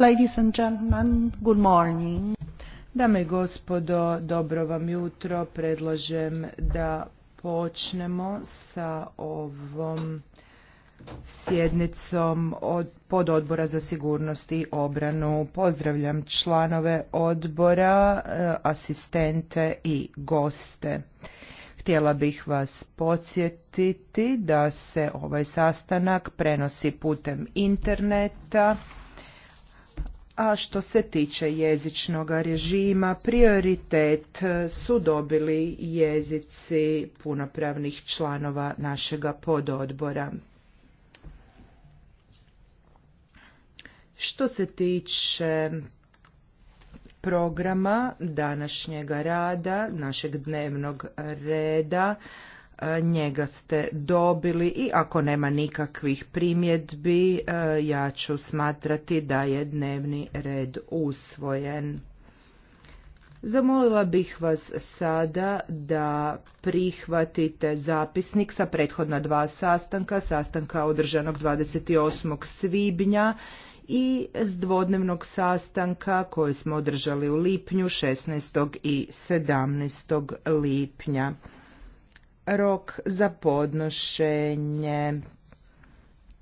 Ladies and gentlemen, Dame i gospodo, dobro vam jutro. Predlažem da počnemo sa ovom sjednicom od Odbora za sigurnost i obranu. Pozdravljam članove odbora, eh, asistente i goste. Htjela bih vas podsjetiti da se ovaj sastanak prenosi putem interneta a što se tiče jezičnog režima, prioritet e, su dobili jezici punopravnih članova našega pododbora. Što se tiče programa današnjega rada, našeg dnevnog reda, E, njega ste dobili i ako nema nikakvih primjedbi e, ja ću smatrati da je dnevni red usvojen. Zamolila bih vas sada da prihvatite zapisnik sa prethodna dva sastanka, sastanka održanog 28. svibnja i s dvodnevnog sastanka koje smo održali u lipnju 16. i 17. lipnja. Rok za podnošenje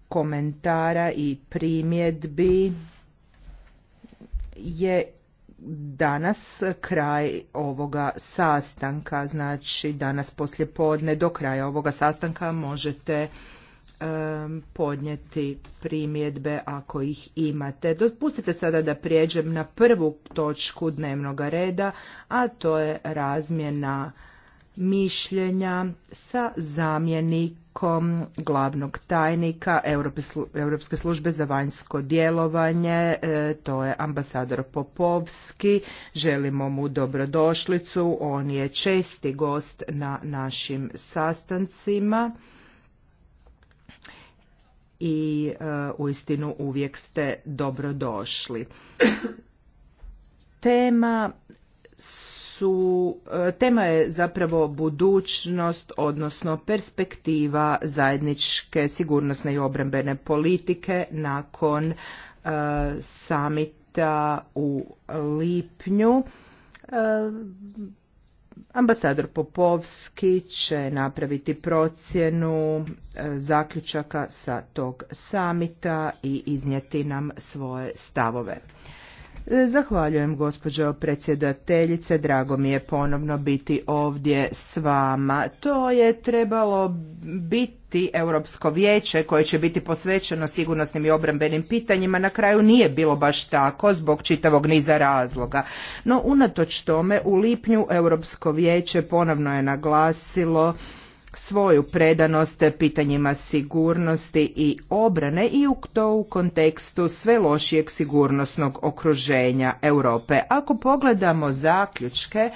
komentara i primjedbi je danas kraj ovoga sastanka, znači danas poslje podne do kraja ovoga sastanka možete podnijeti primjedbe ako ih imate. Dopustite sada da prijeđem na prvu točku dnevnog reda, a to je razmjena mišljenja sa zamjenikom glavnog tajnika Europske službe za vanjsko djelovanje, e, to je ambasador Popovski. Želimo mu dobrodošlicu, on je česti gost na našim sastancima i e, uistinu uvijek ste dobrodošli. Tema su, e, tema je zapravo budućnost, odnosno perspektiva zajedničke sigurnosne i obrambene politike nakon e, samita u lipnju. E, ambasador Popovski će napraviti procjenu e, zaključaka sa tog samita i iznijeti nam svoje stavove. Zahvaljujem gospođo predsjedateljice, drago mi je ponovno biti ovdje s vama. To je trebalo biti Europsko vijeće koje će biti posvećeno sigurnosnim i obrambenim pitanjima, na kraju nije bilo baš tako zbog čitavog niza razloga. No unatoč tome u lipnju Europsko vijeće ponovno je naglasilo svoju predanost pitanjima sigurnosti i obrane i u to u kontekstu sve lošijeg sigurnosnog okruženja Europe. Ako pogledamo zaključke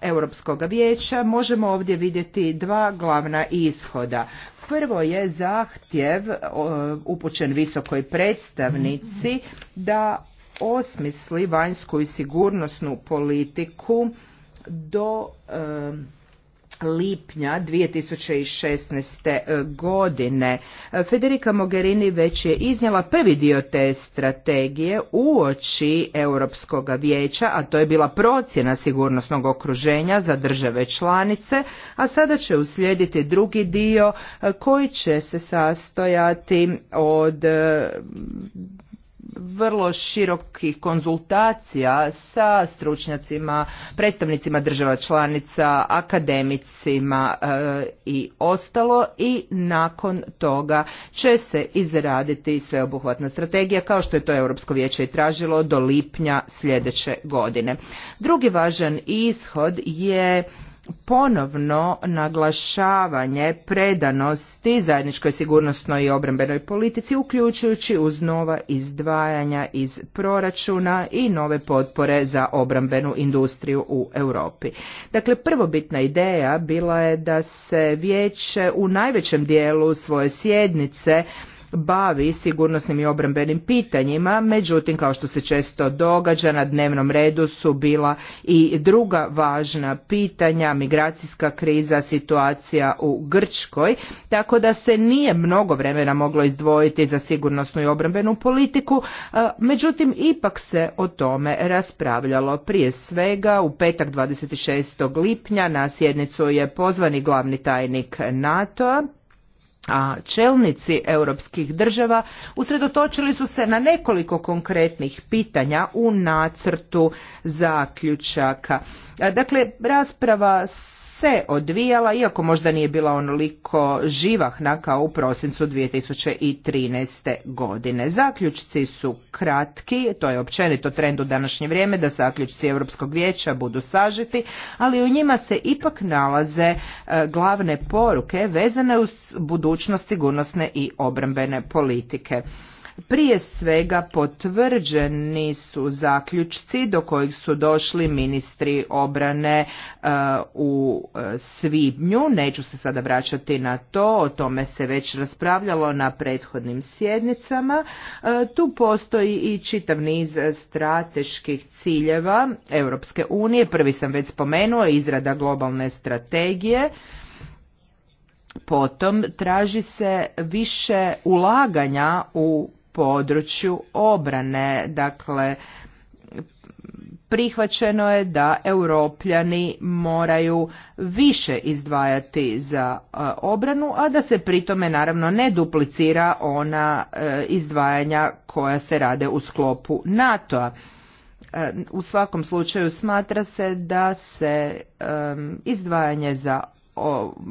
Europskog vijeća možemo ovdje vidjeti dva glavna ishoda. Prvo je zahtjev upućen visokoj predstavnici da osmisli vanjsku i sigurnosnu politiku do e, lipnja 2016. godine Federica Mogherini već je iznijela prvi dio te strategije uoči Europskog vijeća, a to je bila procjena sigurnosnog okruženja za države članice, a sada će uslijediti drugi dio koji će se sastojati od vrlo širokih konzultacija sa stručnjacima, predstavnicima država članica, akademicima e, i ostalo i nakon toga će se izraditi sveobuhvatna strategija kao što je to Europsko vijeće i tražilo do lipnja sljedeće godine. Drugi važan ishod je ponovno naglašavanje predanosti zajedničkoj sigurnosnoj i obrambenoj politici uključujući uz nova izdvajanja iz proračuna i nove potpore za obrambenu industriju u Europi. Dakle, prvobitna ideja bila je da se vijeće u najvećem dijelu svoje sjednice bavi sigurnosnim i obrambenim pitanjima, međutim kao što se često događa na dnevnom redu su bila i druga važna pitanja, migracijska kriza, situacija u Grčkoj, tako da se nije mnogo vremena moglo izdvojiti za sigurnosnu i obrambenu politiku, međutim ipak se o tome raspravljalo. Prije svega u petak 26. lipnja na sjednicu je pozvani glavni tajnik NATO-a a čelnici europskih država usredotočili su se na nekoliko konkretnih pitanja u nacrtu zaključaka. Dakle, rasprava se odvijala, iako možda nije bila onoliko živahna kao u prosincu 2013. godine. Zaključci su kratki, to je općenito trend u današnje vrijeme da zaključci Europskog vijeća budu sažiti, ali u njima se ipak nalaze e, glavne poruke vezane uz budućnost sigurnosne i obrambene politike. Prije svega potvrđeni su zaključci do kojih su došli ministri obrane e, u e, svibnju. Neću se sada vraćati na to, o tome se već raspravljalo na prethodnim sjednicama. E, tu postoji i čitav niz strateških ciljeva Europske unije. Prvi sam već spomenuo, izrada globalne strategije. Potom traži se više ulaganja u području obrane. Dakle, prihvaćeno je da europljani moraju više izdvajati za e, obranu, a da se pritome naravno ne duplicira ona e, izdvajanja koja se rade u sklopu NATO-a. E, u svakom slučaju smatra se da se izdvajanje za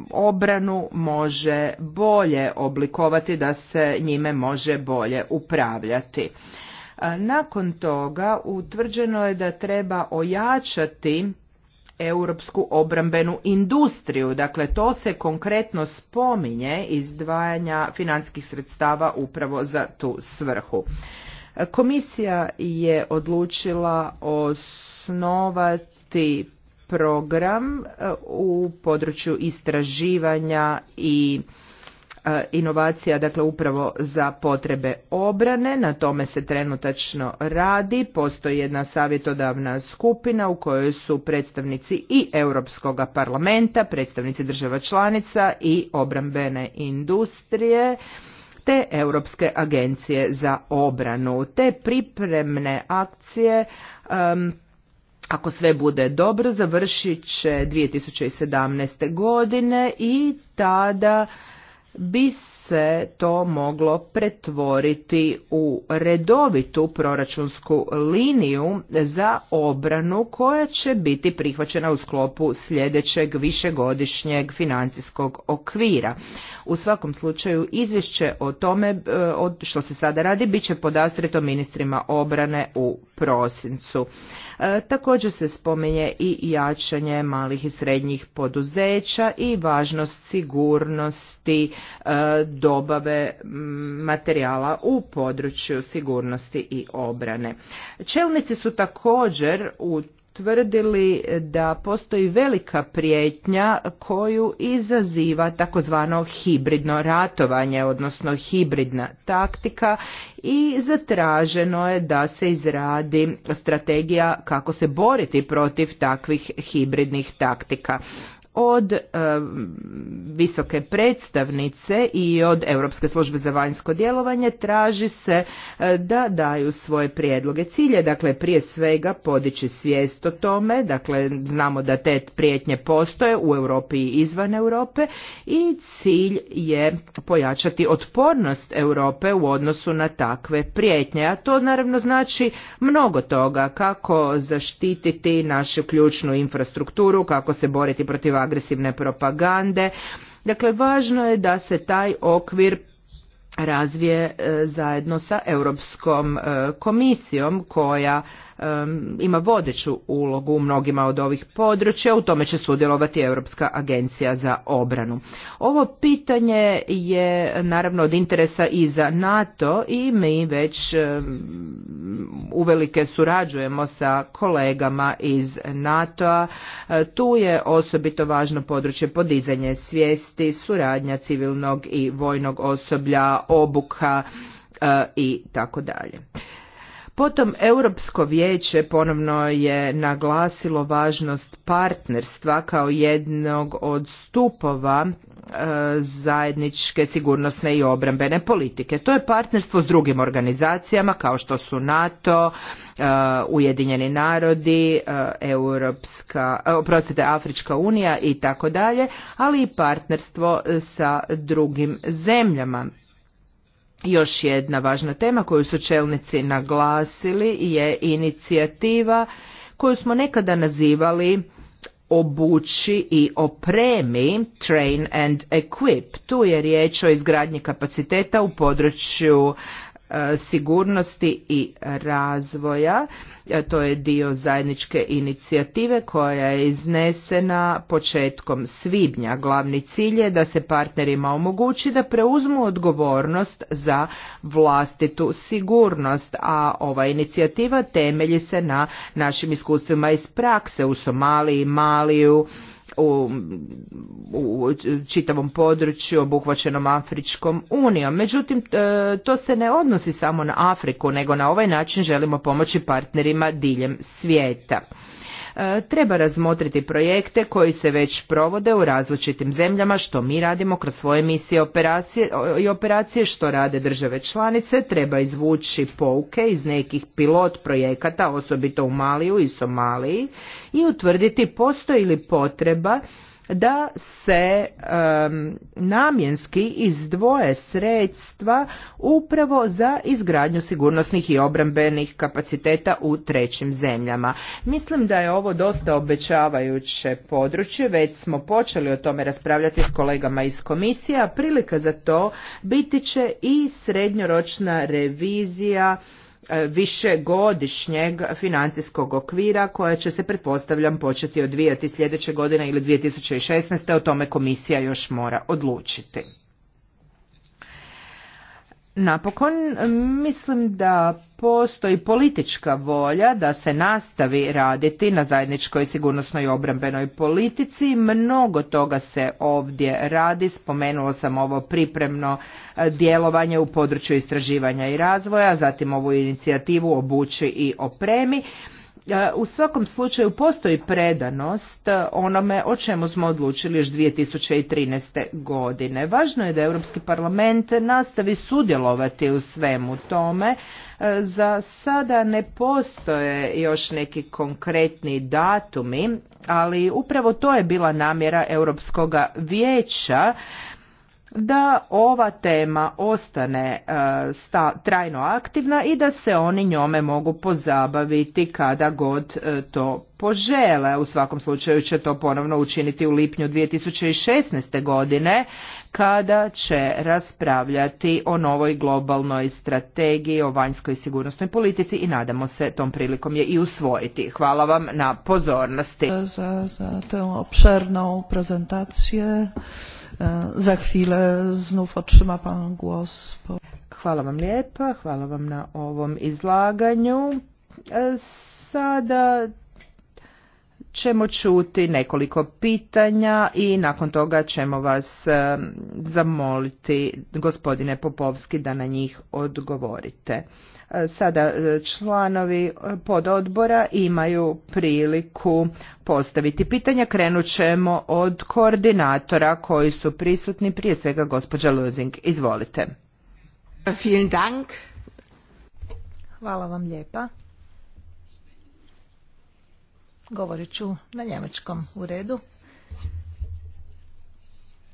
obranu može bolje oblikovati, da se njime može bolje upravljati. E, nakon toga utvrđeno je da treba ojačati europsku obrambenu industriju. Dakle, to se konkretno spominje izdvajanja financijskih sredstava upravo za tu svrhu. E, komisija je odlučila osnovati program e, u području istraživanja i e, inovacija, dakle upravo za potrebe obrane. Na tome se trenutačno radi. Postoji jedna savjetodavna skupina u kojoj su predstavnici i Europskog parlamenta, predstavnici država članica i obrambene industrije te Europske agencije za obranu. Te pripremne akcije ako sve bude dobro, završit će 2017. godine i tada bi se to moglo pretvoriti u redovitu proračunsku liniju za obranu koja će biti prihvaćena u sklopu sljedećeg višegodišnjeg financijskog okvira. U svakom slučaju izvješće o tome e, što se sada radi bit će podastreto ministrima obrane u prosincu. E, također se spominje i jačanje malih i srednjih poduzeća i važnost sigurnosti e, dobave materijala u području sigurnosti i obrane. Čelnici su također u tvrdili da postoji velika prijetnja koju izaziva takozvano hibridno ratovanje, odnosno hibridna taktika i zatraženo je da se izradi strategija kako se boriti protiv takvih hibridnih taktika od e, visoke predstavnice i od Europske službe za vanjsko djelovanje traži se e, da daju svoje prijedloge. Cilje, dakle, prije svega podići svijest o tome, dakle, znamo da te prijetnje postoje u Europi i izvan Europe i cilj je pojačati otpornost Europe u odnosu na takve prijetnje, a to naravno znači mnogo toga, kako zaštititi našu ključnu infrastrukturu, kako se boriti protiv agresivne propagande. Dakle, važno je da se taj okvir razvije e, zajedno sa Europskom e, komisijom koja ima vodeću ulogu u mnogima od ovih područja, u tome će sudjelovati Europska agencija za obranu. Ovo pitanje je naravno od interesa i za NATO i mi već uvelike surađujemo sa kolegama iz NATO-a. E, tu je osobito važno područje podizanje svijesti, suradnja civilnog i vojnog osoblja, obuka e, i tako dalje. Potom Europsko vijeće ponovno je naglasilo važnost partnerstva kao jednog od stupova e, zajedničke sigurnosne i obrambene politike. To je partnerstvo s drugim organizacijama kao što su NATO, e, Ujedinjeni narodi, e, Europska, oprostite, Afrička unija i tako dalje, ali i partnerstvo sa drugim zemljama još jedna važna tema koju su čelnici naglasili je inicijativa koju smo nekada nazivali obući i opremi train and equip. Tu je riječ o izgradnji kapaciteta u području E, sigurnosti i razvoja. E, to je dio zajedničke inicijative koja je iznesena početkom svibnja. Glavni cilj je da se partnerima omogući da preuzmu odgovornost za vlastitu sigurnost, a ova inicijativa temelji se na našim iskustvima iz prakse u Somaliji, Maliju, u, čitavom području obuhvaćenom Afričkom unijom. Međutim, e, to se ne odnosi samo na Afriku, nego na ovaj način želimo pomoći partnerima diljem svijeta. E, treba razmotriti projekte koji se već provode u različitim zemljama, što mi radimo kroz svoje misije i operacije, što rade države članice. Treba izvući pouke iz nekih pilot projekata, osobito u Maliju i Somaliji, i utvrditi postoji li potreba da se namjenski izdvoje sredstva upravo za izgradnju sigurnosnih i obrambenih kapaciteta u trećim zemljama. Mislim da je ovo dosta obećavajuće područje, već smo počeli o tome raspravljati s kolegama iz komisije, a prilika za to biti će i srednjoročna revizija E, višegodišnjeg financijskog okvira koja će se pretpostavljam početi odvijati sljedeće godine ili 2016. o tome komisija još mora odlučiti. Napokon mislim da postoji politička volja da se nastavi raditi na zajedničkoj sigurnosnoj i obrambenoj politici. Mnogo toga se ovdje radi. Spomenuo sam ovo pripremno e, djelovanje u području istraživanja i razvoja, zatim ovu inicijativu obuči i opremi. E, u svakom slučaju postoji predanost e, onome o čemu smo odlučili još 2013. godine. Važno je da Europski parlament nastavi sudjelovati u svemu tome. E, za sada ne postoje još neki konkretni datumi, ali upravo to je bila namjera Europskog vijeća da ova tema ostane e, sta, trajno aktivna i da se oni njome mogu pozabaviti kada god e, to požele. U svakom slučaju će to ponovno učiniti u lipnju 2016. godine kada će raspravljati o novoj globalnoj strategiji, o vanjskoj sigurnosnoj politici i nadamo se tom prilikom je i usvojiti. Hvala vam na pozornosti. Za, za tę obszerną prezentację. E, za chwilę znów otrzyma pan głos. Hvala vam lijepa, hvala vam na ovom izlaganju. E, sada ćemo čuti nekoliko pitanja i nakon toga ćemo vas e, zamoliti gospodine Popovski da na njih odgovorite. E, sada e, članovi pododbora imaju priliku postaviti pitanja. Krenut ćemo od koordinatora koji su prisutni, prije svega gospođa Luzing. Izvolite. Hvala vam lijepa. Govorit ću na njemačkom u redu.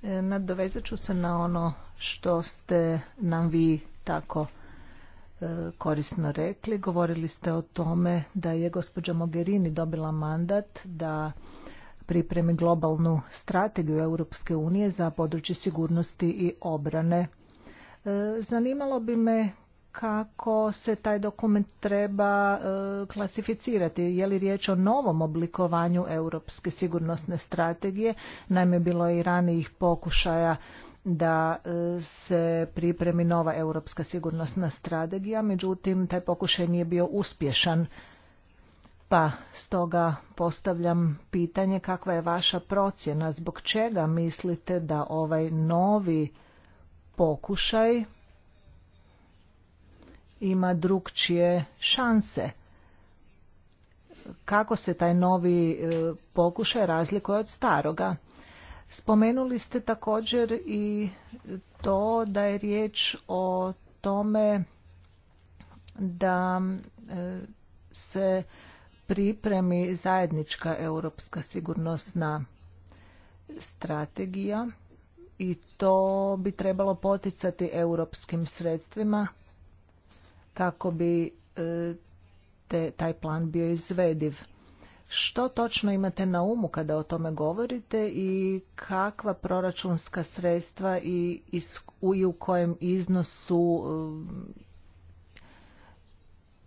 E, nadovezat ću se na ono što ste nam vi tako e, korisno rekli. Govorili ste o tome da je gospođa Mogherini dobila mandat da pripremi globalnu strategiju Europske unije za područje sigurnosti i obrane. E, zanimalo bi me kako se taj dokument treba e, klasificirati. Je li riječ o novom oblikovanju europske sigurnosne strategije? Naime, bilo je i ranijih pokušaja da e, se pripremi nova europska sigurnosna strategija, međutim taj pokušaj nije bio uspješan. Pa stoga postavljam pitanje kakva je vaša procjena, zbog čega mislite da ovaj novi pokušaj ima drugčije šanse. Kako se taj novi e, pokušaj razlikuje od staroga? Spomenuli ste također i to da je riječ o tome da e, se pripremi zajednička europska sigurnosna strategija i to bi trebalo poticati europskim sredstvima kako bi e, te, taj plan bio izvediv. Što točno imate na umu kada o tome govorite i kakva proračunska sredstva i, i u kojem iznosu e,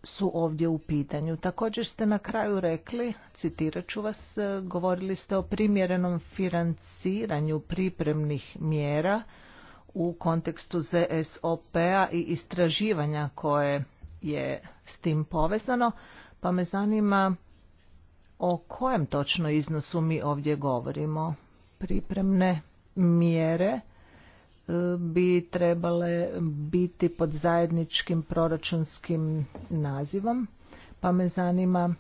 su ovdje u pitanju. Također ste na kraju rekli, citirat ću vas, e, govorili ste o primjerenom financiranju pripremnih mjera u kontekstu ZSOP-a i istraživanja koje je s tim povezano, pa me zanima o kojem točno iznosu mi ovdje govorimo. Pripremne mjere e, bi trebale biti pod zajedničkim proračunskim nazivom, pa me zanima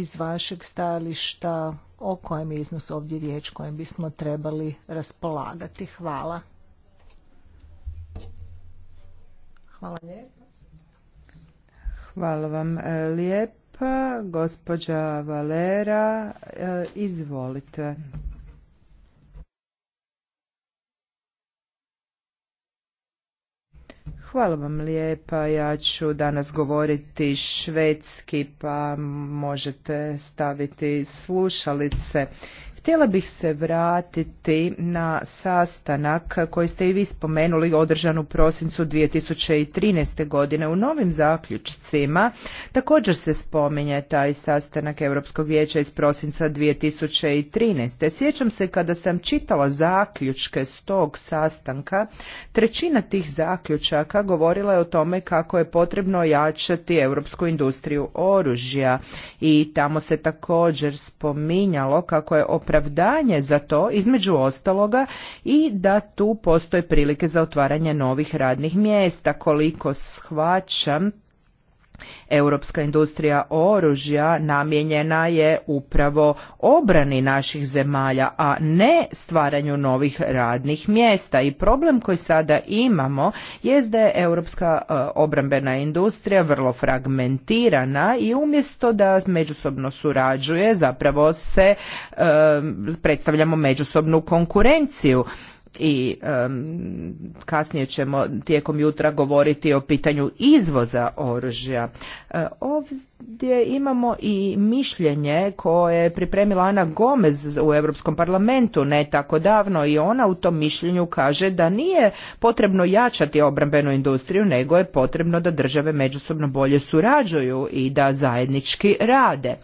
iz vašeg stajališta o kojem je iznos ovdje riječ kojem bismo trebali raspolagati. Hvala. Hvala Hvala vam e, lijepa. Gospođa Valera, e, izvolite. Hvala vam lijepa. Ja ću danas govoriti švedski pa možete staviti slušalice. Htjela bih se vratiti na sastanak koji ste i vi spomenuli održan u prosincu 2013. godine. U novim zaključcima također se spominje taj sastanak Europskog vijeća iz prosinca 2013. Sjećam se kada sam čitala zaključke s tog sastanka, trećina tih zaključaka govorila je o tome kako je potrebno jačati europsku industriju oružja i tamo se također spominjalo kako je opravdanje za to, između ostaloga, i da tu postoje prilike za otvaranje novih radnih mjesta. Koliko shvaćam, Europska industrija oružja namijenjena je upravo obrani naših zemalja, a ne stvaranju novih radnih mjesta. I problem koji sada imamo je da je europska e, obrambena industrija vrlo fragmentirana i umjesto da međusobno surađuje, zapravo se e, predstavljamo međusobnu konkurenciju i kasnije ćemo tijekom jutra govoriti o pitanju izvoza oružja. E, ovdje imamo i mišljenje koje je pripremila Ana Gomez u Europskom parlamentu ne tako davno i ona u tom mišljenju kaže da nije potrebno jačati obrambenu industriju nego je potrebno da države međusobno bolje surađuju i da zajednički rade.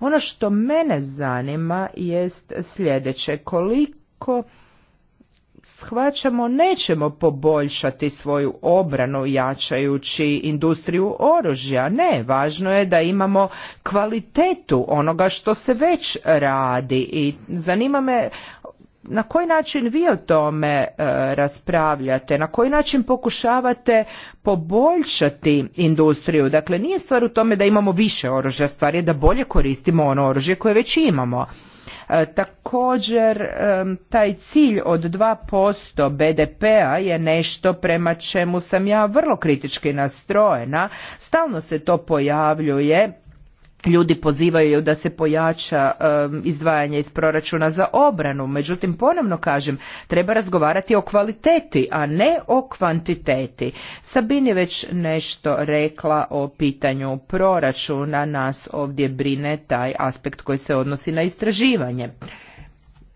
Ono što mene zanima jest sljedeće koliko shvaćamo nećemo poboljšati svoju obranu jačajući industriju oružja. Ne, važno je da imamo kvalitetu onoga što se već radi i zanima me na koji način vi o tome e, raspravljate, na koji način pokušavate poboljšati industriju. Dakle, nije stvar u tome da imamo više oružja, stvar je da bolje koristimo ono oružje koje već imamo. E, također, e, taj cilj od 2% BDP-a je nešto prema čemu sam ja vrlo kritički nastrojena. Stalno se to pojavljuje ljudi pozivaju da se pojača izdvajanje iz proračuna za obranu međutim ponovno kažem treba razgovarati o kvaliteti a ne o kvantiteti sabin je već nešto rekla o pitanju proračuna nas ovdje brine taj aspekt koji se odnosi na istraživanje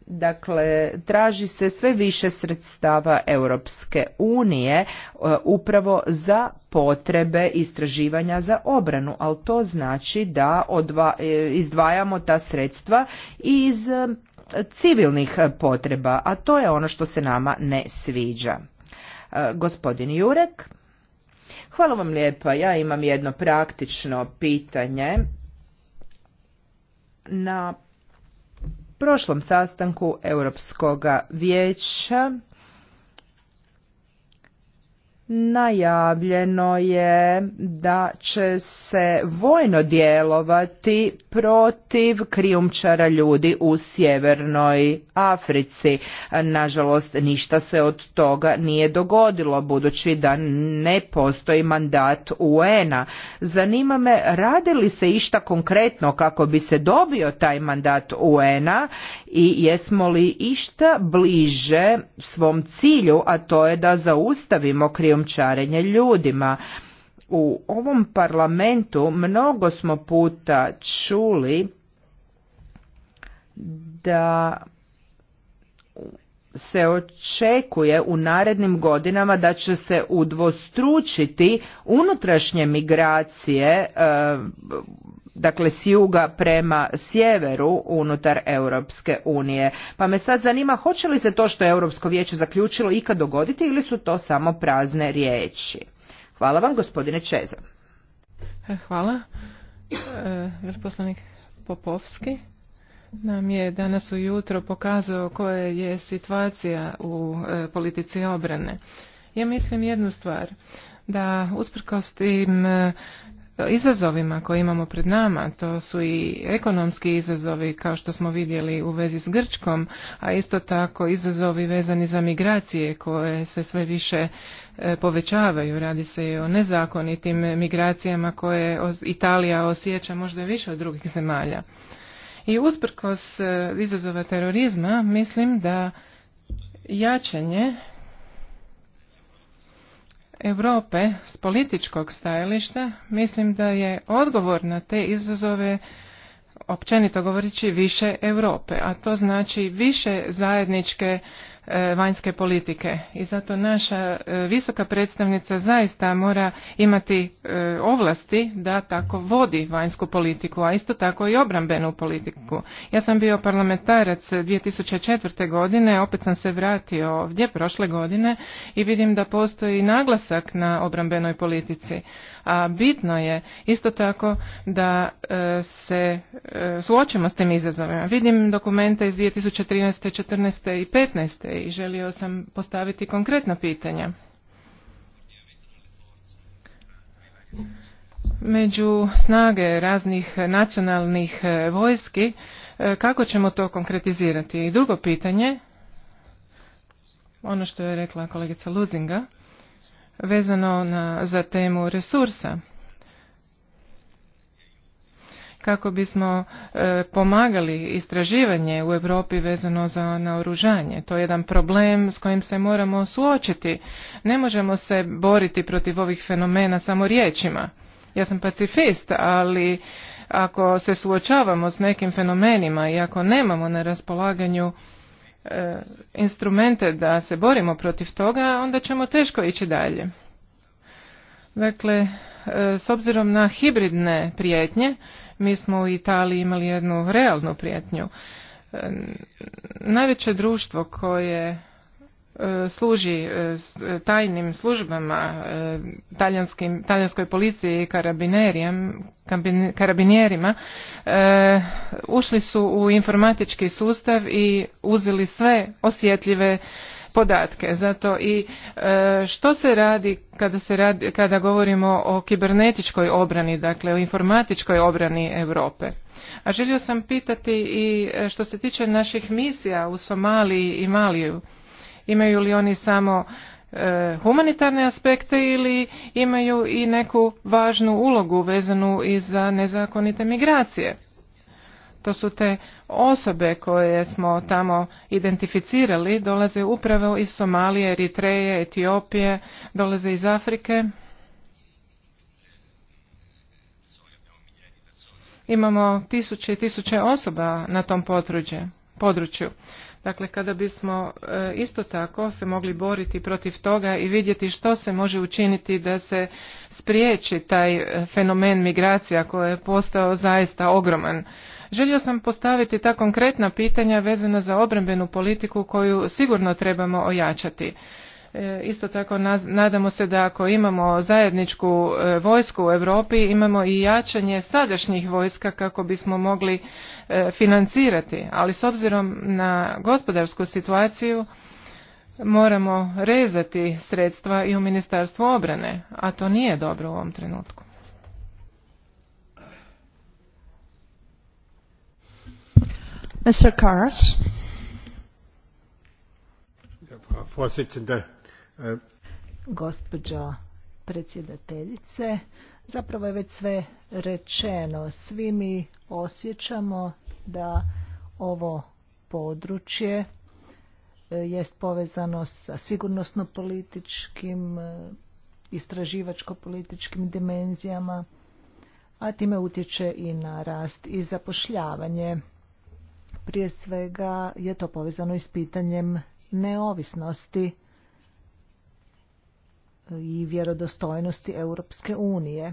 Dakle, traži se sve više sredstava Europske unije e, upravo za potrebe istraživanja za obranu, ali to znači da e, izdvajamo ta sredstva iz e, civilnih potreba, a to je ono što se nama ne sviđa. Gospodin Jurek, hvala vam lijepa, ja imam jedno praktično pitanje. Na prošlom sastanku Europskog vijeća najavljeno je da će se vojno djelovati protiv krijumčara ljudi u sjevernoj Africi. Nažalost, ništa se od toga nije dogodilo, budući da ne postoji mandat UN-a. Zanima me, radi li se išta konkretno kako bi se dobio taj mandat UN-a i jesmo li išta bliže svom cilju, a to je da zaustavimo krijumčara krijumčarenje ljudima. U ovom parlamentu mnogo smo puta čuli da se očekuje u narednim godinama da će se udvostručiti unutrašnje migracije e, dakle s juga prema sjeveru unutar Europske unije. Pa me sad zanima hoće li se to što je Europsko vijeće zaključilo ikad dogoditi ili su to samo prazne riječi? Hvala vam gospodine Čeza. E, hvala. E, Vrposlanik Popovski nam je danas ujutro pokazao koja je situacija u e, politici obrane. Ja mislim jednu stvar, da usprkos tim izazovima koje imamo pred nama. To su i ekonomski izazovi kao što smo vidjeli u vezi s Grčkom, a isto tako izazovi vezani za migracije koje se sve više e, povećavaju. Radi se i o nezakonitim migracijama koje Italija osjeća možda više od drugih zemalja. I usprkos e, izazova terorizma mislim da jačanje Europe s političkog stajališta, mislim da je odgovor na te izazove općenito govoreći više Europe, a to znači više zajedničke E, vanjske politike i zato naša e, visoka predstavnica zaista mora imati e, ovlasti da tako vodi vanjsku politiku, a isto tako i obrambenu politiku. Ja sam bio parlamentarac 2004. godine, opet sam se vratio ovdje prošle godine i vidim da postoji naglasak na obrambenoj politici a bitno je isto tako da e, se e, suočimo s tim izazovima. Vidim dokumente iz 2013. 14. i 15. i želio sam postaviti konkretna pitanja. Među snage raznih nacionalnih e, vojski kako ćemo to konkretizirati? I drugo pitanje, ono što je rekla kolegica Luzinga, vezano na, za temu resursa kako bismo e, pomagali istraživanje u Europi vezano za naoružanje. To je jedan problem s kojim se moramo suočiti. Ne možemo se boriti protiv ovih fenomena samo riječima. Ja sam pacifist, ali ako se suočavamo s nekim fenomenima i ako nemamo na raspolaganju E, instrumente da se borimo protiv toga, onda ćemo teško ići dalje. Dakle, e, s obzirom na hibridne prijetnje, mi smo u Italiji imali jednu realnu prijetnju. E, najveće društvo koje E, služi e, e, tajnim službama, talijanskoj policiji i karabinjerima, ušli su u informatički sustav i uzeli sve osjetljive podatke. Zato i što se radi kada, se radi, kada govorimo o kibernetičkoj obrani, dakle o informatičkoj obrani Europe? A želio sam pitati i što se tiče naših misija u Somaliji i Maliju. Imaju li oni samo e, humanitarne aspekte ili imaju i neku važnu ulogu vezanu i za nezakonite migracije. To su te osobe koje smo tamo identificirali, dolaze upravo iz Somalije, Eritreje, Etiopije, dolaze iz Afrike. Imamo tisuće i tisuće osoba na tom području. Dakle, kada bismo e, isto tako se mogli boriti protiv toga i vidjeti što se može učiniti da se spriječi taj e, fenomen migracija koji je postao zaista ogroman. Želio sam postaviti ta konkretna pitanja vezana za obrambenu politiku koju sigurno trebamo ojačati. E, isto tako nadamo se da ako imamo zajedničku vojsku u Europi imamo i jačanje sadašnjih vojska kako bismo mogli E, financirati, ali s obzirom na gospodarsku situaciju moramo rezati sredstva i u Ministarstvu obrane, a to nije dobro u ovom trenutku. Mr. Karas. Gospođo predsjedateljice, Zapravo je već sve rečeno. Svi mi osjećamo da ovo područje e, jest povezano sa sigurnosno-političkim, e, istraživačko-političkim dimenzijama, a time utječe i na rast i zapošljavanje. Prije svega je to povezano i s pitanjem neovisnosti i vjerodostojnosti Europske unije.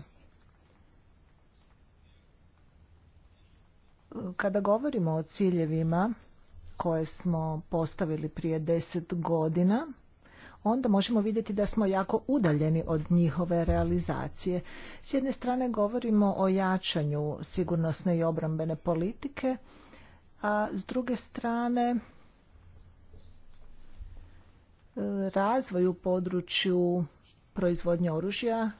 Kada govorimo o ciljevima koje smo postavili prije deset godina, onda možemo vidjeti da smo jako udaljeni od njihove realizacije. S jedne strane govorimo o jačanju sigurnosne i obrambene politike, a s druge strane e, razvoju u području proizvodnje oružja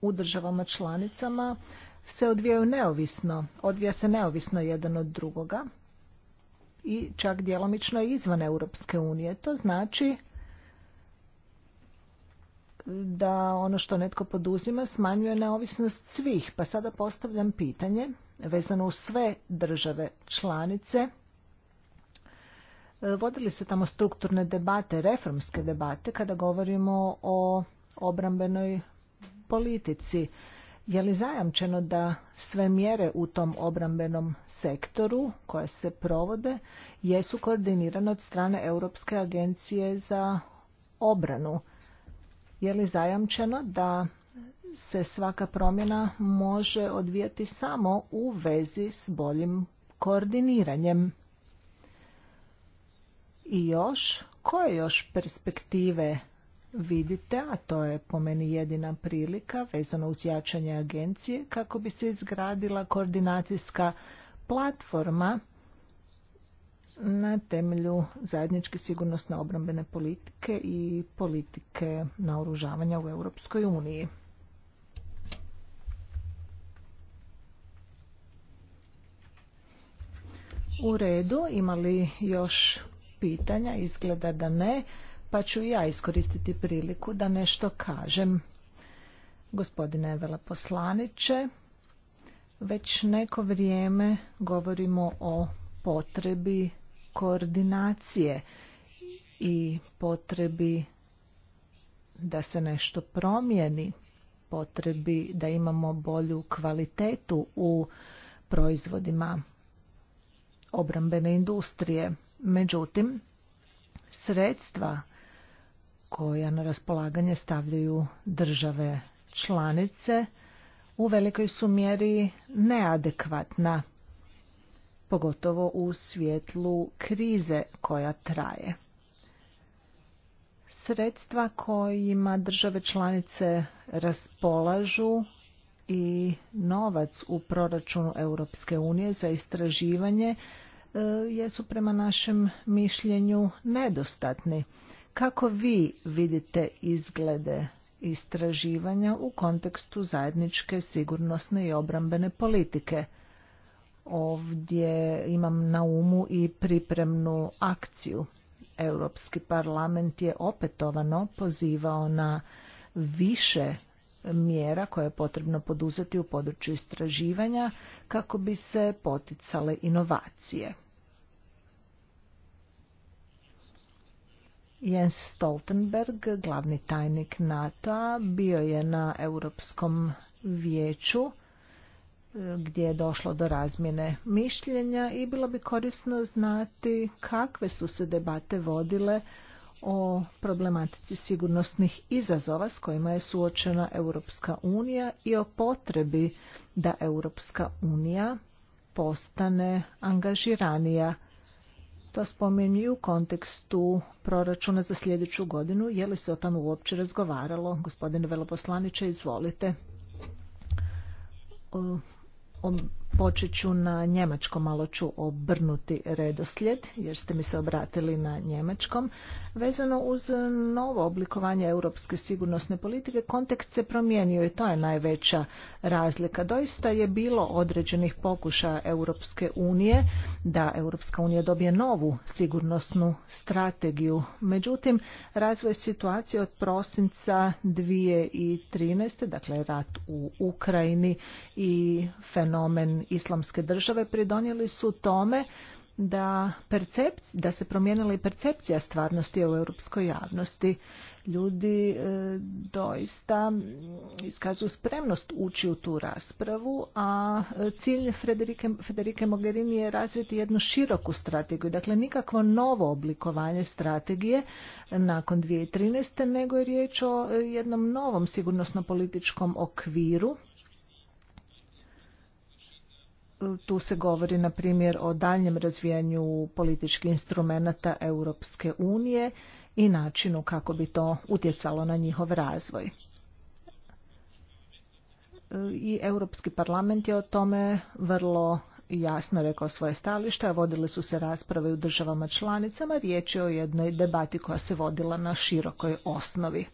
u državama članicama se odvijaju neovisno, odvija se neovisno jedan od drugoga i čak djelomično izvan Europske unije. To znači da ono što netko poduzima smanjuje neovisnost svih. Pa sada postavljam pitanje vezano u sve države članice. Vodili se tamo strukturne debate, reformske debate kada govorimo o obrambenoj politici. Je li zajamčeno da sve mjere u tom obrambenom sektoru koje se provode jesu koordinirane od strane Europske agencije za obranu? Je li zajamčeno da se svaka promjena može odvijati samo u vezi s boljim koordiniranjem? I još, koje još perspektive vidite, a to je po meni jedina prilika vezano uz jačanje agencije, kako bi se izgradila koordinacijska platforma na temelju zajedničke sigurnosne obrambene politike i politike naoružavanja u Europskoj uniji. U redu, imali još pitanja? Izgleda da ne pa ću i ja iskoristiti priliku da nešto kažem. Gospodine veleposlaniče, već neko vrijeme govorimo o potrebi koordinacije i potrebi da se nešto promijeni, potrebi da imamo bolju kvalitetu u proizvodima obrambene industrije. Međutim, sredstva koja na raspolaganje stavljaju države članice u velikoj su mjeri neadekvatna, pogotovo u svjetlu krize koja traje. Sredstva kojima države članice raspolažu i novac u proračunu Europske unije za istraživanje e, jesu prema našem mišljenju nedostatni. Kako vi vidite izglede istraživanja u kontekstu zajedničke sigurnosne i obrambene politike? Ovdje imam na umu i pripremnu akciju. Europski parlament je opetovano pozivao na više mjera koje je potrebno poduzeti u području istraživanja kako bi se poticale inovacije. Jens Stoltenberg, glavni tajnik NATO-a, bio je na Europskom vijeću e, gdje je došlo do razmjene mišljenja i bilo bi korisno znati kakve su se debate vodile o problematici sigurnosnih izazova s kojima je suočena Europska unija i o potrebi da Europska unija postane angažiranija to spomenju u kontekstu proračuna za sljedeću godinu. Je li se o tome uopće razgovaralo? Gospodine Veloposlaniće, izvolite. Počet ću na njemačkom, malo ću obrnuti redoslijed jer ste mi se obratili na njemačkom. Vezano uz novo oblikovanje europske sigurnosne politike, kontekst se promijenio i to je najveća razlika. Doista je bilo određenih pokušaja Europske unije da Europska unija dobije novu sigurnosnu strategiju. Međutim, razvoj situacije od prosinca 2013. dakle rat u Ukrajini i fenomen islamske države pridonijeli su tome da, da se promijenila i percepcija stvarnosti u europskoj javnosti. Ljudi e, doista iskazuju spremnost ući u tu raspravu, a cilj Frederike, Mogherini je razviti jednu široku strategiju. Dakle, nikakvo novo oblikovanje strategije nakon 2013. nego je riječ o jednom novom sigurnosno-političkom okviru tu se govori na primjer o daljem razvijanju političkih instrumenata Europske unije i načinu kako bi to utjecalo na njihov razvoj. I Europski parlament je o tome vrlo jasno rekao svoje stalište, a vodile su se rasprave u državama članicama, riječ je o jednoj debati koja se vodila na širokoj osnovi.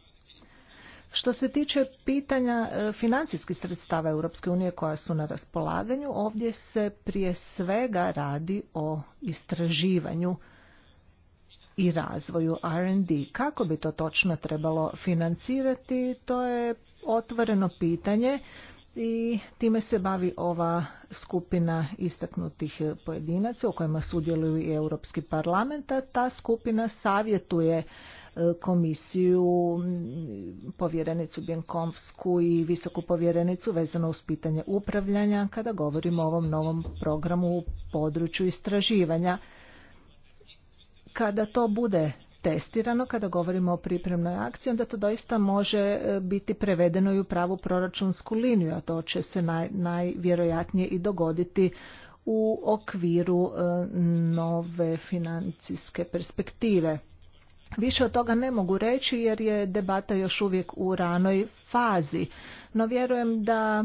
Što se tiče pitanja e, financijskih sredstava Europske unije koja su na raspolaganju, ovdje se prije svega radi o istraživanju i razvoju R&D. Kako bi to točno trebalo financirati, to je otvoreno pitanje i time se bavi ova skupina istaknutih pojedinaca u kojima sudjeluju i Europski parlament, a ta skupina savjetuje E, komisiju, povjerenicu Bjenkomsku i visoku povjerenicu vezano uz pitanje upravljanja kada govorimo o ovom novom programu u području istraživanja. Kada to bude testirano kada govorimo o pripremnoj akciji, onda to doista može e, biti prevedeno i u pravu proračunsku liniju, a to će se naj, najvjerojatnije i dogoditi u okviru e, nove financijske perspektive. Više od toga ne mogu reći jer je debata još uvijek u ranoj fazi. No vjerujem da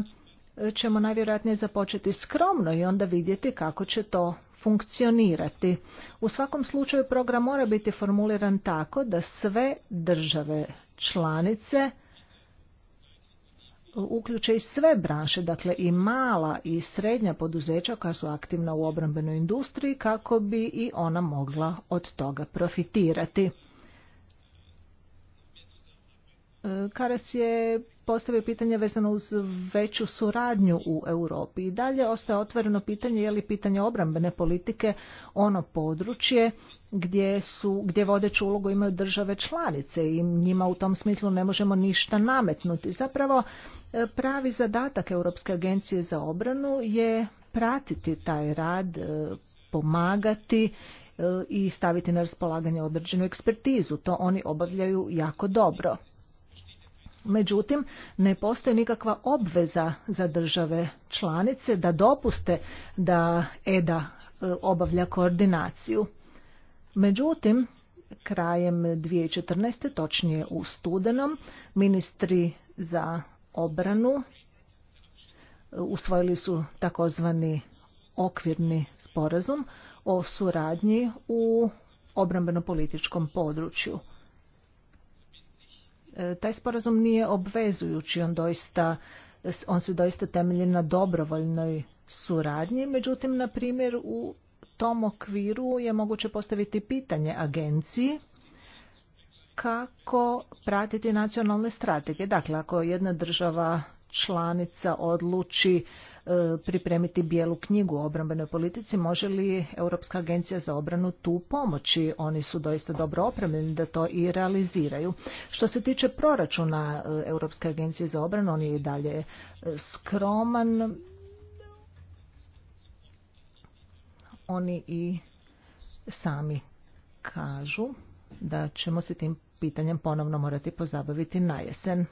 ćemo najvjerojatnije započeti skromno i onda vidjeti kako će to funkcionirati. U svakom slučaju program mora biti formuliran tako da sve države članice uključe i sve branše, dakle i mala i srednja poduzeća koja su aktivna u obrambenoj industriji kako bi i ona mogla od toga profitirati. Karas je postavio pitanje vezano uz veću suradnju u Europi i dalje ostaje otvoreno pitanje je li pitanje obrambene politike ono područje gdje su gdje vodeću ulogu imaju države članice i njima u tom smislu ne možemo ništa nametnuti. Zapravo e, pravi zadatak Europske agencije za obranu je pratiti taj rad, e, pomagati e, i staviti na raspolaganje određenu ekspertizu. To oni obavljaju jako dobro. Međutim, ne postoji nikakva obveza za države članice da dopuste da EDA e, obavlja koordinaciju. Međutim, krajem 2014. točnije u studenom, ministri za obranu e, usvojili su takozvani okvirni sporazum o suradnji u obrambeno-političkom području. E, taj sporazum nije obvezujući, on doista on se doista temelji na dobrovoljnoj suradnji, međutim, na primjer, u tom okviru je moguće postaviti pitanje agenciji kako pratiti nacionalne strategije. Dakle, ako jedna država članica odluči E, pripremiti bijelu knjigu o obrambenoj politici. Može li Europska agencija za obranu tu pomoći? Oni su doista dobro opremljeni da to i realiziraju. Što se tiče proračuna e, Europske agencije za obranu, on je i dalje e, skroman. Oni i sami kažu da ćemo se tim pitanjem ponovno morati pozabaviti na jesen.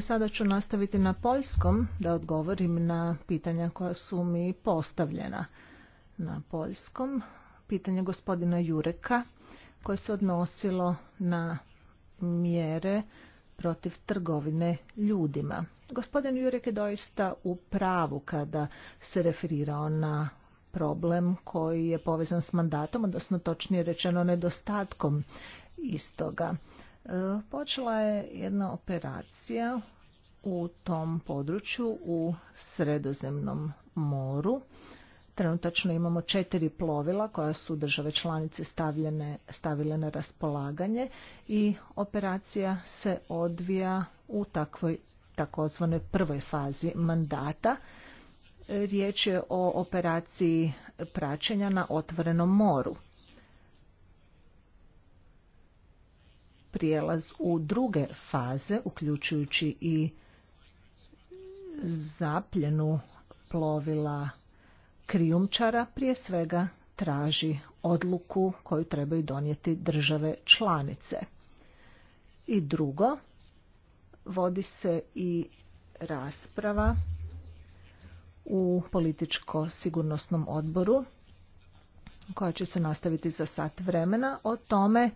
Sada ću nastaviti na poljskom da odgovorim na pitanja koja su mi postavljena na poljskom. Pitanje gospodina Jureka koje se odnosilo na mjere protiv trgovine ljudima. Gospodin Jurek je doista u pravu kada se referirao na problem koji je povezan s mandatom, odnosno točnije rečeno nedostatkom istoga. E, počela je jedna operacija u tom području u Sredozemnom moru. Trenutačno imamo četiri plovila koja su države članice stavljene, stavile na raspolaganje i operacija se odvija u takvoj takozvanoj prvoj fazi mandata. Riječ je o operaciji praćenja na otvorenom moru. prijelaz u druge faze, uključujući i zapljenu plovila krijumčara, prije svega traži odluku koju trebaju donijeti države članice. I drugo, vodi se i rasprava u političko-sigurnosnom odboru koja će se nastaviti za sat vremena o tome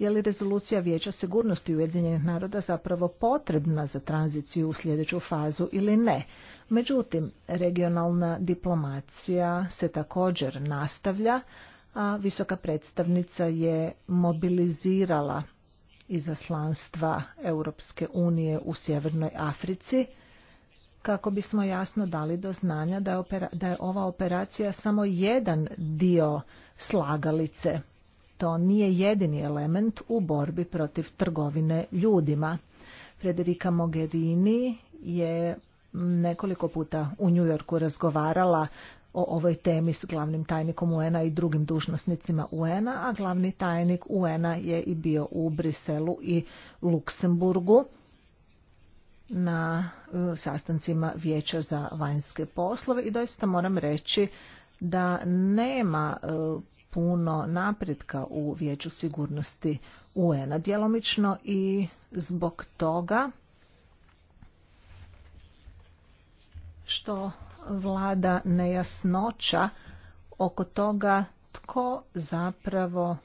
je li rezolucija Vijeća sigurnosti Ujedinjenih naroda zapravo potrebna za tranziciju u sljedeću fazu ili ne. Međutim, regionalna diplomacija se također nastavlja, a visoka predstavnica je mobilizirala izaslanstva Europske unije u Sjevernoj Africi kako bismo jasno dali do znanja da je, da je ova operacija samo jedan dio slagalice to nije jedini element u borbi protiv trgovine ljudima. Frederica Mogherini je nekoliko puta u New Yorku razgovarala o ovoj temi s glavnim tajnikom UN-a i drugim dužnosnicima UN-a, a glavni tajnik UN-a je i bio u Briselu i Luksemburgu na e, sastancima Vijeća za vanjske poslove i doista moram reći da nema e, puno napretka u Vijeću sigurnosti UN-a djelomično i zbog toga što vlada nejasnoća oko toga tko zapravo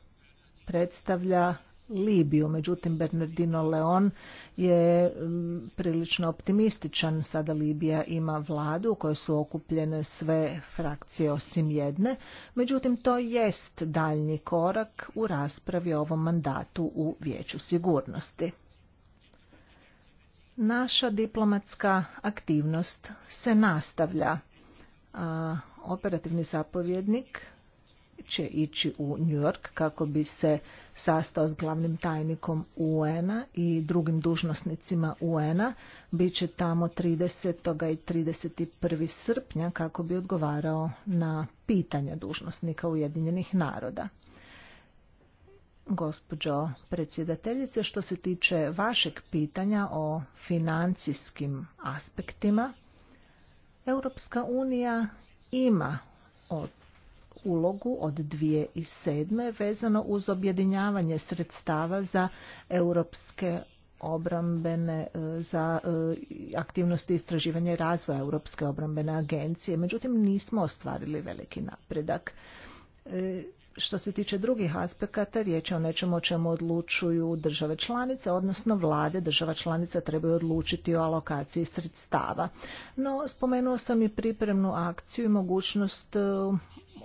predstavlja Libiju. Međutim, Bernardino Leon je mm, prilično optimističan. Sada Libija ima vladu u kojoj su okupljene sve frakcije osim jedne. Međutim, to jest daljnji korak u raspravi o ovom mandatu u Vijeću sigurnosti. Naša diplomatska aktivnost se nastavlja. operativni zapovjednik će ići u New York kako bi se sastao s glavnim tajnikom UN-a i drugim dužnosnicima UN-a. Biće tamo 30. i 31. srpnja kako bi odgovarao na pitanja dužnosnika Ujedinjenih naroda. Gospođo predsjedateljice, što se tiče vašeg pitanja o financijskim aspektima, Europska unija ima od ulogu od 2007. vezano uz objedinjavanje sredstava za europske obrambene e, za e, aktivnosti istraživanja i razvoja Europske obrambene agencije. Međutim, nismo ostvarili veliki napredak. E, što se tiče drugih aspekata, riječ je o nečemu o čemu odlučuju države članice, odnosno vlade država članica trebaju odlučiti o alokaciji sredstava. No, spomenuo sam i pripremnu akciju i mogućnost e,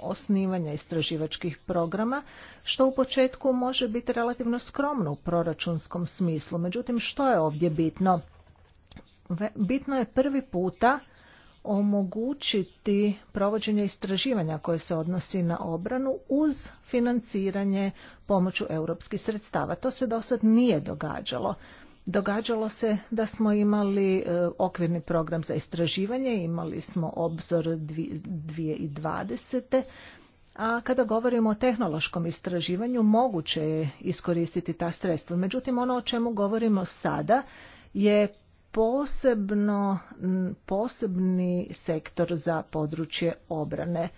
osnivanja istraživačkih programa, što u početku može biti relativno skromno u proračunskom smislu. Međutim, što je ovdje bitno? Bitno je prvi puta omogućiti provođenje istraživanja koje se odnosi na obranu uz financiranje pomoću europskih sredstava. To se do sad nije događalo. Događalo se da smo imali e, okvirni program za istraživanje, imali smo obzor 2020. A kada govorimo o tehnološkom istraživanju, moguće je iskoristiti ta sredstva. Međutim, ono o čemu govorimo sada je posebno, posebni sektor za područje obrane.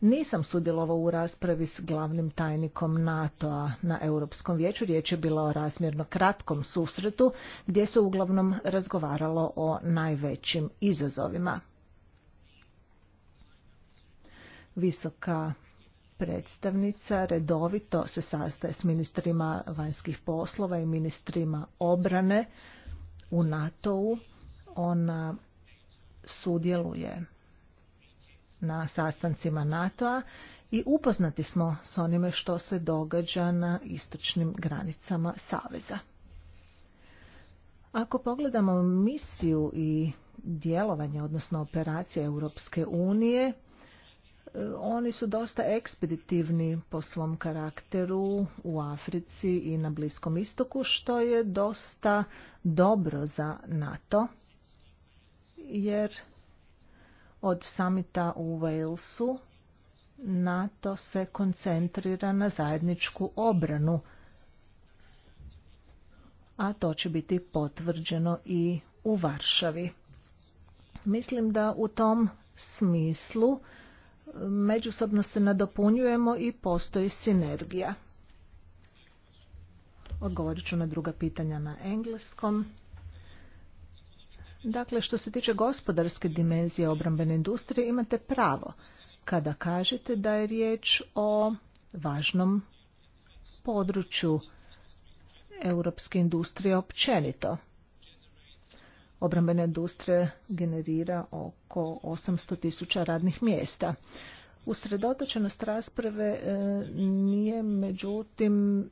Nisam sudjelovao u raspravi s glavnim tajnikom NATO-a na Europskom vijeću. Riječ je bila o razmjerno kratkom susretu gdje se uglavnom razgovaralo o najvećim izazovima. Visoka predstavnica redovito se sastaje s ministrima vanjskih poslova i ministrima obrane u NATO-u. Ona sudjeluje na sastancima NATO-a i upoznati smo s onime što se događa na istočnim granicama Saveza. Ako pogledamo misiju i djelovanje, odnosno operacije Europske unije, E, oni su dosta ekspeditivni po svom karakteru u Africi i na Bliskom istoku, što je dosta dobro za NATO, jer od samita u Walesu NATO se koncentrira na zajedničku obranu, a to će biti potvrđeno i u Varšavi. Mislim da u tom smislu međusobno se nadopunjujemo i postoji sinergija. Odgovorit ću na druga pitanja na engleskom. Dakle, što se tiče gospodarske dimenzije obrambene industrije, imate pravo kada kažete da je riječ o važnom području europske industrije općenito obrambena industrija generira oko 800 tisuća radnih mjesta. Usredotočenost rasprave e, nije međutim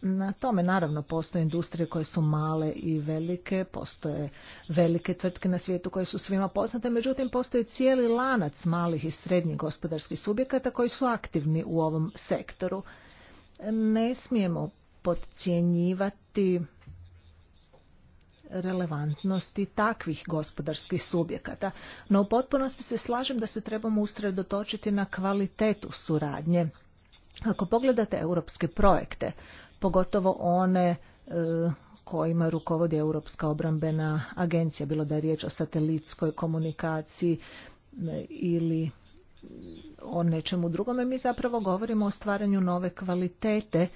na tome naravno postoje industrije koje su male i velike, postoje velike tvrtke na svijetu koje su svima poznate, međutim postoji cijeli lanac malih i srednjih gospodarskih subjekata koji su aktivni u ovom sektoru. Ne smijemo podcjenjivati relevantnosti takvih gospodarskih subjekata. No u potpunosti se slažem da se trebamo usredotočiti na kvalitetu suradnje. Ako pogledate europske projekte, pogotovo one e, kojima rukovodi Europska obrambena agencija, bilo da je riječ o satelitskoj komunikaciji e, ili o nečemu drugome, mi zapravo govorimo o stvaranju nove kvalitete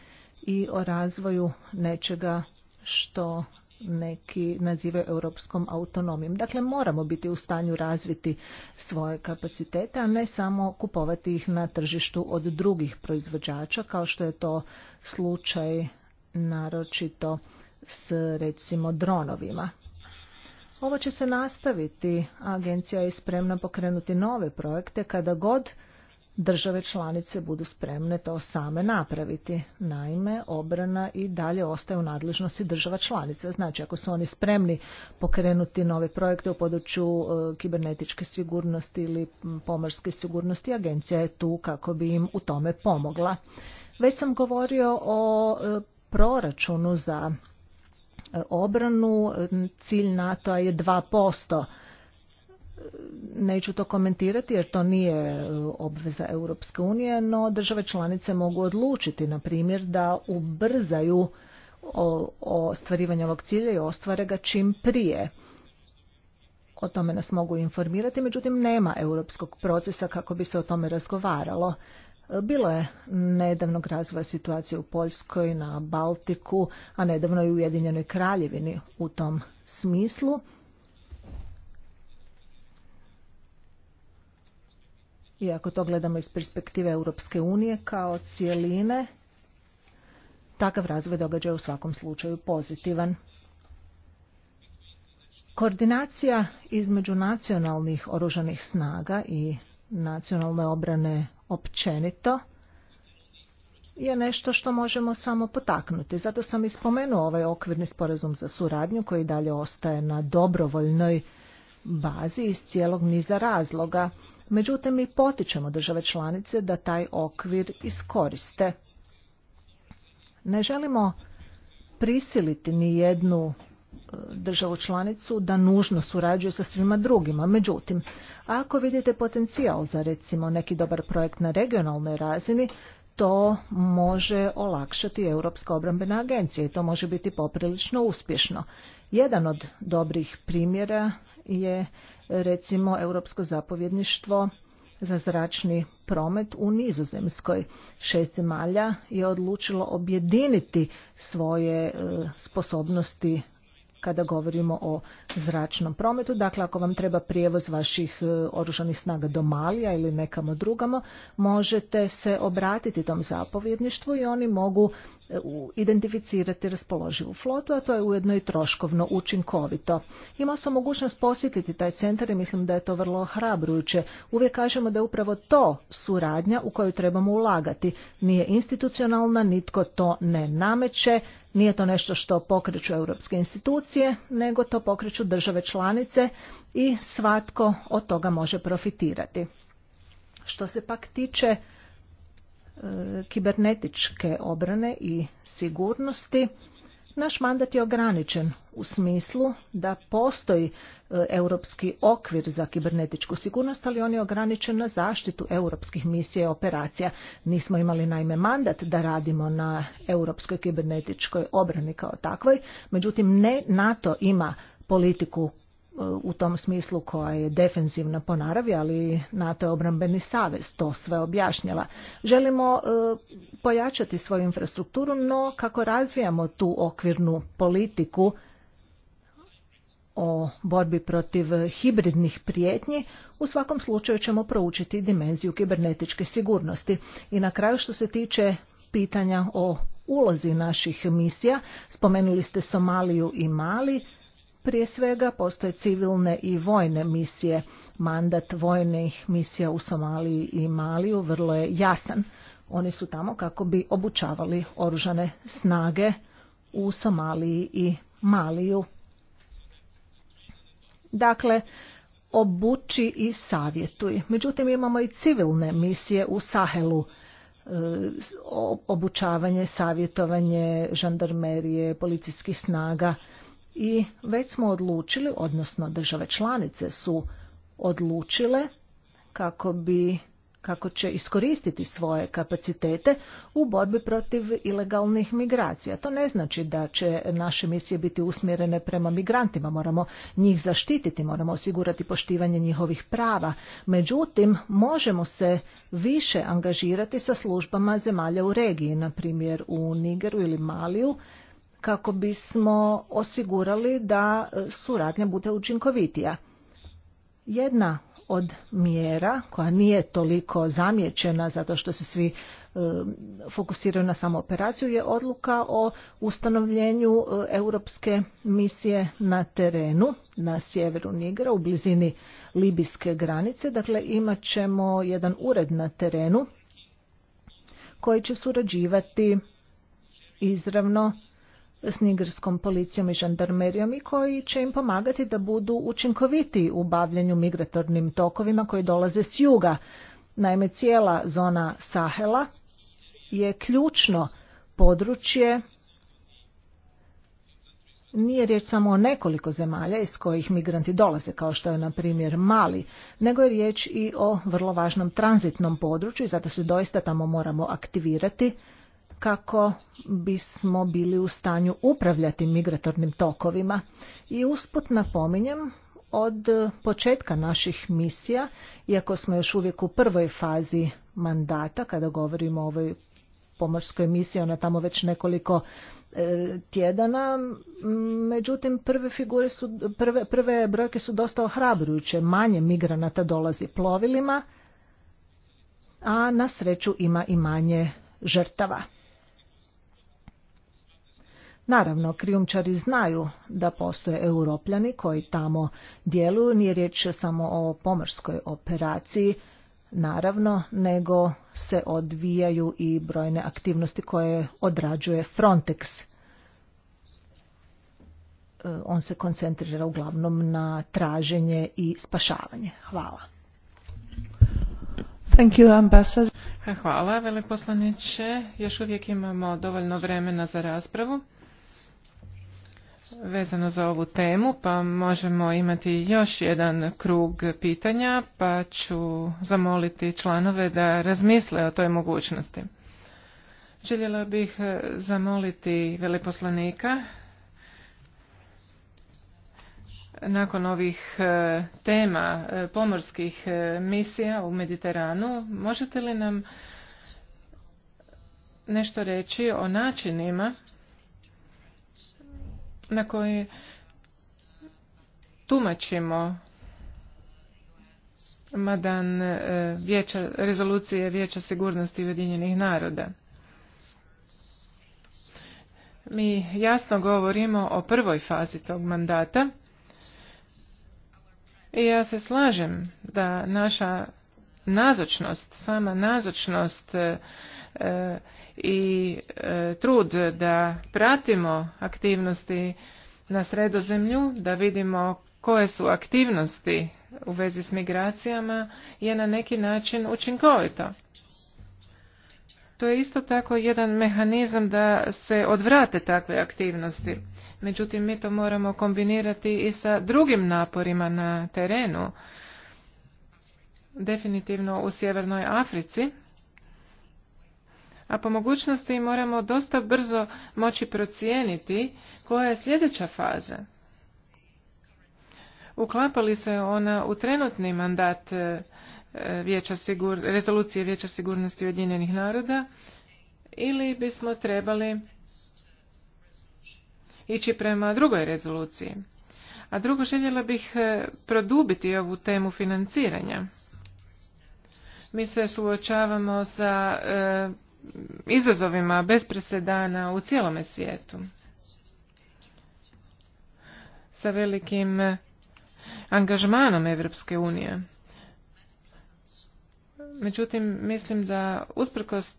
i o razvoju nečega što neki nazive europskom autonomijom. Dakle, moramo biti u stanju razviti svoje kapacitete, a ne samo kupovati ih na tržištu od drugih proizvođača, kao što je to slučaj naročito s recimo dronovima. Ovo će se nastaviti, agencija je spremna pokrenuti nove projekte kada god države članice budu spremne to same napraviti. Naime, obrana i dalje ostaje u nadležnosti država članica. Znači, ako su oni spremni pokrenuti nove projekte u području e, kibernetičke sigurnosti ili pomorske sigurnosti, agencija je tu kako bi im u tome pomogla. Već sam govorio o e, proračunu za e, obranu. Cilj NATO-a je 2%. Neću to komentirati jer to nije e, obveza Europske unije, no države članice mogu odlučiti, na primjer, da ubrzaju ostvarivanje ovog cilja i ostvare ga čim prije. O tome nas mogu informirati, međutim nema europskog procesa kako bi se o tome razgovaralo. Bilo je nedavnog razvoja situacije u Poljskoj, na Baltiku, a nedavno i u Ujedinjenoj kraljevini u tom smislu. i ako to gledamo iz perspektive Europske unije kao cijeline, takav razvoj događa u svakom slučaju pozitivan. Koordinacija između nacionalnih oružanih snaga i nacionalne obrane općenito je nešto što možemo samo potaknuti. Zato sam i spomenuo ovaj okvirni sporazum za suradnju koji dalje ostaje na dobrovoljnoj bazi iz cijelog niza razloga Međutim, mi potičemo države članice da taj okvir iskoriste. Ne želimo prisiliti ni jednu e, državu članicu da nužno surađuje sa svima drugima. Međutim, ako vidite potencijal za recimo neki dobar projekt na regionalnoj razini, to može olakšati Europska obrambena agencija i to može biti poprilično uspješno. Jedan od dobrih primjera je recimo Europsko zapovjedništvo za zračni promet u Nizozemskoj. Šest zemalja je odlučilo objediniti svoje e, sposobnosti kada govorimo o zračnom prometu. Dakle, ako vam treba prijevoz vaših e, oružanih snaga do Malija ili nekamo drugamo, možete se obratiti tom zapovjedništvu i oni mogu e, identificirati raspoloživu flotu, a to je ujedno i troškovno učinkovito. Imao sam mogućnost posjetiti taj centar i mislim da je to vrlo hrabrujuće. Uvijek kažemo da je upravo to suradnja u koju trebamo ulagati. Nije institucionalna, nitko to ne nameće, nije to nešto što pokreću europske institucije, nego to pokreću države članice i svatko od toga može profitirati. Što se pak tiče e, kibernetičke obrane i sigurnosti, naš mandat je ograničen u smislu da postoji e, europski okvir za kibernetičku sigurnost, ali on je ograničen na zaštitu europskih misija i operacija. Nismo imali naime mandat da radimo na europskoj kibernetičkoj obrani kao takvoj, međutim ne NATO ima politiku u tom smislu koja je defensivna po naravi, ali NATO je obrambeni savez, to sve objašnjava. Želimo e, pojačati svoju infrastrukturu, no kako razvijamo tu okvirnu politiku o borbi protiv hibridnih prijetnji, u svakom slučaju ćemo proučiti dimenziju kibernetičke sigurnosti. I na kraju što se tiče pitanja o ulozi naših misija, spomenuli ste Somaliju i Mali, prije svega postoje civilne i vojne misije. Mandat vojnih misija u Somaliji i Maliju vrlo je jasan. Oni su tamo kako bi obučavali oružane snage u Somaliji i Maliju. Dakle, obuči i savjetuj. Međutim, imamo i civilne misije u Sahelu. E, obučavanje, savjetovanje žandarmerije, policijskih snaga i već smo odlučili, odnosno države članice su odlučile kako bi kako će iskoristiti svoje kapacitete u borbi protiv ilegalnih migracija. To ne znači da će naše misije biti usmjerene prema migrantima, moramo njih zaštititi, moramo osigurati poštivanje njihovih prava. Međutim, možemo se više angažirati sa službama zemalja u regiji, na primjer u Nigeru ili Maliju, kako bismo osigurali da e, suradnja bude učinkovitija. Jedna od mjera koja nije toliko zamjećena zato što se svi e, fokusiraju na samo operaciju je odluka o ustanovljenju e, europske misije na terenu na sjeveru Nigra u blizini libijske granice. Dakle, imat ćemo jedan ured na terenu koji će surađivati izravno s nigerskom policijom i žandarmerijom i koji će im pomagati da budu učinkoviti u bavljenju migratornim tokovima koji dolaze s juga. Naime, cijela zona Sahela je ključno područje nije riječ samo o nekoliko zemalja iz kojih migranti dolaze, kao što je na primjer Mali, nego je riječ i o vrlo važnom tranzitnom području i zato se doista tamo moramo aktivirati kako bismo bili u stanju upravljati migratornim tokovima. I usput napominjem od početka naših misija, iako smo još uvijek u prvoj fazi mandata, kada govorimo o ovoj pomorskoj misiji, ona tamo već nekoliko e, tjedana, međutim prve figure su, prve, prve brojke su dosta ohrabrujuće, manje migranata dolazi plovilima, a na sreću ima i manje žrtava. Naravno, krijumčari znaju da postoje europljani koji tamo djeluju, nije riječ samo o pomorskoj operaciji, naravno, nego se odvijaju i brojne aktivnosti koje odrađuje Frontex. E, on se koncentrira uglavnom na traženje i spašavanje. Hvala. Thank you, Hvala, Još uvijek imamo dovoljno vremena za raspravu vezano za ovu temu, pa možemo imati još jedan krug pitanja, pa ću zamoliti članove da razmisle o toj mogućnosti. Željela bih e, zamoliti veleposlanika nakon ovih e, tema e, pomorskih misija u Mediteranu. Možete li nam nešto reći o načinima na koji tumačimo madan e, rezolucije Vijeća sigurnosti Ujedinjenih naroda. Mi jasno govorimo o prvoj fazi tog mandata i ja se slažem da naša nazočnost, sama nazočnost e, e, i e, trud da pratimo aktivnosti na sredozemlju, da vidimo koje su aktivnosti u vezi s migracijama je na neki način učinkovito. To je isto tako jedan mehanizam da se odvrate takve aktivnosti. Međutim, mi to moramo kombinirati i sa drugim naporima na terenu. Definitivno u Sjevernoj Africi a po mogućnosti moramo dosta brzo moći procijeniti koja je sljedeća faza. Uklapali se ona u trenutni mandat e, rezolucije Vijeća sigurnosti Ujedinjenih naroda ili bismo trebali ići prema drugoj rezoluciji. A drugo, željela bih e, produbiti ovu temu financiranja. Mi se suočavamo sa e, izazovima bez presedana u cijelome svijetu. Sa velikim eh, angažmanom Evropske unije. Međutim, mislim da usprkos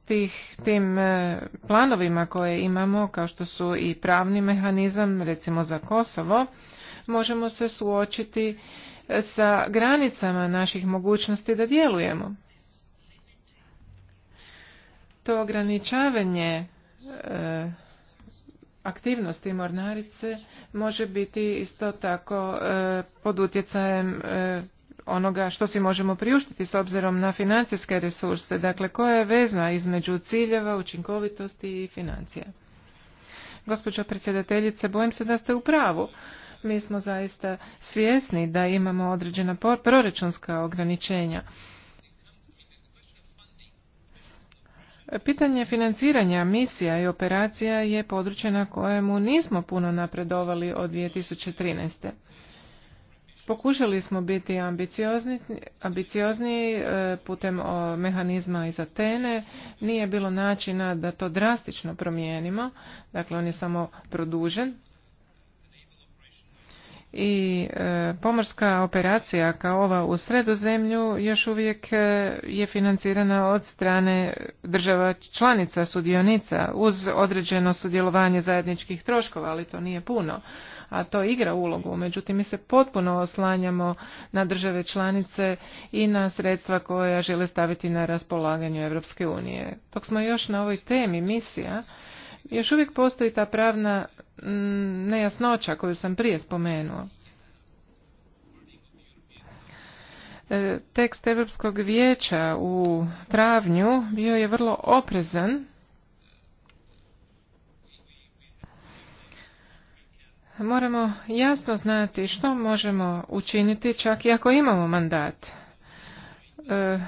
tim eh, planovima koje imamo, kao što su i pravni mehanizam, recimo za Kosovo, možemo se suočiti eh, sa granicama naših mogućnosti da djelujemo to ograničavanje e, aktivnosti mornarice može biti isto tako e, pod utjecajem e, onoga što si možemo priuštiti s obzirom na financijske resurse. Dakle, koja je vezna između ciljeva, učinkovitosti i financija? Gospođo predsjedateljice, bojim se da ste u pravu. Mi smo zaista svjesni da imamo određena proračunska ograničenja. Pitanje financiranja misija i operacija je područje na kojemu nismo puno napredovali od 2013. Pokušali smo biti ambiciozni, ambiciozniji e, putem mehanizma iz Atene. Nije bilo načina da to drastično promijenimo, dakle on je samo produžen i e, pomorska operacija kao ova u sredozemlju još uvijek e, je financirana od strane država članica sudionica uz određeno sudjelovanje zajedničkih troškova, ali to nije puno, a to igra ulogu. Međutim, mi se potpuno oslanjamo na države članice i na sredstva koja žele staviti na raspolaganju Europske unije. Dok smo još na ovoj temi misija, još uvijek postoji ta pravna nejasnoća koju sam prije spomenuo. E, tekst Europskog vijeća u travnju bio je vrlo oprezan Moramo jasno znati što možemo učiniti čak i ako imamo mandat. E,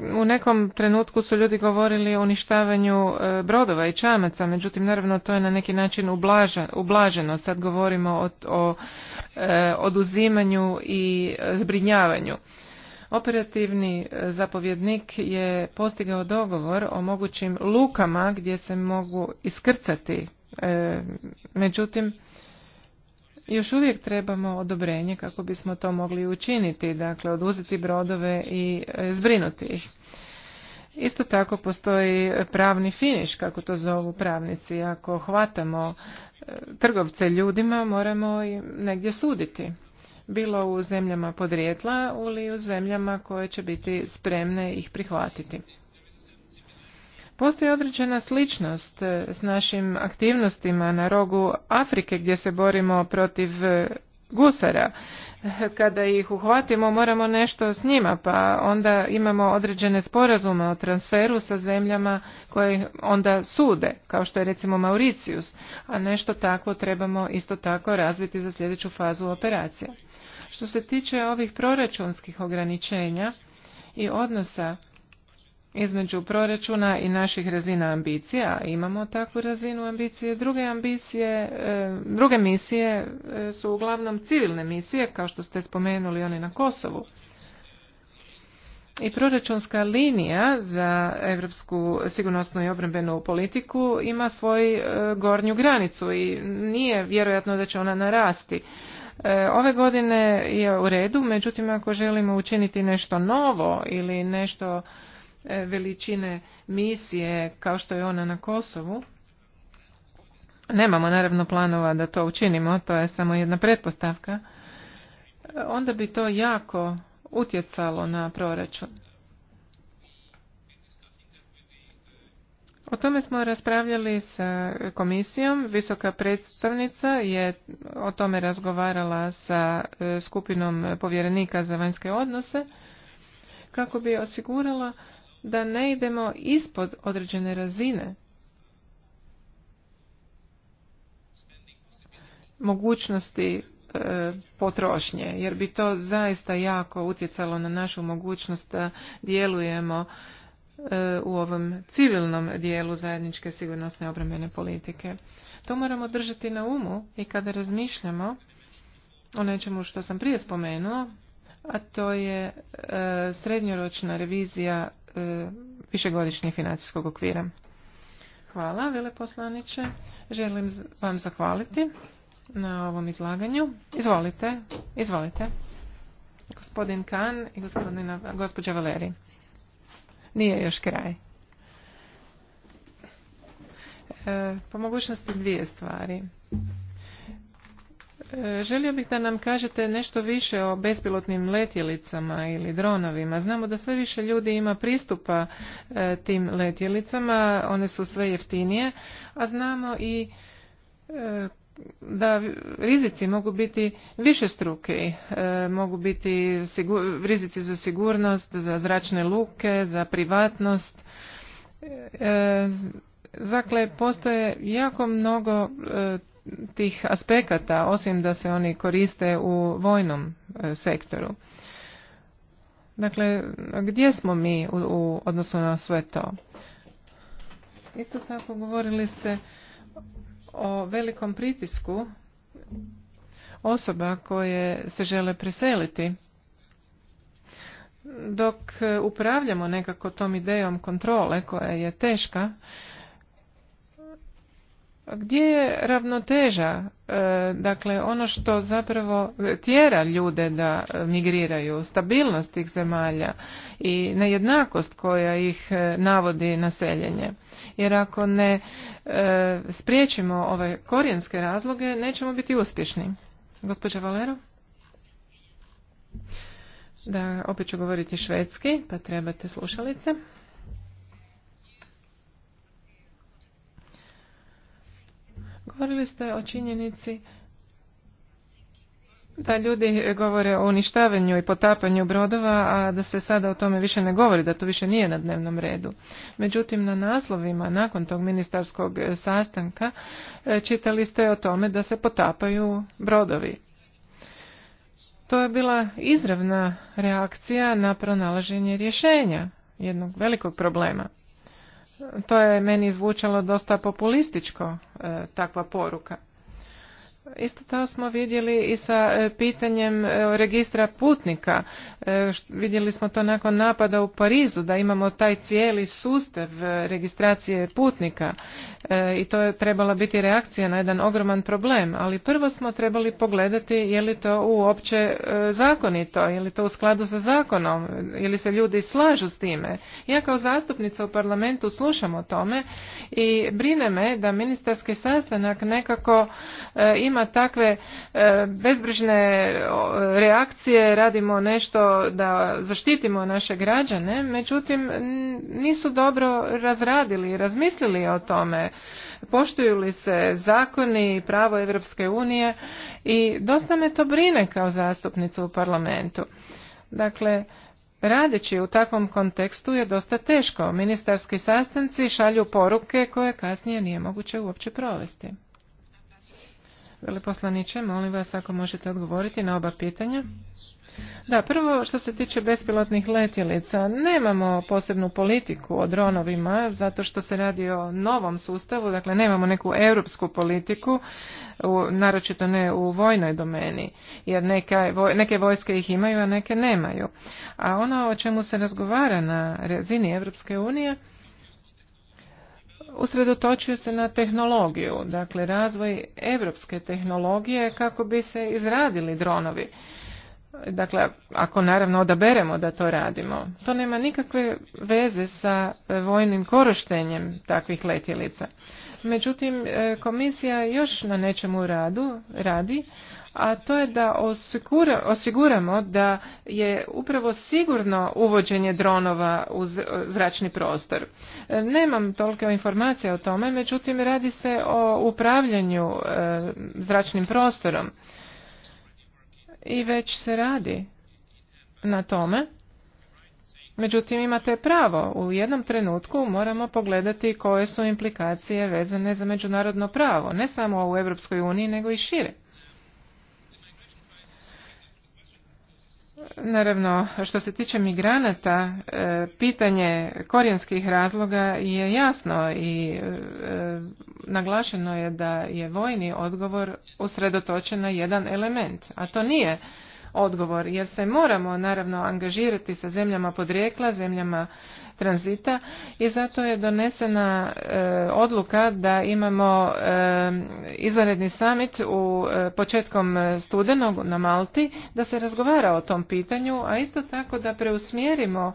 u nekom trenutku su ljudi govorili o uništavanju e, brodova i čamaca, međutim naravno to je na neki način ublaženo. Sad govorimo o, e, oduzimanju i zbrinjavanju. Operativni zapovjednik je postigao dogovor o mogućim lukama gdje se mogu iskrcati. međutim, još uvijek trebamo odobrenje kako bismo to mogli učiniti, dakle oduzeti brodove i e, zbrinuti ih. Isto tako postoji pravni finiš, kako to zovu pravnici. Ako hvatamo e, trgovce ljudima, moramo i negdje suditi. Bilo u zemljama podrijetla ili u zemljama koje će biti spremne ih prihvatiti. Postoji određena sličnost e, s našim aktivnostima na rogu Afrike gdje se borimo protiv e, gusara. E, kada ih uhvatimo moramo nešto s njima, pa onda imamo određene sporazume o transferu sa zemljama koje onda sude, kao što je recimo Mauricius, a nešto tako trebamo isto tako razviti za sljedeću fazu operacije. Što se tiče ovih proračunskih ograničenja i odnosa između proračuna i naših razina ambicija, imamo takvu razinu ambicije, druge ambicije, e, druge misije e, su uglavnom civilne misije, kao što ste spomenuli oni na Kosovu. I proračunska linija za europsku sigurnosnu i obrambenu politiku ima svoju e, gornju granicu i nije vjerojatno da će ona narasti. Ove godine je u redu, međutim ako želimo učiniti nešto novo ili nešto E, veličine misije kao što je ona na Kosovu. Nemamo naravno planova da to učinimo, to je samo jedna pretpostavka. E, onda bi to jako utjecalo na proračun. O tome smo raspravljali sa komisijom. Visoka predstavnica je o tome razgovarala sa e, skupinom povjerenika za vanjske odnose kako bi osigurala da ne idemo ispod određene razine mogućnosti e, potrošnje jer bi to zaista jako utjecalo na našu mogućnost da djelujemo e, u ovom civilnom dijelu zajedničke sigurnosne obrambene politike. To moramo držati na umu i kada razmišljamo o nečemu što sam prije spomenuo, a to je e, srednjoročna revizija E, višegodišnjeg financijskog okvira. Hvala, veleposlaniče. Želim vam zahvaliti na ovom izlaganju. Izvolite, izvolite. Gospodin Kan i gospodina, gospođa Valeri. Nije još kraj. E, po mogućnosti dvije stvari. Želio bih da nam kažete nešto više o bespilotnim letjelicama ili dronovima. Znamo da sve više ljudi ima pristupa e, tim letjelicama, one su sve jeftinije, a znamo i e, da rizici mogu biti više struke, e, mogu biti rizici za sigurnost, za zračne luke, za privatnost. Dakle, postoje jako mnogo tih aspekata, osim da se oni koriste u vojnom e, sektoru. Dakle, gdje smo mi u, odnosu na sve to? Isto tako govorili ste o velikom pritisku osoba koje se žele preseliti. Dok e, upravljamo nekako tom idejom kontrole koja je teška, gdje je ravnoteža? E, dakle, ono što zapravo tjera ljude da e, migriraju, stabilnost tih zemalja i nejednakost koja ih e, navodi naseljenje. Jer ako ne spriječimo ove korijenske razloge, nećemo biti uspješni. Gospođa Valero? Da, opet ću govoriti švedski, pa trebate slušalice. Govorili ste o činjenici da ljudi govore o uništavanju i potapanju brodova, a da se sada o tome više ne govori, da to više nije na dnevnom redu. Međutim, na naslovima nakon tog ministarskog sastanka e, čitali ste o tome da se potapaju brodovi. To je bila izravna reakcija na pronalaženje rješenja jednog velikog problema. To je meni zvučalo dosta populističko, e, takva poruka. Isto to smo vidjeli i sa e, pitanjem e, registra putnika. E, vidjeli smo to nakon napada u Parizu, da imamo taj cijeli sustav registracije putnika i to je trebala biti reakcija na jedan ogroman problem. Ali prvo smo trebali pogledati je li to uopće zakonito, je li to u skladu sa zakonom, je li se ljudi slažu s time. Ja kao zastupnica u parlamentu slušam o tome i brine me da ministarski sastanak nekako ima takve e, bezbrižne reakcije, radimo nešto da zaštitimo naše građane, međutim nisu dobro razradili i razmislili o tome. Poštuju li se zakoni i pravo Europske unije i dosta me to brine kao zastupnicu u parlamentu. Dakle, Radeći u takvom kontekstu je dosta teško. Ministarski sastanci šalju poruke koje kasnije nije moguće uopće provesti. Veleposlaniče, molim vas ako možete odgovoriti na oba pitanja. Da, prvo što se tiče bespilotnih letjelica, nemamo posebnu politiku o dronovima zato što se radi o novom sustavu, dakle nemamo neku europsku politiku, naročito ne u vojnoj domeni, jer neke vojske ih imaju, a neke nemaju. A ono o čemu se razgovara na razini Europske unije, usredotočio se na tehnologiju, dakle razvoj evropske tehnologije kako bi se izradili dronovi. Dakle, ako naravno odaberemo da to radimo, to nema nikakve veze sa e, vojnim korištenjem takvih letjelica. Međutim, e, komisija još na nečemu radu radi, a to je da osiguramo da je upravo sigurno uvođenje dronova u e, zračni prostor. E, nemam toliko informacija o tome, međutim radi se o upravljanju e, zračnim prostorom i već se radi na tome. Međutim, imate pravo, u jednom trenutku moramo pogledati koje su implikacije vezane za međunarodno pravo, ne samo u Europskoj uniji, nego i šire. Naravno, što se tiče migranata, e, pitanje korijenskih razloga je jasno i e, naglašeno je da je vojni odgovor usredotočen na jedan element, a to nije odgovor jer se moramo naravno angažirati sa zemljama rijekla, zemljama tranzita i zato je donesena e, odluka da imamo e, izvanredni summit u e, početkom studenog na Malti da se razgovara o tom pitanju, a isto tako da preusmjerimo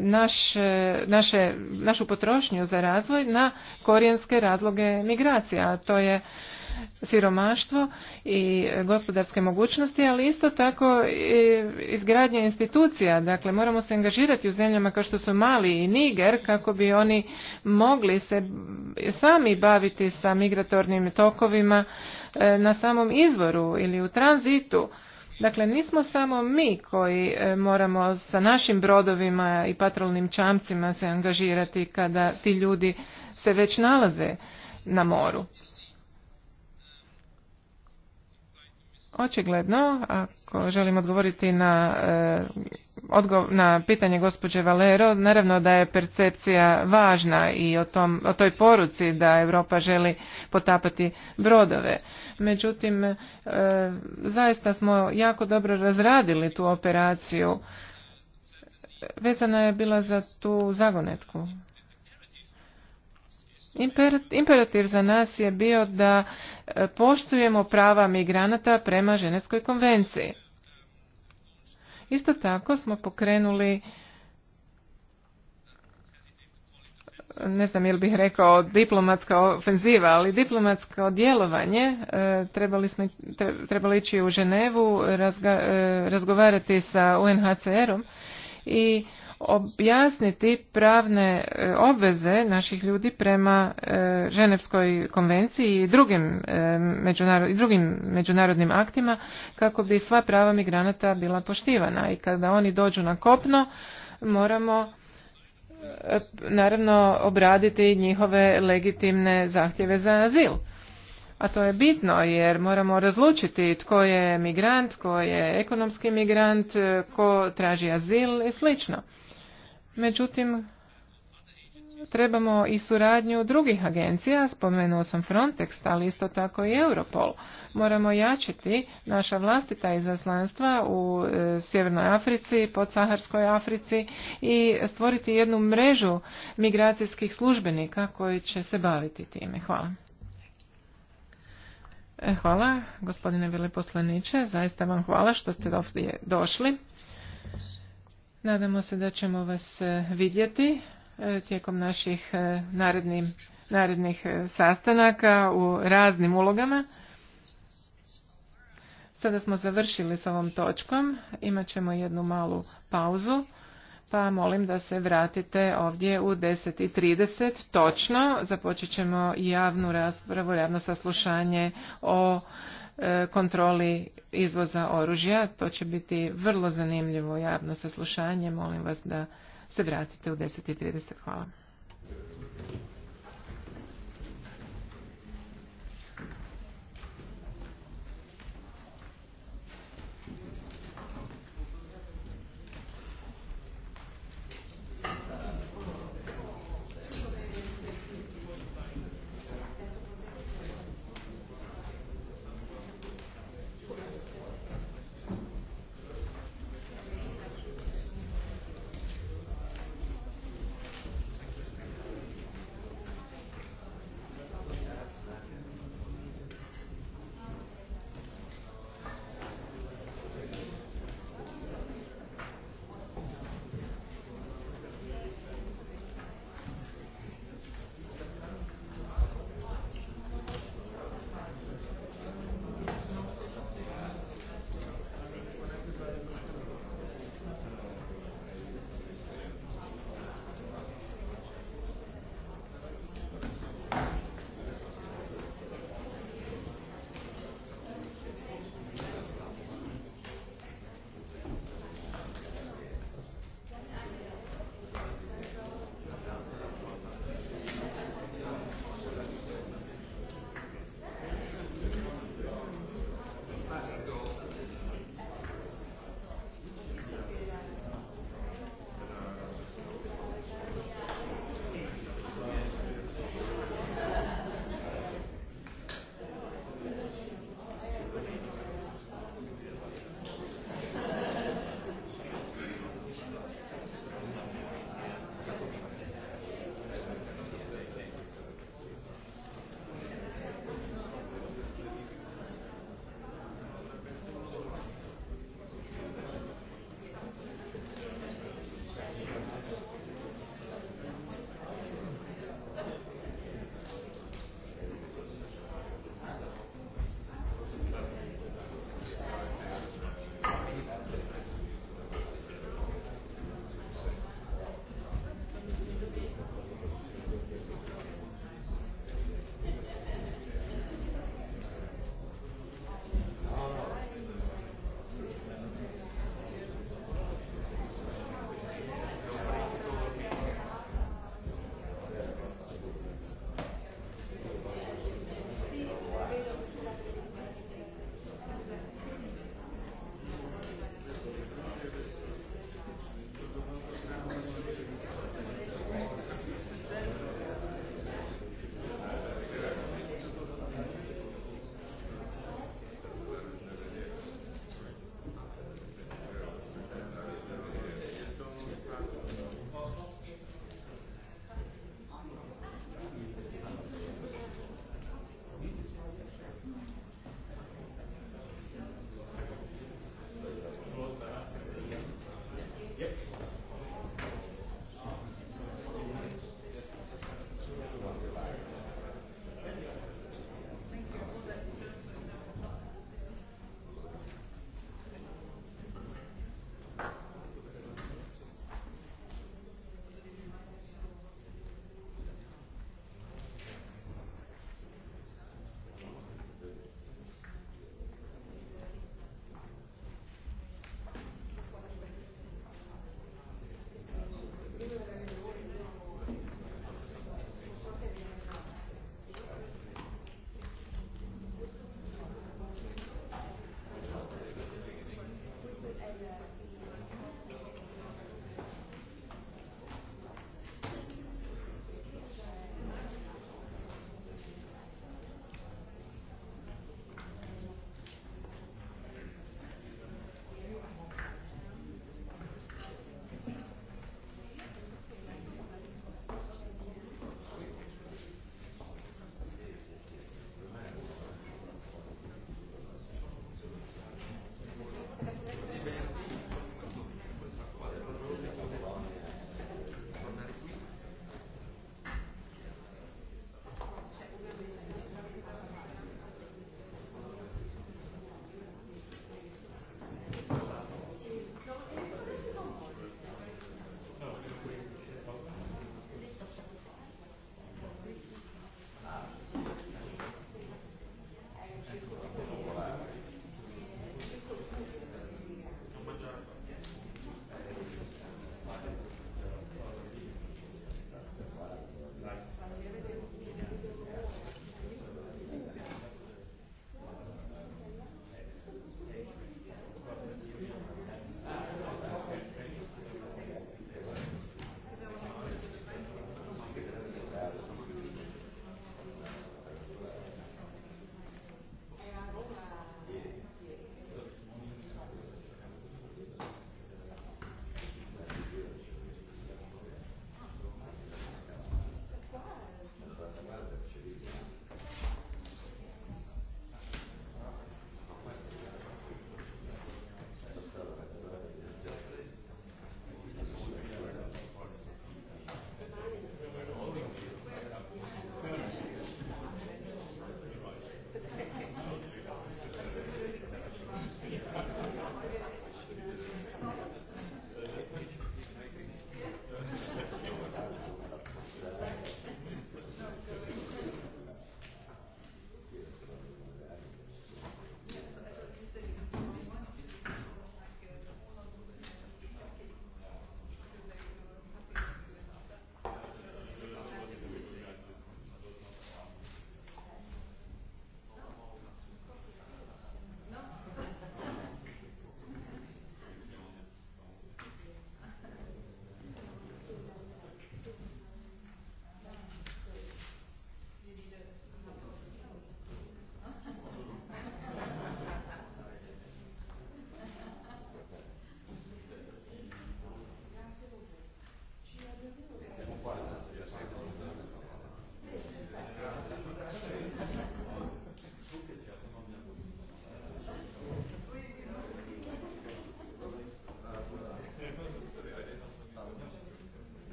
naš, naše, našu potrošnju za razvoj na korijenske razloge migracija. To je siromaštvo i gospodarske mogućnosti, ali isto tako i izgradnja institucija. Dakle, moramo se angažirati u zemljama kao što su Mali i Niger kako bi oni mogli se sami baviti sa migratornim tokovima e, na samom izvoru ili u tranzitu. Dakle, nismo samo mi koji e, moramo sa našim brodovima i patrolnim čamcima se angažirati kada ti ljudi se već nalaze na moru. Očigledno, ako želim odgovoriti na, e, na pitanje gospođe Valero, naravno da je percepcija važna i o, tom, o toj poruci da Europa želi potapati brodove. Međutim, e, zaista smo jako dobro razradili tu operaciju. Vezana je bila za tu zagonetku. Imperativ za nas je bio da poštujemo prava migranata prema Ženevskoj konvenciji. Isto tako smo pokrenuli ne znam ili bih rekao diplomatska ofenziva, ali diplomatsko djelovanje, e, trebali, smo, ići u Ženevu, e, razgovarati sa UNHCR-om i objasniti pravne e, obveze naših ljudi prema e, Ženevskoj konvenciji i drugim, e, drugim međunarodnim aktima kako bi sva prava migranata bila poštivana i kada oni dođu na kopno moramo naravno obraditi njihove legitimne zahtjeve za azil. A to je bitno jer moramo razlučiti tko je migrant, tko je ekonomski migrant, tko traži azil i slično. Međutim, trebamo i suradnju drugih agencija, spomenuo sam Frontex, ali isto tako i Europol. Moramo jačiti naša vlastita izaslanstva u e, Sjevernoj Africi, podsaharskoj Africi i stvoriti jednu mrežu migracijskih službenika koji će se baviti time. Hvala. E, hvala, gospodine veleposlaniče, zaista vam hvala što ste došli. Nadamo se da ćemo vas e, vidjeti e, tijekom naših e, narednih, sastanaka u raznim ulogama. Sada smo završili s ovom točkom. Imat ćemo jednu malu pauzu. Pa molim da se vratite ovdje u 10.30 točno. Započet ćemo javnu raspravu, javno saslušanje o E, kontroli izvoza oružja. To će biti vrlo zanimljivo javno saslušanje. Molim vas da se vratite u 10.30. Hvala.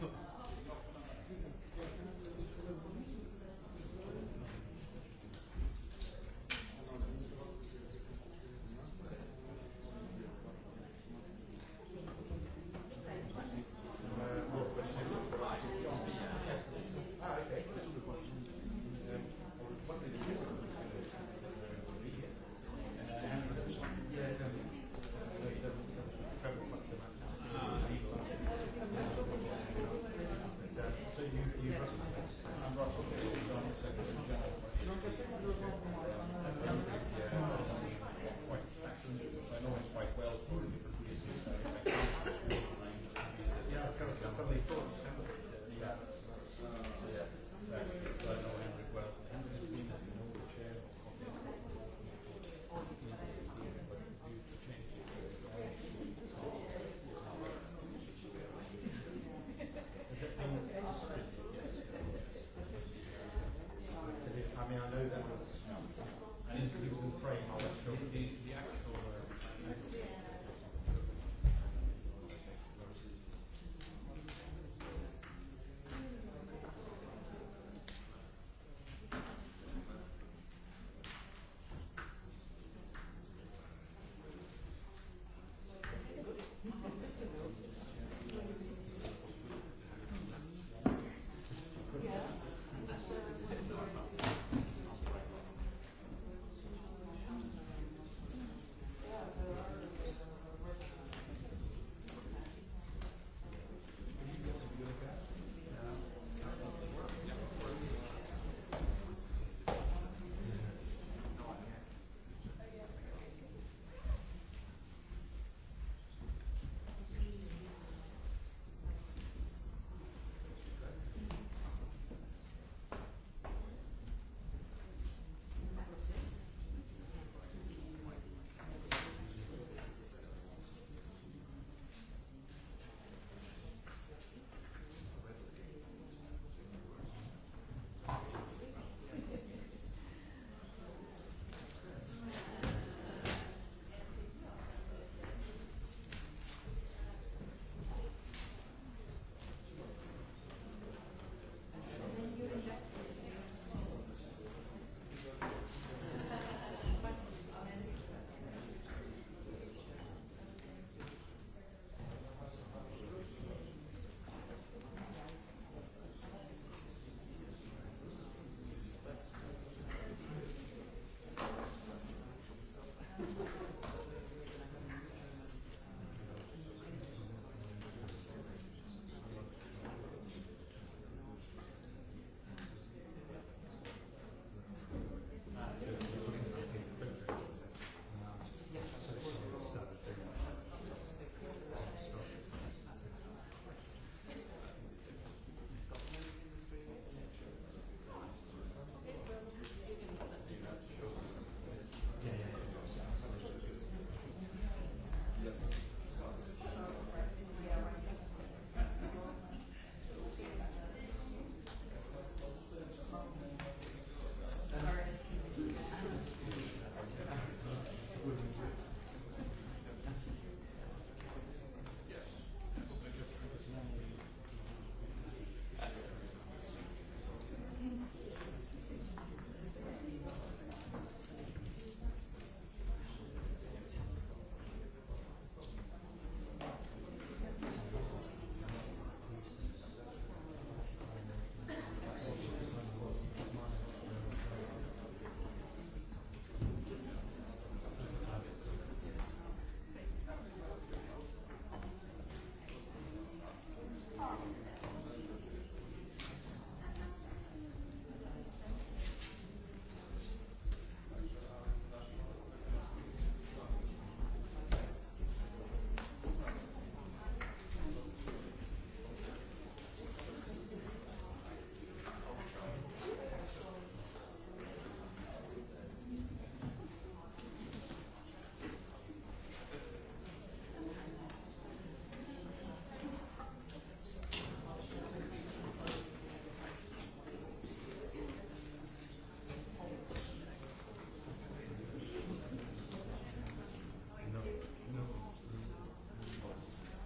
Hvala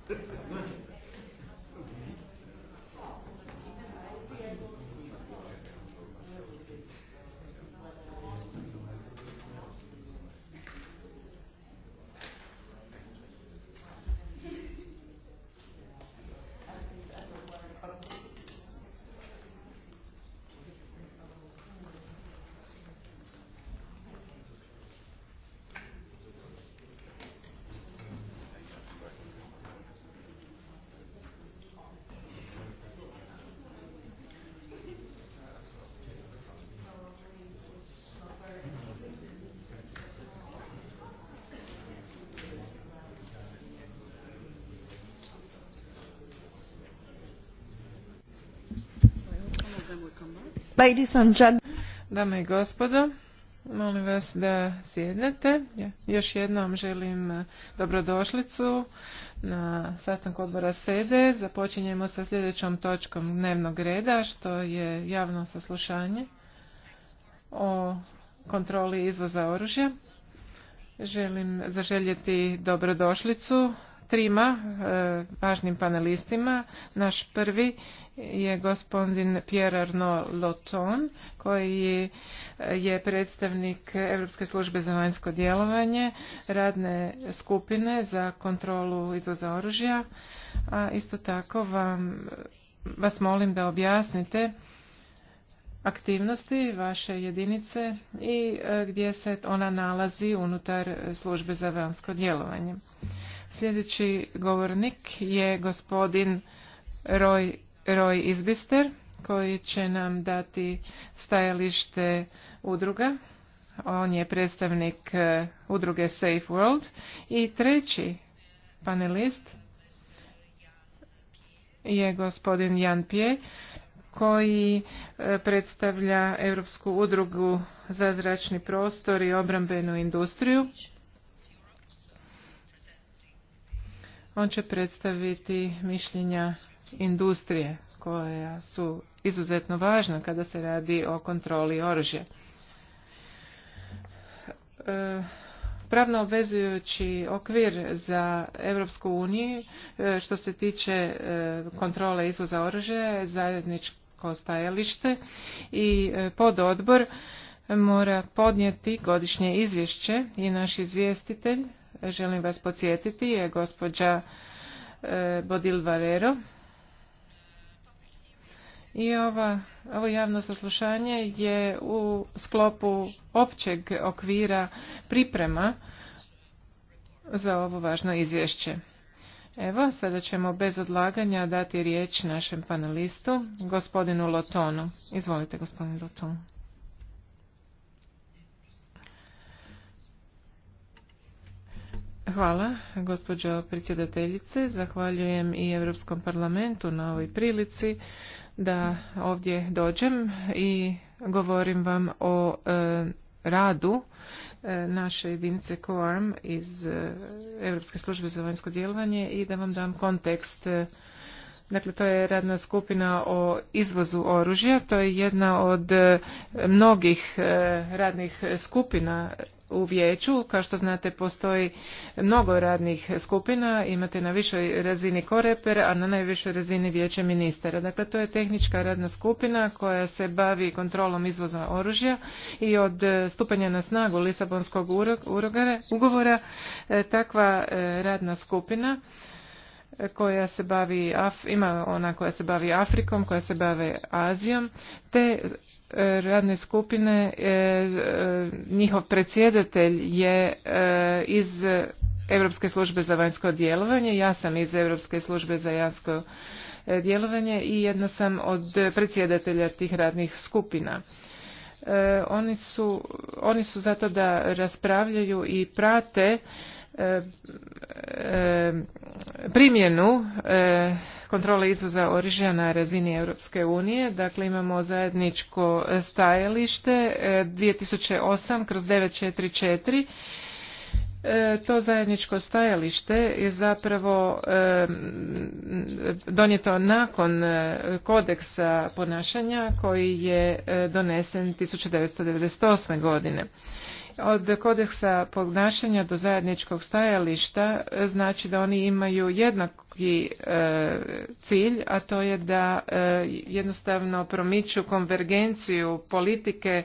Hvala znači, Dame i gospodo, molim vas da sjednete. Još jednom želim eh, dobrodošlicu na sastanku odbora sede. Započinjemo sa sljedećom točkom dnevnog reda, što je javno saslušanje o kontroli izvoza oružja. Želim zaželjeti dobrodošlicu trima e, važnim panelistima. Naš prvi je gospodin Pierre Arnaud Loton, koji e, je predstavnik Europske službe za vanjsko djelovanje, radne skupine za kontrolu izvoza oružja. A isto tako vam, vas molim da objasnite aktivnosti vaše jedinice i e, gdje se ona nalazi unutar službe za vanjsko djelovanje. Sljedeći govornik je gospodin Roy, Roy Izbister koji će nam dati stajalište udruga. On je predstavnik e, udruge Safe World. I treći panelist je gospodin Jan Pije koji e, predstavlja Europsku udrugu za zračni prostor i obrambenu industriju On će predstaviti mišljenja industrije koja su izuzetno važna kada se radi o kontroli oružja. E, pravno obvezujući okvir za Europsku uniju e, što se tiče e, kontrole izvoza oružja, zajedničko stajalište i pododbor mora podnijeti godišnje izvješće i naš izvjestitelj želim vas podsjetiti je gospođa e, Bodil Valero. I ovo javno saslušanje je u sklopu općeg okvira priprema za ovo važno izvješće. Evo, sada ćemo bez odlaganja dati riječ našem panelistu, gospodinu Lotonu. Izvolite, gospodinu Lotonu. Hvala, gospođo predsjedateljice. Zahvaljujem i Europskom parlamentu na ovoj prilici da ovdje dođem i govorim vam o e, radu e, naše jedinice COARM iz e, Europske službe za vanjsko djelovanje i da vam dam kontekst Dakle, to je radna skupina o izvozu oružja. To je jedna od mnogih radnih skupina u vijeću. Kao što znate, postoji mnogo radnih skupina, imate na višoj razini koreper, a na najvišoj razini vijeće ministara. Dakle, to je tehnička radna skupina koja se bavi kontrolom izvoza oružja i od stupanja na snagu Lisabonskog ugovora e, takva e, radna skupina e, koja se bavi, ima ona koja se bavi Afrikom, koja se bave Azijom, te radne skupine, e, e, njihov predsjedatelj je e, iz Europske službe za vanjsko djelovanje, ja sam iz Europske službe za vanjsko djelovanje i jedna sam od predsjedatelja tih radnih skupina. Oni su, oni su zato da raspravljaju i prate E, e, primjenu e, kontrole izvoza oružja na razini Europske unije. Dakle, imamo zajedničko stajalište 2008 kroz 944 to zajedničko stajalište je zapravo donijeto nakon kodeksa ponašanja koji je donesen 1998. godine. Od kodeksa ponašanja do zajedničkog stajališta e, znači da oni imaju jednaki e, cilj, a to je da e, jednostavno promiču konvergenciju politike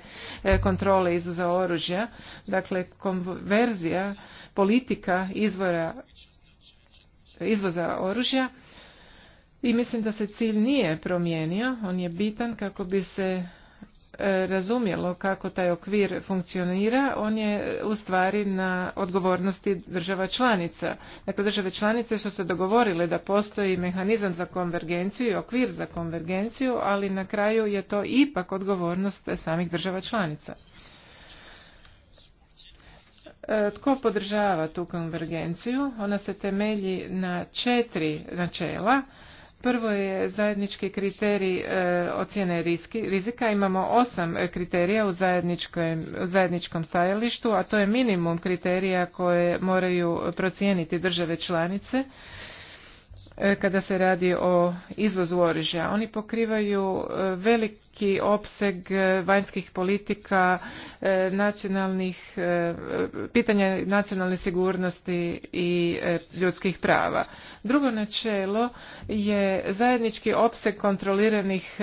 kontrole izvoza oružja. Dakle, konverzija politika izvora izvoza oružja i mislim da se cilj nije promijenio, on je bitan kako bi se E, razumjelo kako taj okvir funkcionira, on je u stvari na odgovornosti država članica. Dakle, države članice su se dogovorile da postoji mehanizam za konvergenciju i okvir za konvergenciju, ali na kraju je to ipak odgovornost samih država članica. E, tko podržava tu konvergenciju? Ona se temelji na četiri načela Prvo je zajednički kriterij e, ocjene rizika. Imamo osam kriterija u zajedničkom stajalištu, a to je minimum kriterija koje moraju procijeniti države članice E, kada se radi o izvozu oružja. Oni pokrivaju e, veliki opseg e, vanjskih politika, nacionalnih, pitanja nacionalne sigurnosti i ljudskih prava. Drugo načelo je zajednički opseg kontroliranih,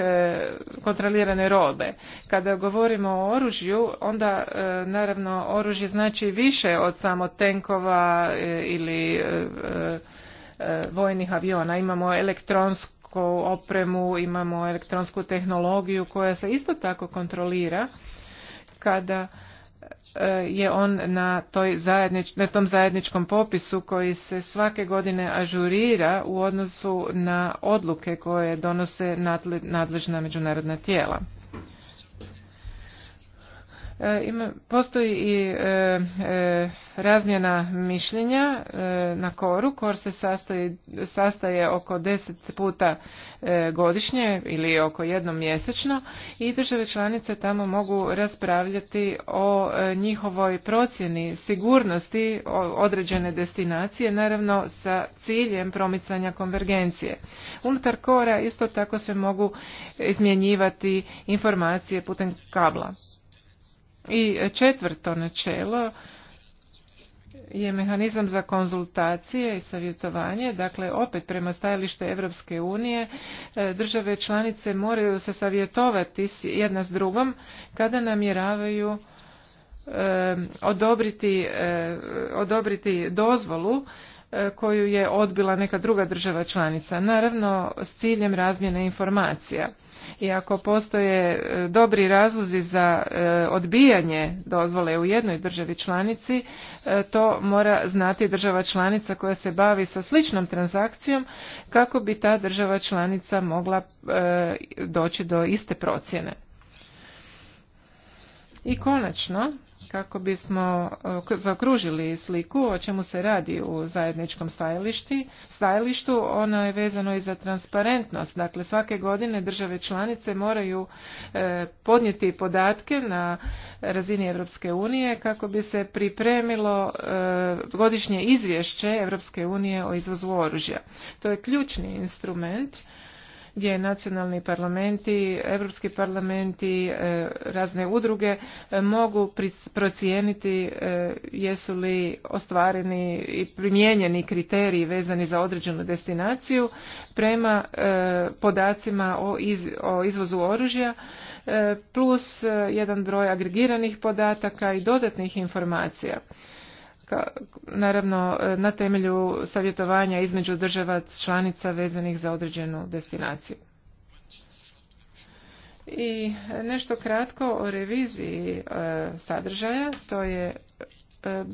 kontrolirane robe. Kada govorimo o oružju, onda naravno oružje znači više od samo tenkova ili E, vojnih aviona. Imamo elektronsku opremu, imamo elektronsku tehnologiju koja se isto tako kontrolira kada e, je on na, toj zajednič, na tom zajedničkom popisu koji se svake godine ažurira u odnosu na odluke koje donose nadležna međunarodna tijela. E, postoji i e, e, razmjena mišljenja na koru. Kor se sastoji, sastaje oko deset puta godišnje ili oko jednom mjesečno i države članice tamo mogu raspravljati o njihovoj procjeni sigurnosti određene destinacije, naravno sa ciljem promicanja konvergencije. Unutar kora isto tako se mogu izmjenjivati informacije putem kabla. I četvrto načelo je mehanizam za konzultacije i savjetovanje. Dakle, opet prema stajalište Europske unije, e, države članice moraju se savjetovati jedna s drugom kada namjeravaju e, odobriti, e, odobriti dozvolu E, koju je odbila neka druga država članica naravno s ciljem razmjene informacija i ako postoje e, dobri razlozi za e, odbijanje dozvole u jednoj državi članici to mora znati država članica koja se bavi sa sličnom transakcijom kako bi ta država članica mogla doći do iste procjene i konačno kako bismo e, zaokružili sliku o čemu se radi u zajedničkom stajališti, stajalištu, ono je vezano i za transparentnost. Dakle, svake godine države članice moraju e, podnijeti podatke na razini Europske unije kako bi se pripremilo e, godišnje izvješće Europske unije o izvozu oružja. To je ključni instrument gdje nacionalni parlamenti, europski parlamenti, e, razne udruge e, mogu procijeniti e, jesu li ostvareni i primijenjeni kriteriji vezani za određenu destinaciju prema podacima o izvozu oružja plus jedan broj agregiranih podataka i dodatnih informacija naravno e, na temelju savjetovanja između država članica vezanih za određenu destinaciju. I nešto kratko o reviziji e, sadržaja, to je e,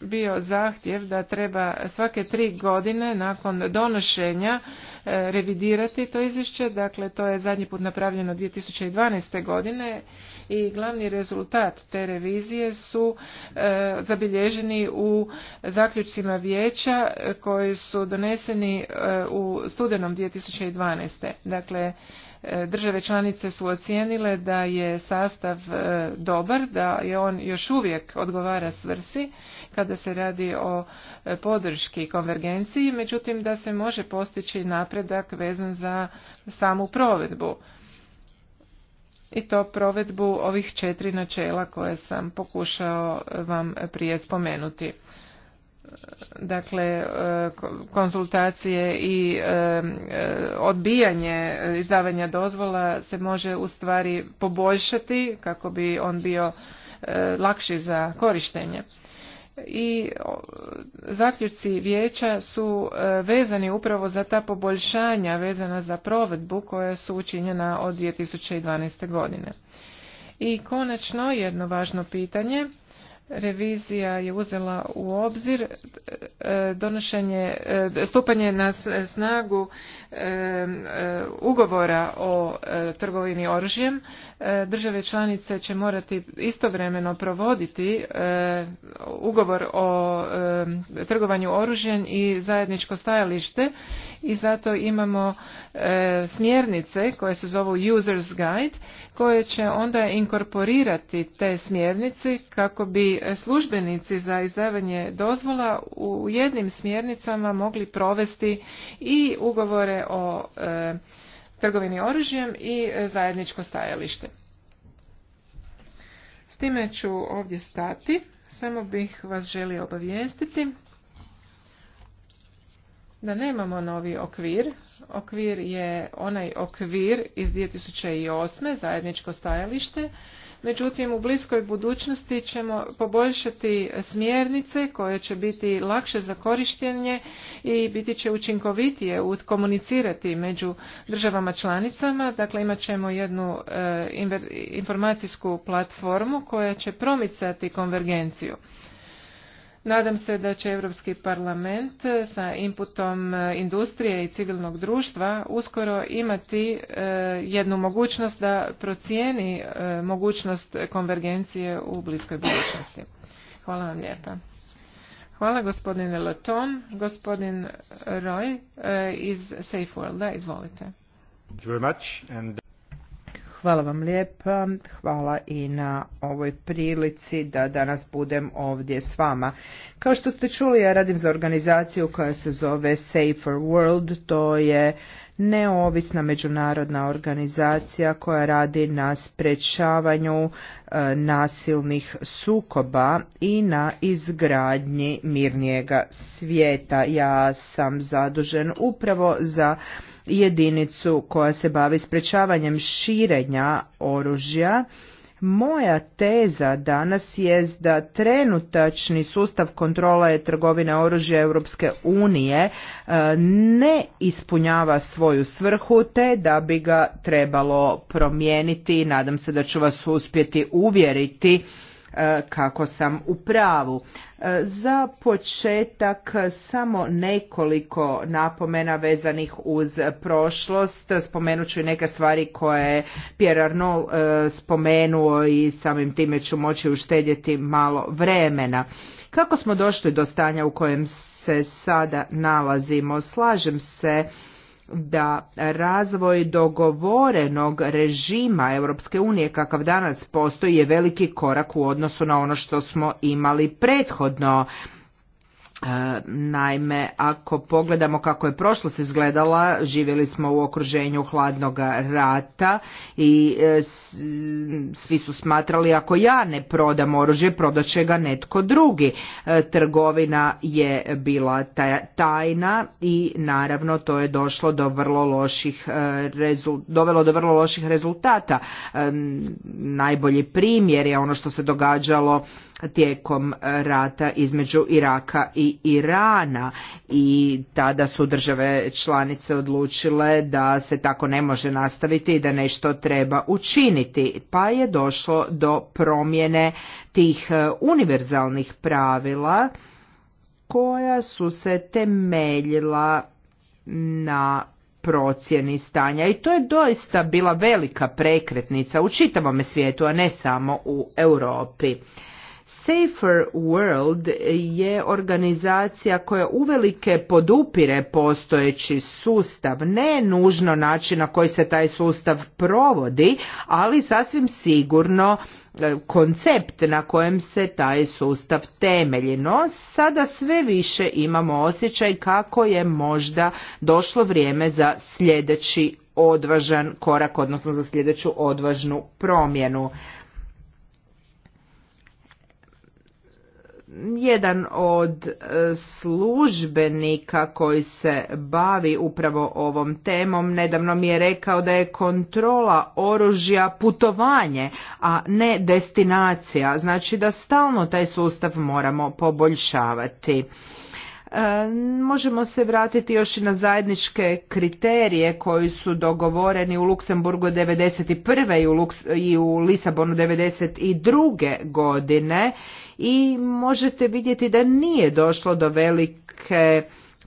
bio zahtjev da treba svake tri godine nakon donošenja revidirati to izvješće, dakle to je zadnji put napravljeno 2012. godine i glavni rezultat te revizije su e, zabilježeni u zaključcima vijeća e, koji su doneseni e, u studenom 2012. Dakle, države članice su ocijenile da je sastav dobar, da je on još uvijek odgovara svrsi kada se radi o podrški konvergenciji, međutim da se može postići napredak vezan za samu provedbu i to provedbu ovih četiri načela koje sam pokušao vam prije spomenuti dakle e, konsultacije i e, e, odbijanje izdavanja dozvola se može u stvari poboljšati kako bi on bio lakši za korištenje i zaključci vijeća su e, vezani upravo za ta poboljšanja vezana za provedbu koja su učinjena od 2012. godine. I konačno jedno važno pitanje revizija je uzela u obzir e, donošenje e, stupanje na snagu ugovora o trgovini oružjem E, države članice će morati istovremeno provoditi e, ugovor o e, trgovanju oružjem i zajedničko stajalište i zato imamo smjernice koje se zovu Users Guide koje će onda inkorporirati te smjernice kako bi službenici za izdavanje dozvola u jednim smjernicama mogli provesti i ugovore o trgovini oružjem i e, zajedničko stajalište. S time ću ovdje stati. Samo bih vas želio obavijestiti da nemamo novi okvir. Okvir je onaj okvir iz 2008. zajedničko stajalište međutim u bliskoj budućnosti ćemo poboljšati smjernice koje će biti lakše za korištenje i biti će učinkovitije komunicirati među državama članicama. Dakle, imat ćemo jednu e, informacijsku platformu koja će promicati konvergenciju. Nadam se da će Europski parlament eh, sa inputom eh, industrije i civilnog društva uskoro imati eh, jednu mogućnost da procijeni mogućnost konvergencije u bliskoj budućnosti. Hvala vam lijepa. Hvala gospodine Leton. Gospodin Roy iz Safe World. izvolite. Hvala vam lijepa, hvala i na ovoj prilici da danas budem ovdje s vama. Kao što ste čuli, ja radim za organizaciju koja se zove Safer World, to je neovisna međunarodna organizacija koja radi na sprečavanju e, nasilnih sukoba i na izgradnji mirnijega svijeta. Ja sam zadužen upravo za jedinicu koja se bavi sprečavanjem širenja oružja. Moja teza danas je da trenutačni sustav kontrole trgovine oružja Europske unije e, ne ispunjava svoju svrhu te da bi ga trebalo promijeniti. Nadam se da ću vas uspjeti uvjeriti E, kako sam u pravu. E, za početak samo nekoliko napomena vezanih uz prošlost. Spomenut ću i neke stvari koje je Pierre Arnaud e, spomenuo i samim time ću moći uštedjeti malo vremena. Kako smo došli do stanja u kojem se sada nalazimo? Slažem se da razvoj dogovorenog režima Europske unije kakav danas postoji je veliki korak u odnosu na ono što smo imali prethodno E, naime, ako pogledamo kako je prošlost izgledala, živjeli smo u okruženju hladnog rata i e, svi su smatrali ako ja ne prodam oružje, prodat će ga netko drugi. E, trgovina je bila tajna i naravno to je došlo do vrlo loših dovelo do vrlo loših rezultata. Najbolji primjer je ono što se događalo tijekom rata između Iraka i Irana i tada su države članice odlučile da se tako ne može nastaviti i da nešto treba učiniti pa je došlo do promjene tih e, univerzalnih pravila koja su se temeljila na procjeni stanja i to je doista bila velika prekretnica u čitavom svijetu, a ne samo u Europi. Safer World je organizacija koja uvelike podupire postojeći sustav, ne nužno način na koji se taj sustav provodi, ali sasvim sigurno e, koncept na kojem se taj sustav temelji. No, sada sve više imamo osjećaj kako je možda došlo vrijeme za sljedeći odvažan korak, odnosno za sljedeću odvažnu promjenu. jedan od e, službenika koji se bavi upravo ovom temom nedavno mi je rekao da je kontrola oružja putovanje, a ne destinacija. Znači da stalno taj sustav moramo poboljšavati. E, možemo se vratiti još i na zajedničke kriterije koji su dogovoreni u Luksemburgu 1991. i u, i u Lisabonu 1992. godine i možete vidjeti da nije došlo do velike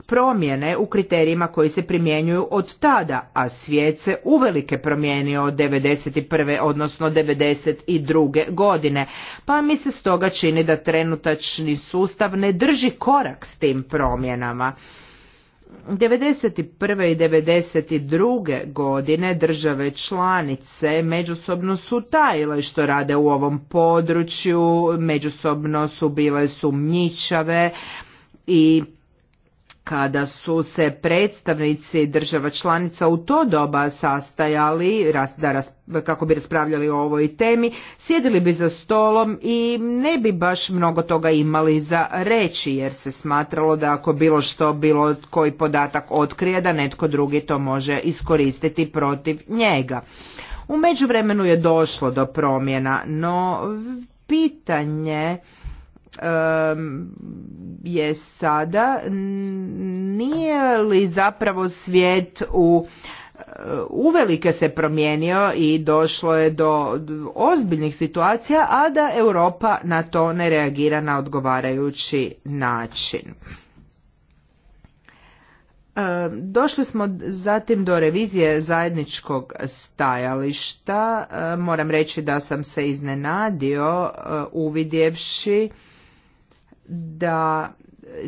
promjene u kriterijima koji se primjenjuju od tada, a svijet se uvelike promijenio od 1991. odnosno 1992. godine, pa mi se stoga čini da trenutačni sustav ne drži korak s tim promjenama. 1991. i 1992. godine države članice međusobno su tajile što rade u ovom području, međusobno su bile sumnjičave i kada su se predstavnici država članica u to doba sastajali da kako bi raspravljali o ovoj temi, sjedili bi za stolom i ne bi baš mnogo toga imali za reći jer se smatralo da ako bilo što, bilo koji podatak otkrije da netko drugi to može iskoristiti protiv njega. U međuvremenu je došlo do promjena, no pitanje je sada nije li zapravo svijet u e, uvelike se promijenio i došlo je do ozbiljnih situacija, a da Europa na to ne reagira na odgovarajući način. Došli smo zatim do revizije zajedničkog stajališta. Moram reći da sam se iznenadio e, uvidjevši da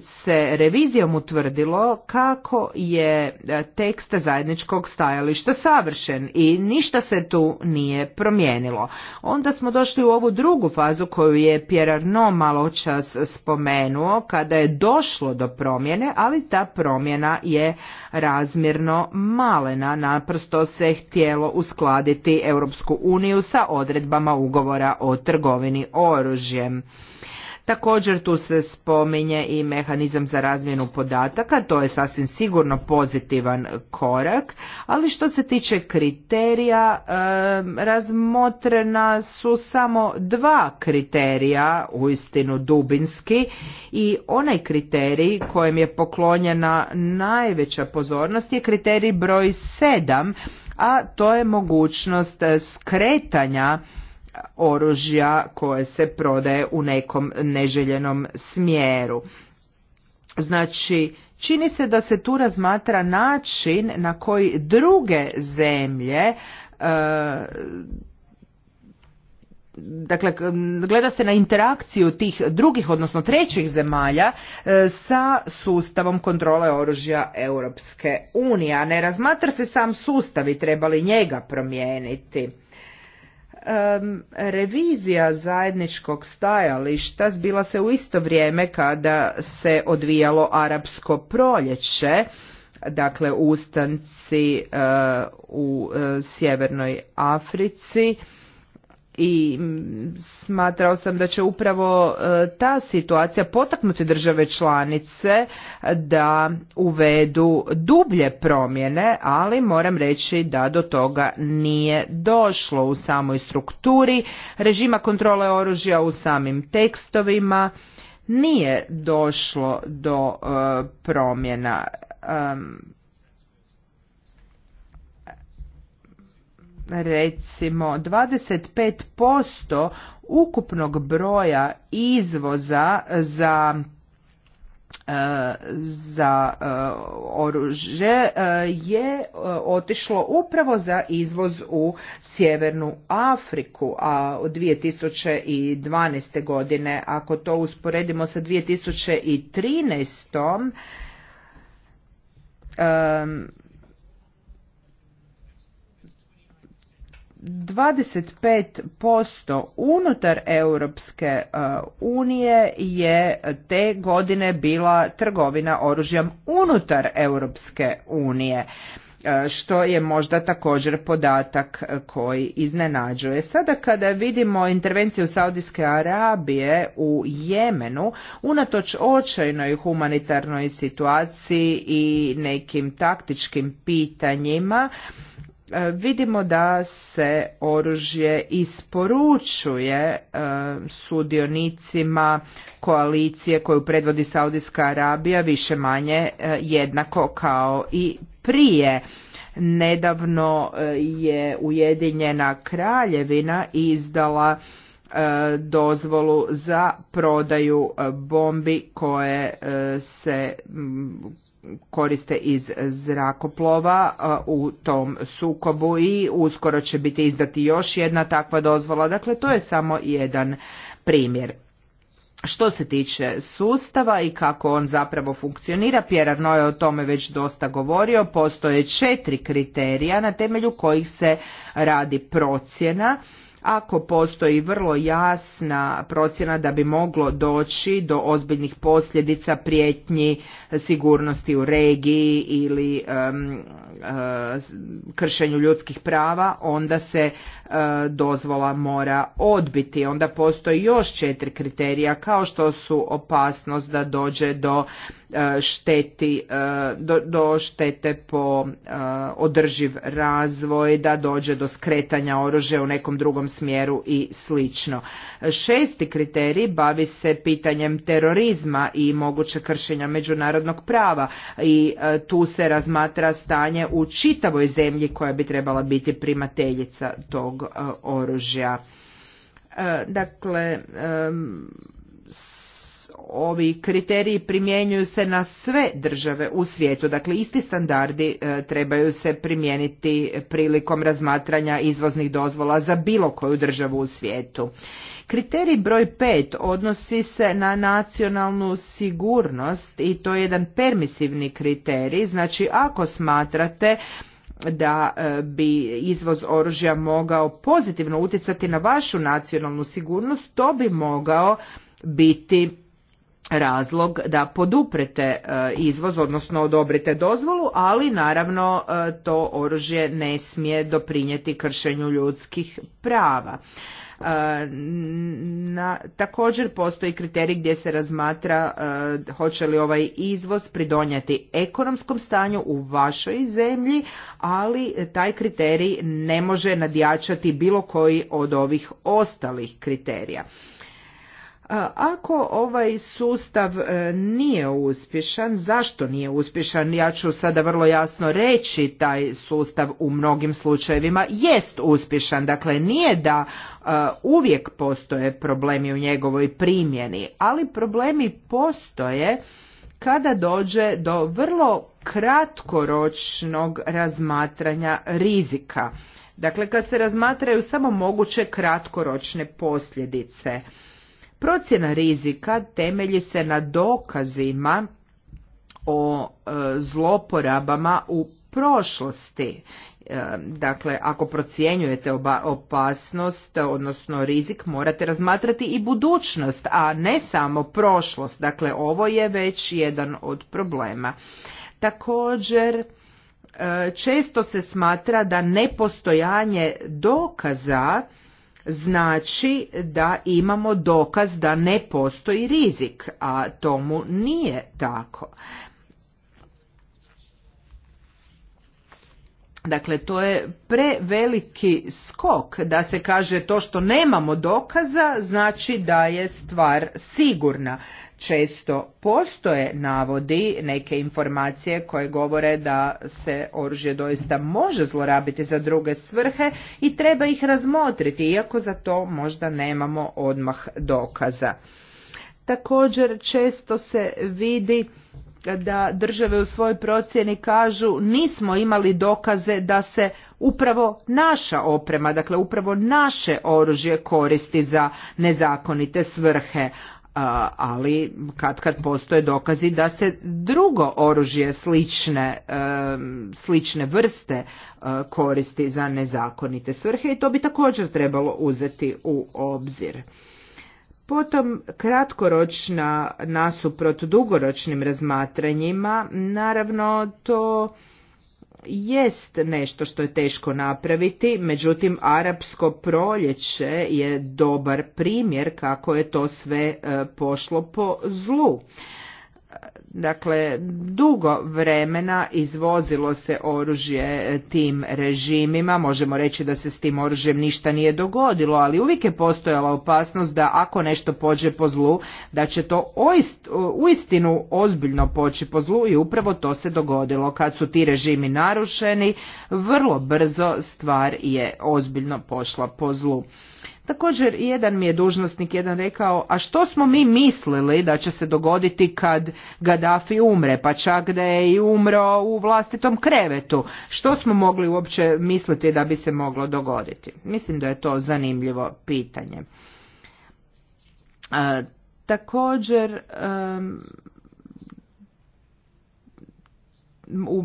se revizijom utvrdilo kako je tekst zajedničkog stajališta savršen i ništa se tu nije promijenilo. Onda smo došli u ovu drugu fazu koju je Pierre Arnaud malo čas spomenuo kada je došlo do promjene, ali ta promjena je razmjerno malena. Naprosto se htjelo uskladiti Europsku uniju sa odredbama ugovora o trgovini oružjem. Također tu se spominje i mehanizam za razmjenu podataka, to je sasvim sigurno pozitivan korak, ali što se tiče kriterija, razmotrena su samo dva kriterija, u istinu dubinski, i onaj kriterij kojem je poklonjena najveća pozornost je kriterij broj sedam, a to je mogućnost skretanja oružja koje se prodaje u nekom neželjenom smjeru. Znači, čini se da se tu razmatra način na koji druge zemlje e, dakle gleda se na interakciju tih drugih odnosno trećih zemalja e, sa sustavom kontrole oružja Europske unije a ne razmatra se sam sustav i treba li njega promijeniti Um, revizija zajedničkog stajališta zbila se u isto vrijeme kada se odvijalo arapsko proljeće, dakle ustanci eh, u eh, sjevernoj Africi i smatrao sam da će upravo e, ta situacija potaknuti države članice da uvedu dublje promjene, ali moram reći da do toga nije došlo u samoj strukturi režima kontrole oružja u samim tekstovima nije došlo do e, promjena. recimo 25% ukupnog broja izvoza za e, za e, oružje e, je otišlo upravo za izvoz u Sjevernu Afriku a od 2012. godine ako to usporedimo sa 2013. Um, 25% unutar Europske e, unije je te godine bila trgovina oružjem unutar Europske unije e, što je možda također podatak koji iznenađuje. Sada kada vidimo intervenciju Saudijske Arabije u Jemenu, unatoč očajnoj humanitarnoj situaciji i nekim taktičkim pitanjima, E, vidimo da se oružje isporučuje e, sudionicima koalicije koju predvodi Saudijska Arabija više manje e, jednako kao i prije. Nedavno je Ujedinjena kraljevina izdala dozvolu za prodaju bombi koje se koriste iz zrakoplova u tom sukobu i uskoro će biti izdati još jedna takva dozvola. Dakle, to je samo jedan primjer. Što se tiče sustava i kako on zapravo funkcionira, Pierre Arnaud je o tome već dosta govorio, postoje četiri kriterija na temelju kojih se radi procjena ako postoji vrlo jasna procjena da bi moglo doći do ozbiljnih posljedica prijetnji sigurnosti u regiji ili eh, kršenju ljudskih prava, onda se eh, dozvola mora odbiti. Onda postoji još četiri kriterija kao što su opasnost da dođe do E, šteti, e, do, štete po e, održiv razvoj, da dođe do skretanja oružja u nekom drugom smjeru i slično. Šesti kriterij bavi se pitanjem terorizma i moguće kršenja međunarodnog prava i tu se razmatra stanje u čitavoj zemlji koja bi trebala biti primateljica tog oružja. Dakle, ovi kriteriji primjenjuju se na sve države u svijetu, dakle isti standardi e, trebaju se primijeniti prilikom razmatranja izvoznih dozvola za bilo koju državu u svijetu. Kriterij broj pet odnosi se na nacionalnu sigurnost i to je jedan permisivni kriterij, znači ako smatrate da e, bi izvoz oružja mogao pozitivno utjecati na vašu nacionalnu sigurnost, to bi mogao biti razlog da poduprete e, izvoz, odnosno odobrite dozvolu, ali naravno e, to oružje ne smije doprinijeti kršenju ljudskih prava. E, na, također postoji kriterij gdje se razmatra hoće li ovaj izvoz pridonijeti ekonomskom stanju u vašoj zemlji, ali taj kriterij ne može nadjačati bilo koji od ovih ostalih kriterija. Ako ovaj sustav e, nije uspješan, zašto nije uspješan? Ja ću sada vrlo jasno reći, taj sustav u mnogim slučajevima jest uspješan. Dakle, nije da e, uvijek postoje problemi u njegovoj primjeni, ali problemi postoje kada dođe do vrlo kratkoročnog razmatranja rizika. Dakle, kad se razmatraju samo moguće kratkoročne posljedice. Procjena rizika temelji se na dokazima o e, zloporabama u prošlosti. E, dakle, ako procjenjujete opasnost, odnosno rizik, morate razmatrati i budućnost, a ne samo prošlost. Dakle, ovo je već jedan od problema. Također, e, često se smatra da nepostojanje dokaza znači da imamo dokaz da ne postoji rizik, a tomu nije tako. Dakle, to je preveliki skok da se kaže to što nemamo dokaza znači da je stvar sigurna. Često postoje navodi, neke informacije koje govore da se oružje doista može zlorabiti za druge svrhe i treba ih razmotriti, iako za to možda nemamo odmah dokaza. Također često se vidi da države u svojoj procjeni kažu nismo imali dokaze da se upravo naša oprema, dakle upravo naše oružje koristi za nezakonite svrhe ali kad kad postoje dokazi da se drugo oružje slične, slične vrste e, koristi za nezakonite svrhe i to bi također trebalo uzeti u obzir. Potom kratkoročna nasuprot dugoročnim razmatranjima, naravno to jest nešto što je teško napraviti, međutim arapsko proljeće je dobar primjer kako je to sve e, pošlo po zlu. Dakle, dugo vremena izvozilo se oružje e, tim režimima, možemo reći da se s tim oružjem ništa nije dogodilo, ali uvijek je postojala opasnost da ako nešto pođe po zlu, da će to uistinu ozbiljno poći po zlu i upravo to se dogodilo. Kad su ti režimi narušeni, vrlo brzo stvar je ozbiljno pošla po zlu. Također, jedan mi je dužnosnik jedan rekao, a što smo mi mislili da će se dogoditi kad Gaddafi umre, pa čak da je i umro u vlastitom krevetu? Što smo mogli uopće misliti da bi se moglo dogoditi? Mislim da je to zanimljivo pitanje. također,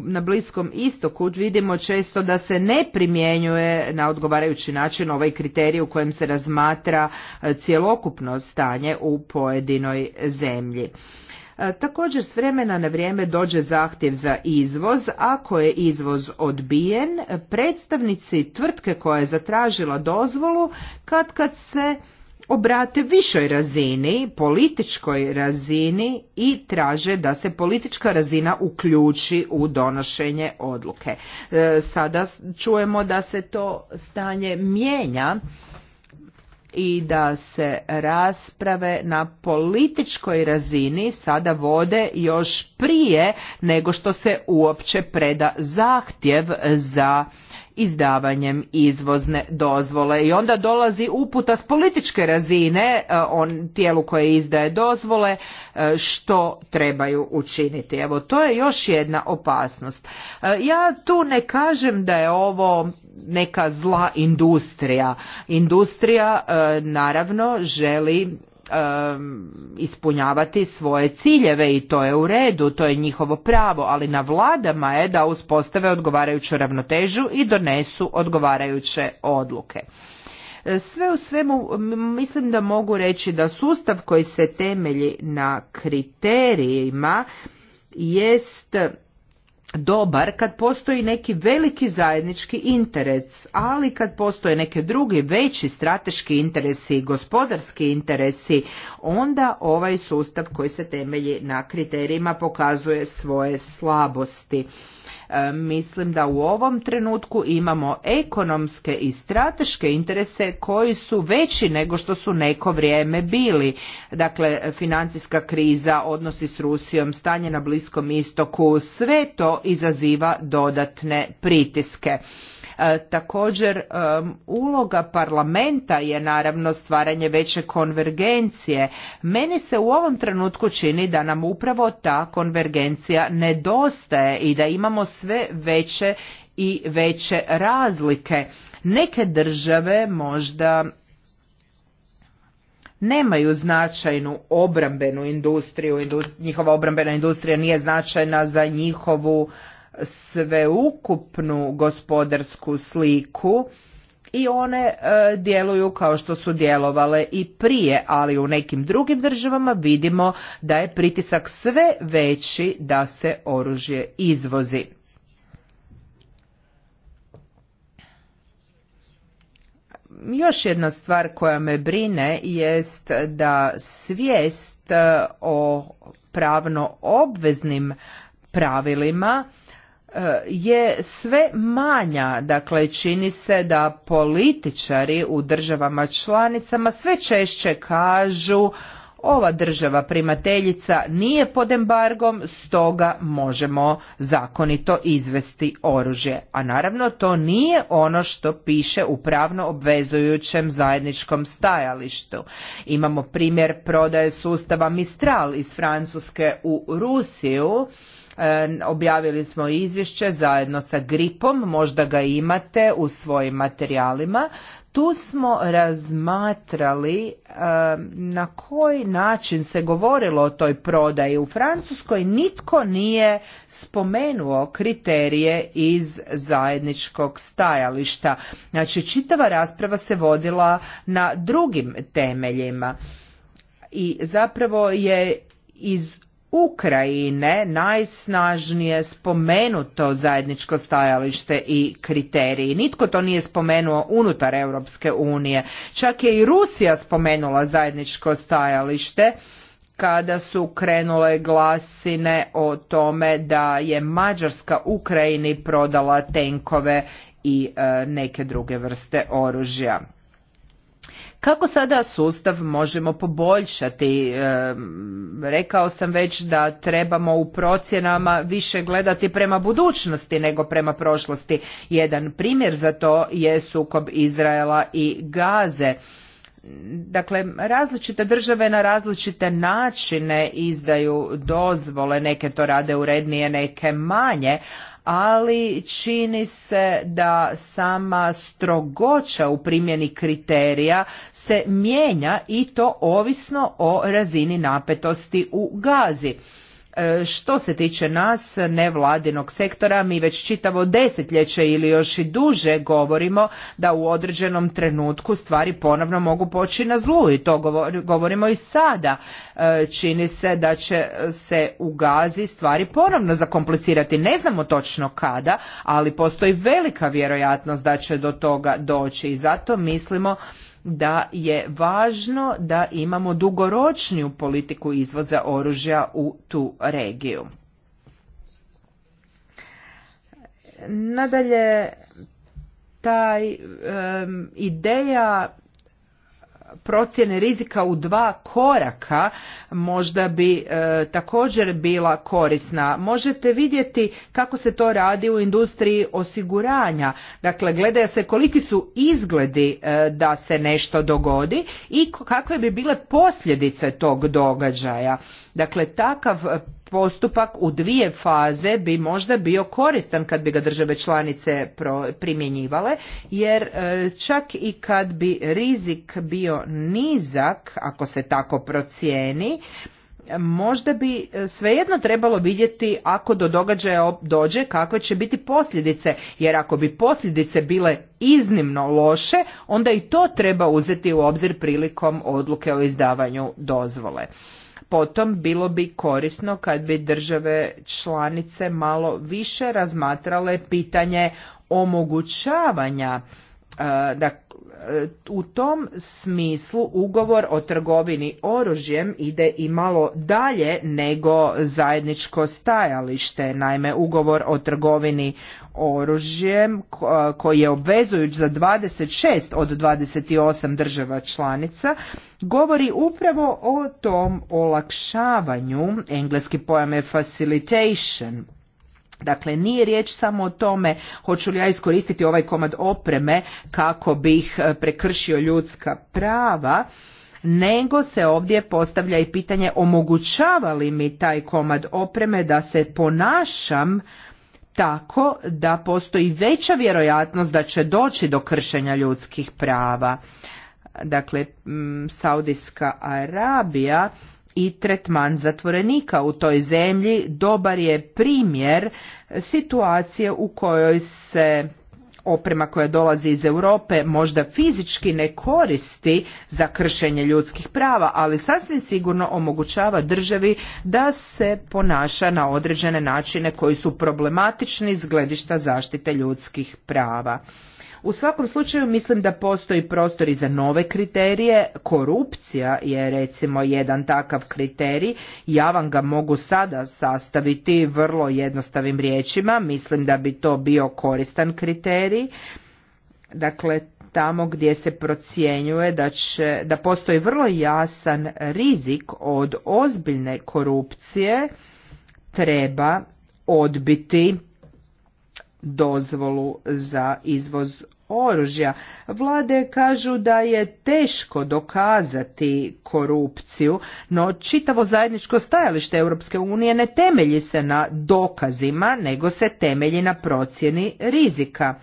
na Bliskom istoku vidimo često da se ne primjenjuje na odgovarajući način ovaj kriterij u kojem se razmatra e, cjelokupno stanje u pojedinoj zemlji. E, također s vremena na vrijeme dođe zahtjev za izvoz. Ako je izvoz odbijen, predstavnici tvrtke koja je zatražila dozvolu kad kad se obrate višoj razini, političkoj razini i traže da se politička razina uključi u donošenje odluke. E, sada čujemo da se to stanje mijenja i da se rasprave na političkoj razini sada vode još prije nego što se uopće preda zahtjev za izdavanjem izvozne dozvole i onda dolazi uputa s političke razine e, on tijelu koje izdaje dozvole e, što trebaju učiniti. Evo to je još jedna opasnost. E, ja tu ne kažem da je ovo neka zla industrija. Industrija naravno želi ispunjavati svoje ciljeve i to je u redu, to je njihovo pravo, ali na vladama je da uspostave odgovarajuću ravnotežu i donesu odgovarajuće odluke. E, sve u svemu mislim da mogu reći da sustav koji se temelji na kriterijima jest dobar kad postoji neki veliki zajednički interes, ali kad postoje neke drugi veći strateški interesi i gospodarski interesi, onda ovaj sustav koji se temelji na kriterijima pokazuje svoje slabosti. E, mislim da u ovom trenutku imamo ekonomske i strateške interese koji su veći nego što su neko vrijeme bili. Dakle, financijska kriza, odnosi s Rusijom, stanje na Bliskom istoku, sve to izaziva dodatne pritiske. E, također, e, uloga parlamenta je naravno stvaranje veće konvergencije. Meni se u ovom trenutku čini da nam upravo ta konvergencija nedostaje i da imamo sve veće i veće razlike. Neke države možda nemaju značajnu obrambenu industriju, njihova obrambena industrija nije značajna za njihovu sveukupnu gospodarsku sliku i one e, djeluju kao što su djelovale i prije, ali u nekim drugim državama vidimo da je pritisak sve veći da se oružje izvozi. Još jedna stvar koja me brine jest da svijest e, o pravno obveznim pravilima E, je sve manja, dakle čini se da političari u državama članicama sve češće kažu ova država primateljica nije pod embargom, stoga možemo zakonito izvesti oružje. A naravno to nije ono što piše u pravno obvezujućem zajedničkom stajalištu. Imamo primjer prodaje sustava Mistral iz Francuske u Rusiju E, objavili smo izvješće zajedno sa gripom, možda ga imate u svojim materijalima. Tu smo razmatrali e, na koji način se govorilo o toj prodaji. U Francuskoj nitko nije spomenuo kriterije iz zajedničkog stajališta. Znači, čitava rasprava se vodila na drugim temeljima. I zapravo je iz Ukrajine najsnažnije spomenuto zajedničko stajalište i kriteriji. Nitko to nije spomenuo unutar Europske unije. Čak je i Rusija spomenula zajedničko stajalište kada su krenule glasine o tome da je Mađarska Ukrajini prodala tenkove i e, neke druge vrste oružja. Kako sada sustav možemo poboljšati? rekao sam već da trebamo u procjenama više gledati prema budućnosti nego prema prošlosti. Jedan primjer za to je sukob Izraela i Gaze. Dakle, različite države na različite načine izdaju dozvole, neke to rade urednije, neke manje, ali čini se da sama strogoća u primjeni kriterija se mijenja i to ovisno o razini napetosti u gazi E, što se tiče nas, nevladinog sektora, mi već čitavo desetljeće ili još i duže govorimo da u određenom trenutku stvari ponovno mogu poći na zlu i to govorimo i sada. E, čini se da će se u Gazi stvari ponovno zakomplicirati. Ne znamo točno kada, ali postoji velika vjerojatnost da će do toga doći i zato mislimo da je važno da imamo dugoročniju politiku izvoza oružja u tu regiju. Nadalje, taj ideja procjene rizika u dva koraka možda bi e, također bila korisna. Možete vidjeti kako se to radi u industriji osiguranja. Dakle, gledaju se koliki su izgledi e, da se nešto dogodi i kakve bi bile posljedice tog događaja. Dakle, takav postupak u dvije faze bi možda bio koristan kad bi ga države članice primjenjivale jer e, čak i kad bi rizik bio nizak ako se tako procijeni možda bi e, svejedno trebalo vidjeti ako do događaja dođe kakve će biti posljedice, jer ako bi posljedice bile iznimno loše, onda i to treba uzeti u obzir prilikom odluke o izdavanju dozvole. Potom bilo bi korisno kad bi države članice malo više razmatrale pitanje omogućavanja e, da u tom smislu ugovor o trgovini oružjem ide i malo dalje nego zajedničko stajalište. Naime, ugovor o trgovini oružjem koji je obvezujuć za 26 od 28 država članica govori upravo o tom olakšavanju, engleski pojam je facilitation, Dakle, nije riječ samo o tome hoću li ja iskoristiti ovaj komad opreme kako bih e, prekršio ljudska prava, nego se ovdje postavlja i pitanje omogućava li mi taj komad opreme da se ponašam tako da postoji veća vjerojatnost da će doći do kršenja ljudskih prava. Dakle, Saudijska Arabija i tretman zatvorenika u toj zemlji dobar je primjer situacije u kojoj se oprema koja dolazi iz Europe možda fizički ne koristi za kršenje ljudskih prava, ali sasvim sigurno omogućava državi da se ponaša na određene načine koji su problematični iz gledišta zaštite ljudskih prava. U svakom slučaju mislim da postoji prostori za nove kriterije. Korupcija je recimo jedan takav kriterij. Ja vam ga mogu sada sastaviti vrlo jednostavnim riječima. Mislim da bi to bio koristan kriterij. Dakle, tamo gdje se procjenjuje da, će, da postoji vrlo jasan rizik od ozbiljne korupcije treba odbiti dozvolu za izvoz oružja. Vlade kažu da je teško dokazati korupciju, no čitavo zajedničko stajalište Europske unije ne temelji se na dokazima, nego se temelji na procjeni rizika.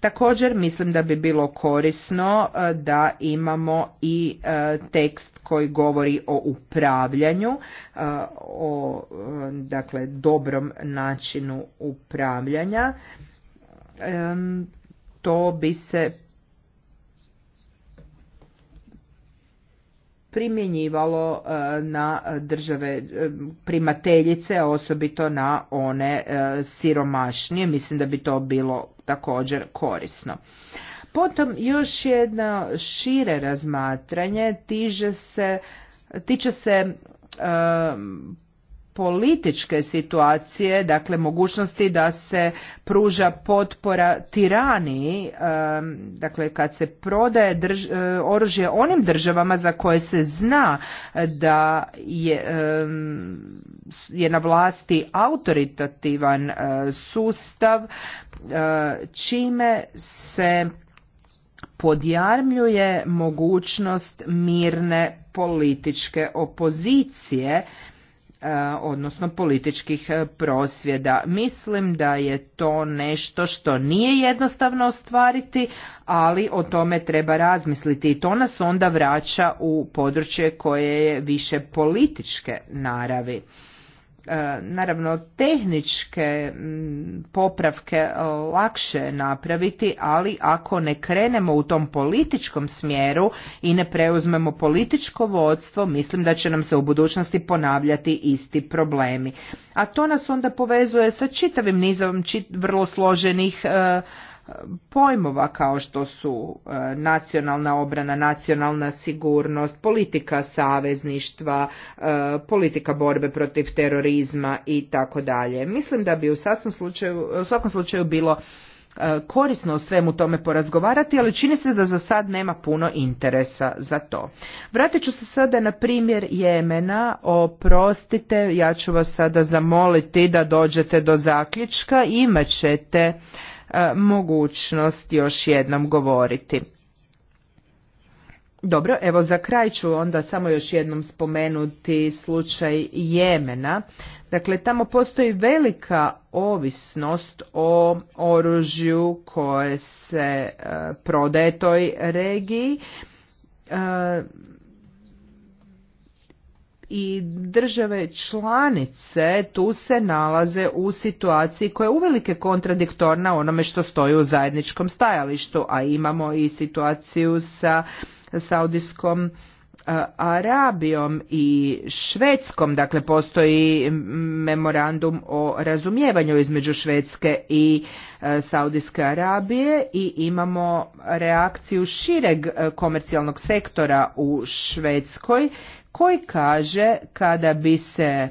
Također mislim da bi bilo korisno e, da imamo i e, tekst koji govori o upravljanju, e, o dakle dobrom načinu upravljanja to bi se primjenjivalo e, na države e, primateljice, osobito na one e, siromašnije. Mislim da bi to bilo također korisno. Potom još jedno šire razmatranje se, tiče se političke situacije, dakle mogućnosti da se pruža potpora tiraniji, dakle kad se prodaje e, oružje onim državama za koje se zna da je, je na vlasti autoritativan e, sustav, e, čime se podjarmljuje mogućnost mirne političke opozicije E, odnosno političkih e, prosvjeda. Mislim da je to nešto što nije jednostavno ostvariti, ali o tome treba razmisliti i to nas onda vraća u područje koje je više političke naravi. E, naravno tehničke popravke lakše napraviti, ali ako ne krenemo u tom političkom smjeru i ne preuzmemo političko vodstvo, mislim da će nam se u budućnosti ponavljati isti problemi. A to nas onda povezuje sa čitavim nizom vrlo složenih e, pojmova kao što su e, nacionalna obrana, nacionalna sigurnost, politika savezništva, e, politika borbe protiv terorizma i tako dalje. Mislim da bi u svakom slučaju, u svakom slučaju bilo e, korisno o svemu tome porazgovarati, ali čini se da za sad nema puno interesa za to. Vratit ću se sada na primjer Jemena, oprostite, ja ću vas sada zamoliti da dođete do zaključka, imat ćete E, mogućnost još jednom govoriti. Dobro, evo za kraj ću onda samo još jednom spomenuti slučaj Jemena. Dakle, tamo postoji velika ovisnost o oružju koje se e, prodaje toj regiji. E, i države članice tu se nalaze u situaciji koja je uvelike kontradiktorna onome što stoji u zajedničkom stajalištu, a imamo i situaciju sa Saudijskom e, Arabijom i Švedskom, dakle postoji memorandum o razumijevanju između Švedske i e, Saudijske Arabije i imamo reakciju šireg e, komercijalnog sektora u Švedskoj koji kaže kada bi se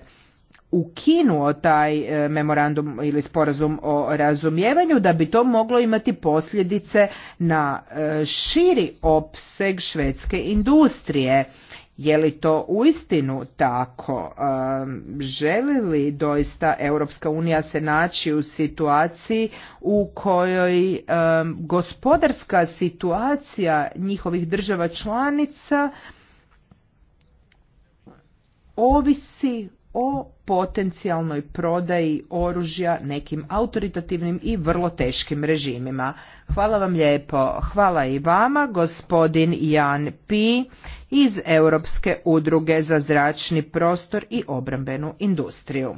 ukinuo taj e, memorandum ili sporazum o razumijevanju da bi to moglo imati posljedice na e, širi opseg švedske industrije. Je li to uistinu tako? E, želi li doista Europska unija se naći u situaciji u kojoj gospodarska situacija njihovih država članica ovisi o potencijalnoj prodaji oružja nekim autoritativnim i vrlo teškim režimima. Hvala vam lijepo. Hvala i vama, gospodin Jan Pi iz Europske udruge za zračni prostor i obrambenu industriju.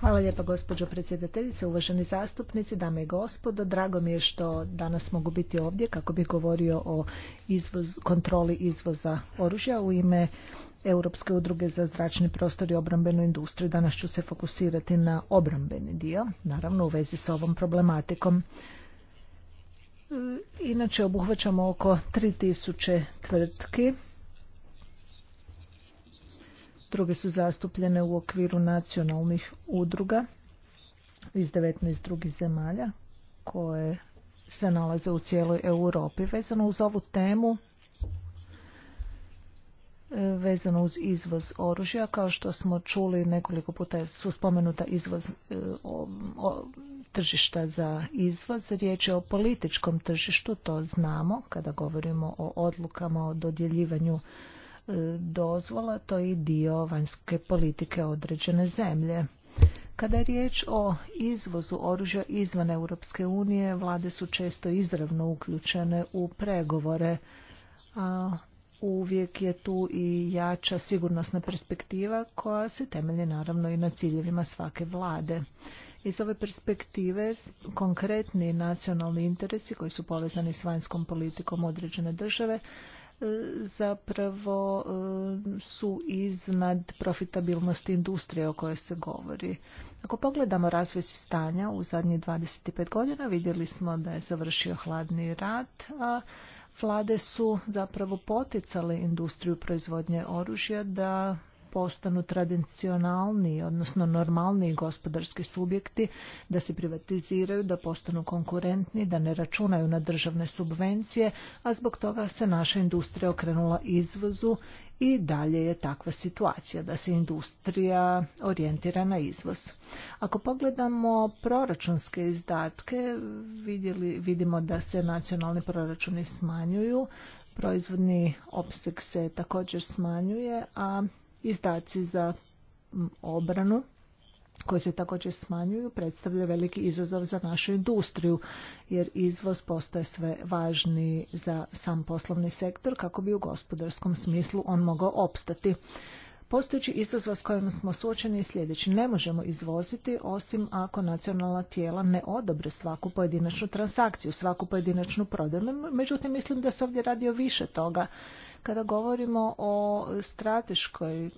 Hvala lijepa gospođo predsjedateljice, uvaženi zastupnici, dame i gospodo. Drago mi je što danas mogu biti ovdje kako bi govorio o izvoz, kontroli izvoza oružja u ime Europske udruge za zračni prostor i obrambenu industriju. Danas ću se fokusirati na obrambeni dio, naravno u vezi s ovom problematikom. E, inače obuhvaćamo oko 3000 tvrtki. Druge su zastupljene u okviru nacionalnih udruga iz 19 drugih zemalja koje se nalaze u cijeloj Europi. Vezano uz ovu temu vezano uz izvoz oružja. Kao što smo čuli nekoliko puta su spomenuta izvoz e, tržišta za izvoz. Riječ je o političkom tržištu, to znamo kada govorimo o odlukama o dodjeljivanju e, dozvola, to je i dio vanjske politike određene zemlje. Kada je riječ o izvozu oružja izvan Europske unije, vlade su često izravno uključene u pregovore, a uvijek je tu i jača sigurnosna perspektiva koja se temelji naravno i na ciljevima svake vlade. Iz ove perspektive konkretni nacionalni interesi koji su povezani s vanjskom politikom određene države e, zapravo e, su iznad profitabilnosti industrije o kojoj se govori. Ako pogledamo razvoj stanja u zadnjih 25 godina vidjeli smo da je završio hladni rat, a Vlade su zapravo poticale industriju proizvodnje oružja da postanu tradicionalni, odnosno normalni gospodarski subjekti, da se privatiziraju, da postanu konkurentni, da ne računaju na državne subvencije, a zbog toga se naša industrija okrenula izvozu i dalje je takva situacija da se industrija orijentira na izvoz. Ako pogledamo proračunske izdatke, vidjeli, vidimo da se nacionalni proračuni smanjuju, proizvodni opseg se također smanjuje, a izdaci za obranu koji se također smanjuju predstavlja veliki izazov za našu industriju jer izvoz postaje sve važniji za sam poslovni sektor kako bi u gospodarskom smislu on mogao opstati. Postojeći izazov s kojim smo suočeni je sljedeći. Ne možemo izvoziti osim ako nacionalna tijela ne odobre svaku pojedinačnu transakciju, svaku pojedinačnu prodaju. Međutim, mislim da se ovdje radi o više toga. Kada govorimo o strateškoj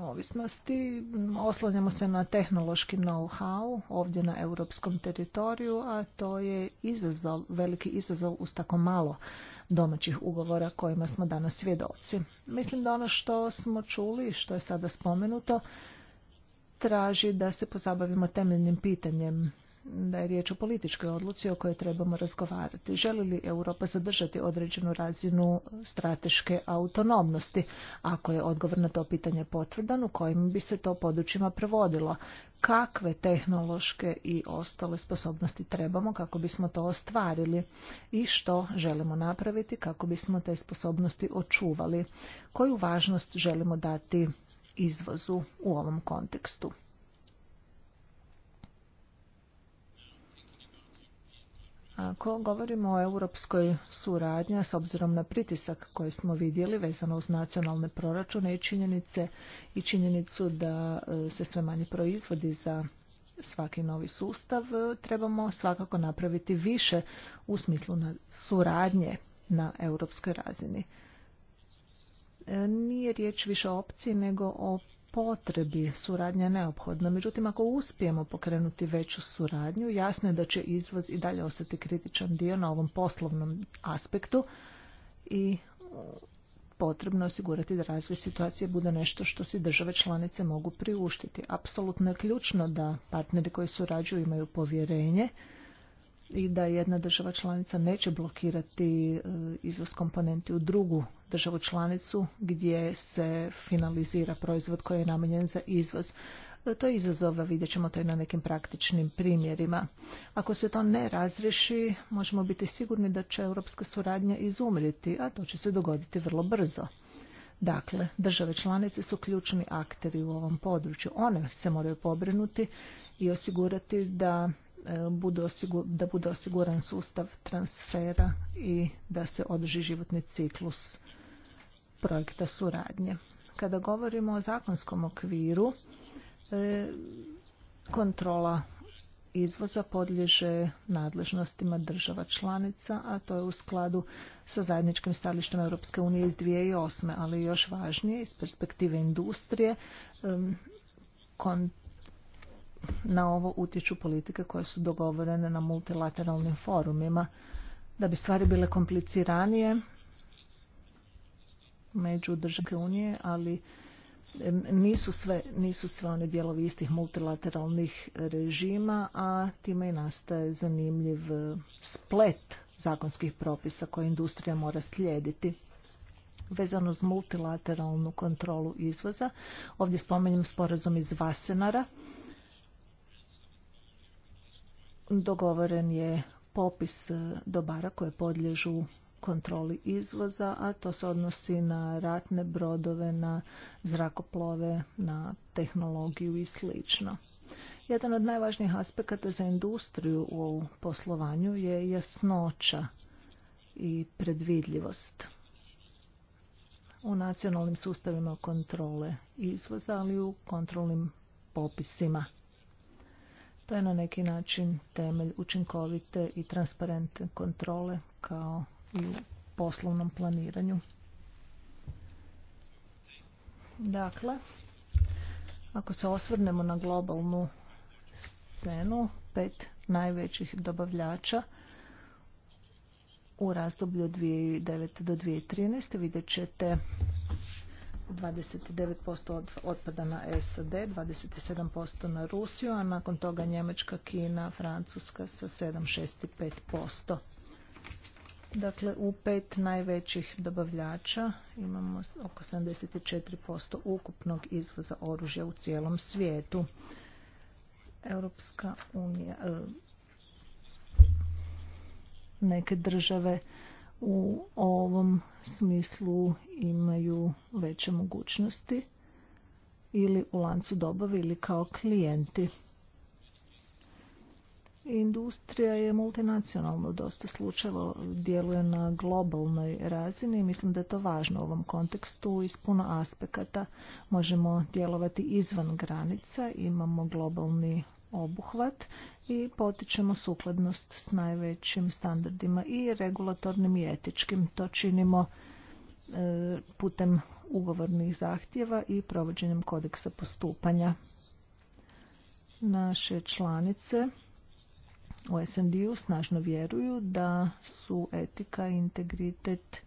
ovisnosti, oslanjamo se na tehnološki know-how ovdje na europskom teritoriju, a to je izazov, veliki izazov uz tako malo domaćih ugovora kojima smo danas svjedoci. Mislim da ono što smo čuli i što je sada spomenuto, traži da se pozabavimo temeljnim pitanjem da je riječ o političkoj odluci o kojoj trebamo razgovarati. Želi li Europa zadržati određenu razinu strateške autonomnosti? Ako je odgovor na to pitanje potvrdan, u kojim bi se to područjima provodilo? Kakve tehnološke i ostale sposobnosti trebamo kako bismo to ostvarili? I što želimo napraviti kako bismo te sposobnosti očuvali? Koju važnost želimo dati izvozu u ovom kontekstu? Ako govorimo o europskoj suradnji, s obzirom na pritisak koji smo vidjeli vezano uz nacionalne proračune i činjenice i činjenicu da e, se sve manje proizvodi za svaki novi sustav, e, trebamo svakako napraviti više u smislu na suradnje na europskoj razini. E, nije riječ više o opciji nego o potrebi suradnja neophodna. Međutim, ako uspijemo pokrenuti veću suradnju, jasno je da će izvoz i dalje ostati kritičan dio na ovom poslovnom aspektu i potrebno je osigurati da razvoj situacije bude nešto što si države članice mogu priuštiti. Apsolutno je ključno da partneri koji surađuju imaju povjerenje i da jedna država članica neće blokirati e, izvoz komponenti u drugu državu članicu gdje se finalizira proizvod koji je namijenjen za izvoz. E, to je izazova, vidjet ćemo to i na nekim praktičnim primjerima. Ako se to ne razriši, možemo biti sigurni da će europska suradnja izumriti, a to će se dogoditi vrlo brzo. Dakle, države članice su ključni akteri u ovom području. One se moraju pobrinuti i osigurati da E, da bude osiguran sustav transfera i da se održi životni ciklus projekta suradnje. Kada govorimo o zakonskom okviru, e, kontrola izvoza podliježe nadležnostima država članica, a to je u skladu sa zajedničkim stajalištem Europske unije iz 2008. Ali još važnije, iz perspektive industrije, e, kontrola na ovo utječu politike koje su dogovorene na multilateralnim forumima. Da bi stvari bile kompliciranije među državke unije, ali nisu sve, nisu sve one dijelovi istih multilateralnih režima, a time i nastaje zanimljiv splet zakonskih propisa koje industrija mora slijediti vezano uz multilateralnu kontrolu izvoza. Ovdje spomenjem sporazum iz Vasenara dogovoren je popis e, dobara koje podlježu kontroli izvoza, a to se odnosi na ratne brodove, na zrakoplove, na tehnologiju i sl. Jedan od najvažnijih aspekata za industriju u poslovanju je jasnoća i predvidljivost u nacionalnim sustavima kontrole izvoza, ali i u kontrolnim popisima. To je na neki način temelj učinkovite i transparentne kontrole kao i u poslovnom planiranju. Dakle, ako se osvrnemo na globalnu scenu, pet najvećih dobavljača u razdoblju od 2009. do 2013. vidjet ćete 29% otpada na SAD, 27% na Rusiju, a nakon toga Njemačka, Kina, Francuska sa 7,65%. Dakle, u pet najvećih dobavljača imamo oko 74% ukupnog izvoza oružja u cijelom svijetu. Europska unija, eh, neke države u ovom smislu imaju veće mogućnosti ili u lancu dobave ili kao klijenti. Industrija je multinacionalno dosta slučajeva, djeluje na globalnoj razini i mislim da je to važno u ovom kontekstu iz puno aspekata. Možemo djelovati izvan granica, imamo globalni obuhvat i potičemo sukladnost s najvećim standardima i regulatornim i etičkim. To činimo e, putem ugovornih zahtjeva i provođenjem kodeksa postupanja. Naše članice u SND-u snažno vjeruju da su etika i integritet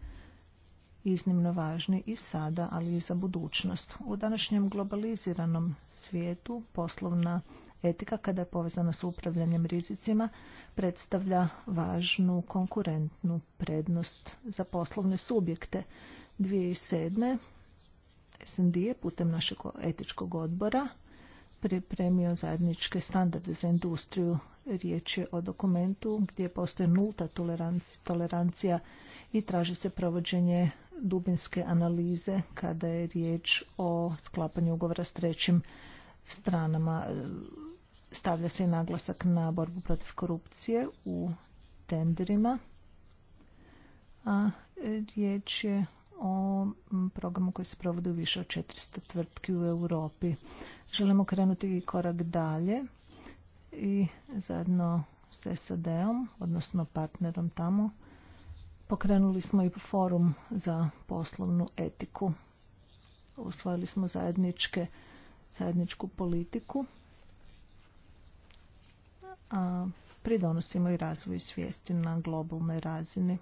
iznimno važni i sada, ali i za budućnost. U današnjem globaliziranom svijetu poslovna Etika kada je povezana s upravljanjem rizicima predstavlja važnu konkurentnu prednost za poslovne subjekte. 2007. SND je putem našeg etičkog odbora pripremio zajedničke standarde za industriju. Riječ je o dokumentu gdje postoje nulta tolerancija i traži se provođenje dubinske analize kada je riječ o sklapanju ugovora s trećim stranama stavlja se i naglasak na borbu protiv korupcije u tenderima, a riječ je o programu koji se provodi u više od 400 tvrtki u Europi. Želimo krenuti i korak dalje i zajedno s SAD-om, odnosno partnerom tamo, pokrenuli smo i forum za poslovnu etiku. Usvojili smo zajedničke, zajedničku politiku pridonosimo i razvoju svijesti na globalnoj razini.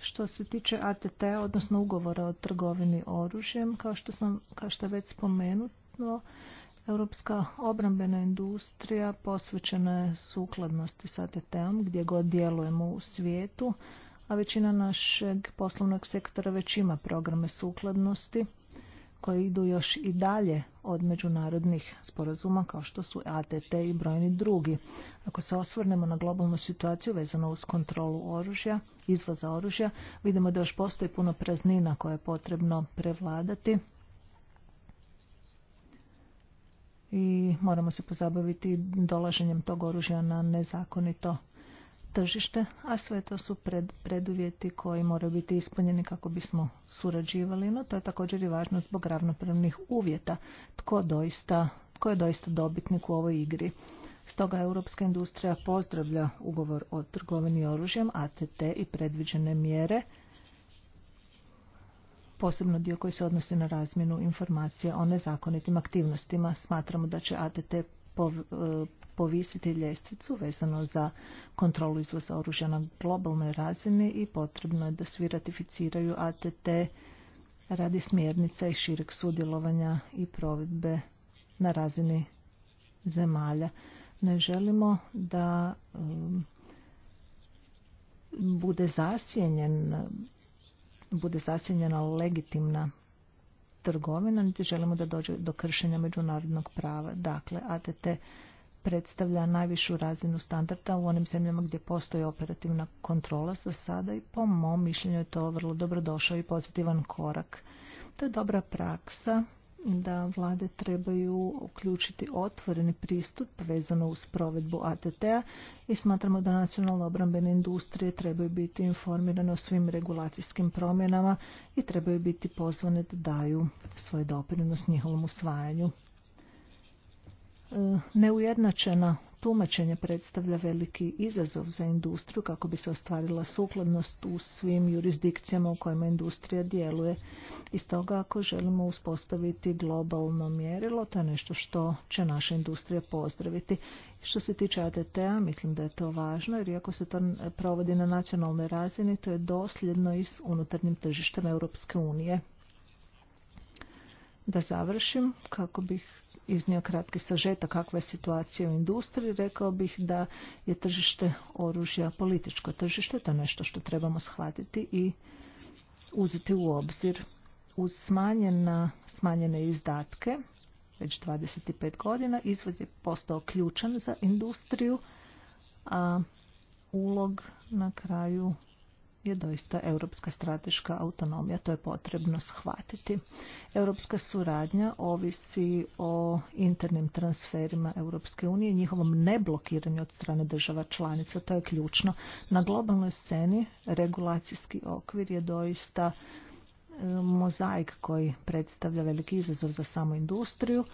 Što se tiče ATT, odnosno ugovora o trgovini oružjem, kao što sam kao što je već spomenuto, Europska obrambena industrija posvećena je sukladnosti s ATT-om gdje god djelujemo u svijetu, a većina našeg poslovnog sektora već ima programe sukladnosti koje idu još i dalje od međunarodnih sporazuma kao što su ATT i brojni drugi. Ako se osvrnemo na globalnu situaciju vezano uz kontrolu oružja, izvoza oružja, vidimo da još postoji puno praznina koje je potrebno prevladati i moramo se pozabaviti dolaženjem tog oružja na nezakonito tržište, a sve to su pred, preduvjeti koji moraju biti ispunjeni kako bismo surađivali, no to je također i važno zbog ravnopravnih uvjeta, tko, doista, tko je doista dobitnik u ovoj igri. Stoga europska industrija pozdravlja ugovor o trgovini oružjem, ATT i predviđene mjere, posebno dio koji se odnosi na razmjenu informacija o nezakonitim aktivnostima. Smatramo da će ATT E, povisiti ljestvicu vezano za kontrolu izvoza oružja na globalnoj razini i potrebno je da svi ratificiraju ATT radi smjernica i šireg sudjelovanja i provedbe na razini zemalja. Ne želimo da e, bude zasjenjen bude zasjenjena legitimna trgovina, niti želimo da dođe do kršenja međunarodnog prava. Dakle, ATT predstavlja najvišu razinu standarda u onim zemljama gdje postoji operativna kontrola za sada i po mom mišljenju je to vrlo dobrodošao i pozitivan korak. To je dobra praksa da vlade trebaju uključiti otvoreni pristup vezano uz provedbu ATT-a i smatramo da nacionalne obrambene industrije trebaju biti informirane o svim regulacijskim promjenama i trebaju biti pozvane da daju svoj doprinos njihovom usvajanju. E, neujednačena tumačenje predstavlja veliki izazov za industriju kako bi se ostvarila sukladnost u svim jurisdikcijama u kojima industrija djeluje. I stoga ako želimo uspostaviti globalno mjerilo, to je nešto što će naša industrija pozdraviti. Što se tiče att mislim da je to važno jer iako se to provodi na nacionalnoj razini, to je dosljedno i s unutarnjim tržištem Europske unije. Da završim, kako bih iznio kratki sažetak kakva je situacija u industriji, rekao bih da je tržište oružja političko tržište, to je nešto što trebamo shvatiti i uzeti u obzir. Uz smanjene izdatke, već 25 godina, izvoz je postao ključan za industriju, a ulog na kraju je doista europska strateška autonomija, to je potrebno shvatiti. Europska suradnja ovisi o internim transferima Europske unije i njihovom neblokiranju od strane država članica, to je ključno. Na globalnoj sceni regulacijski okvir je doista e, mozaik koji predstavlja veliki izazov za samu industriju,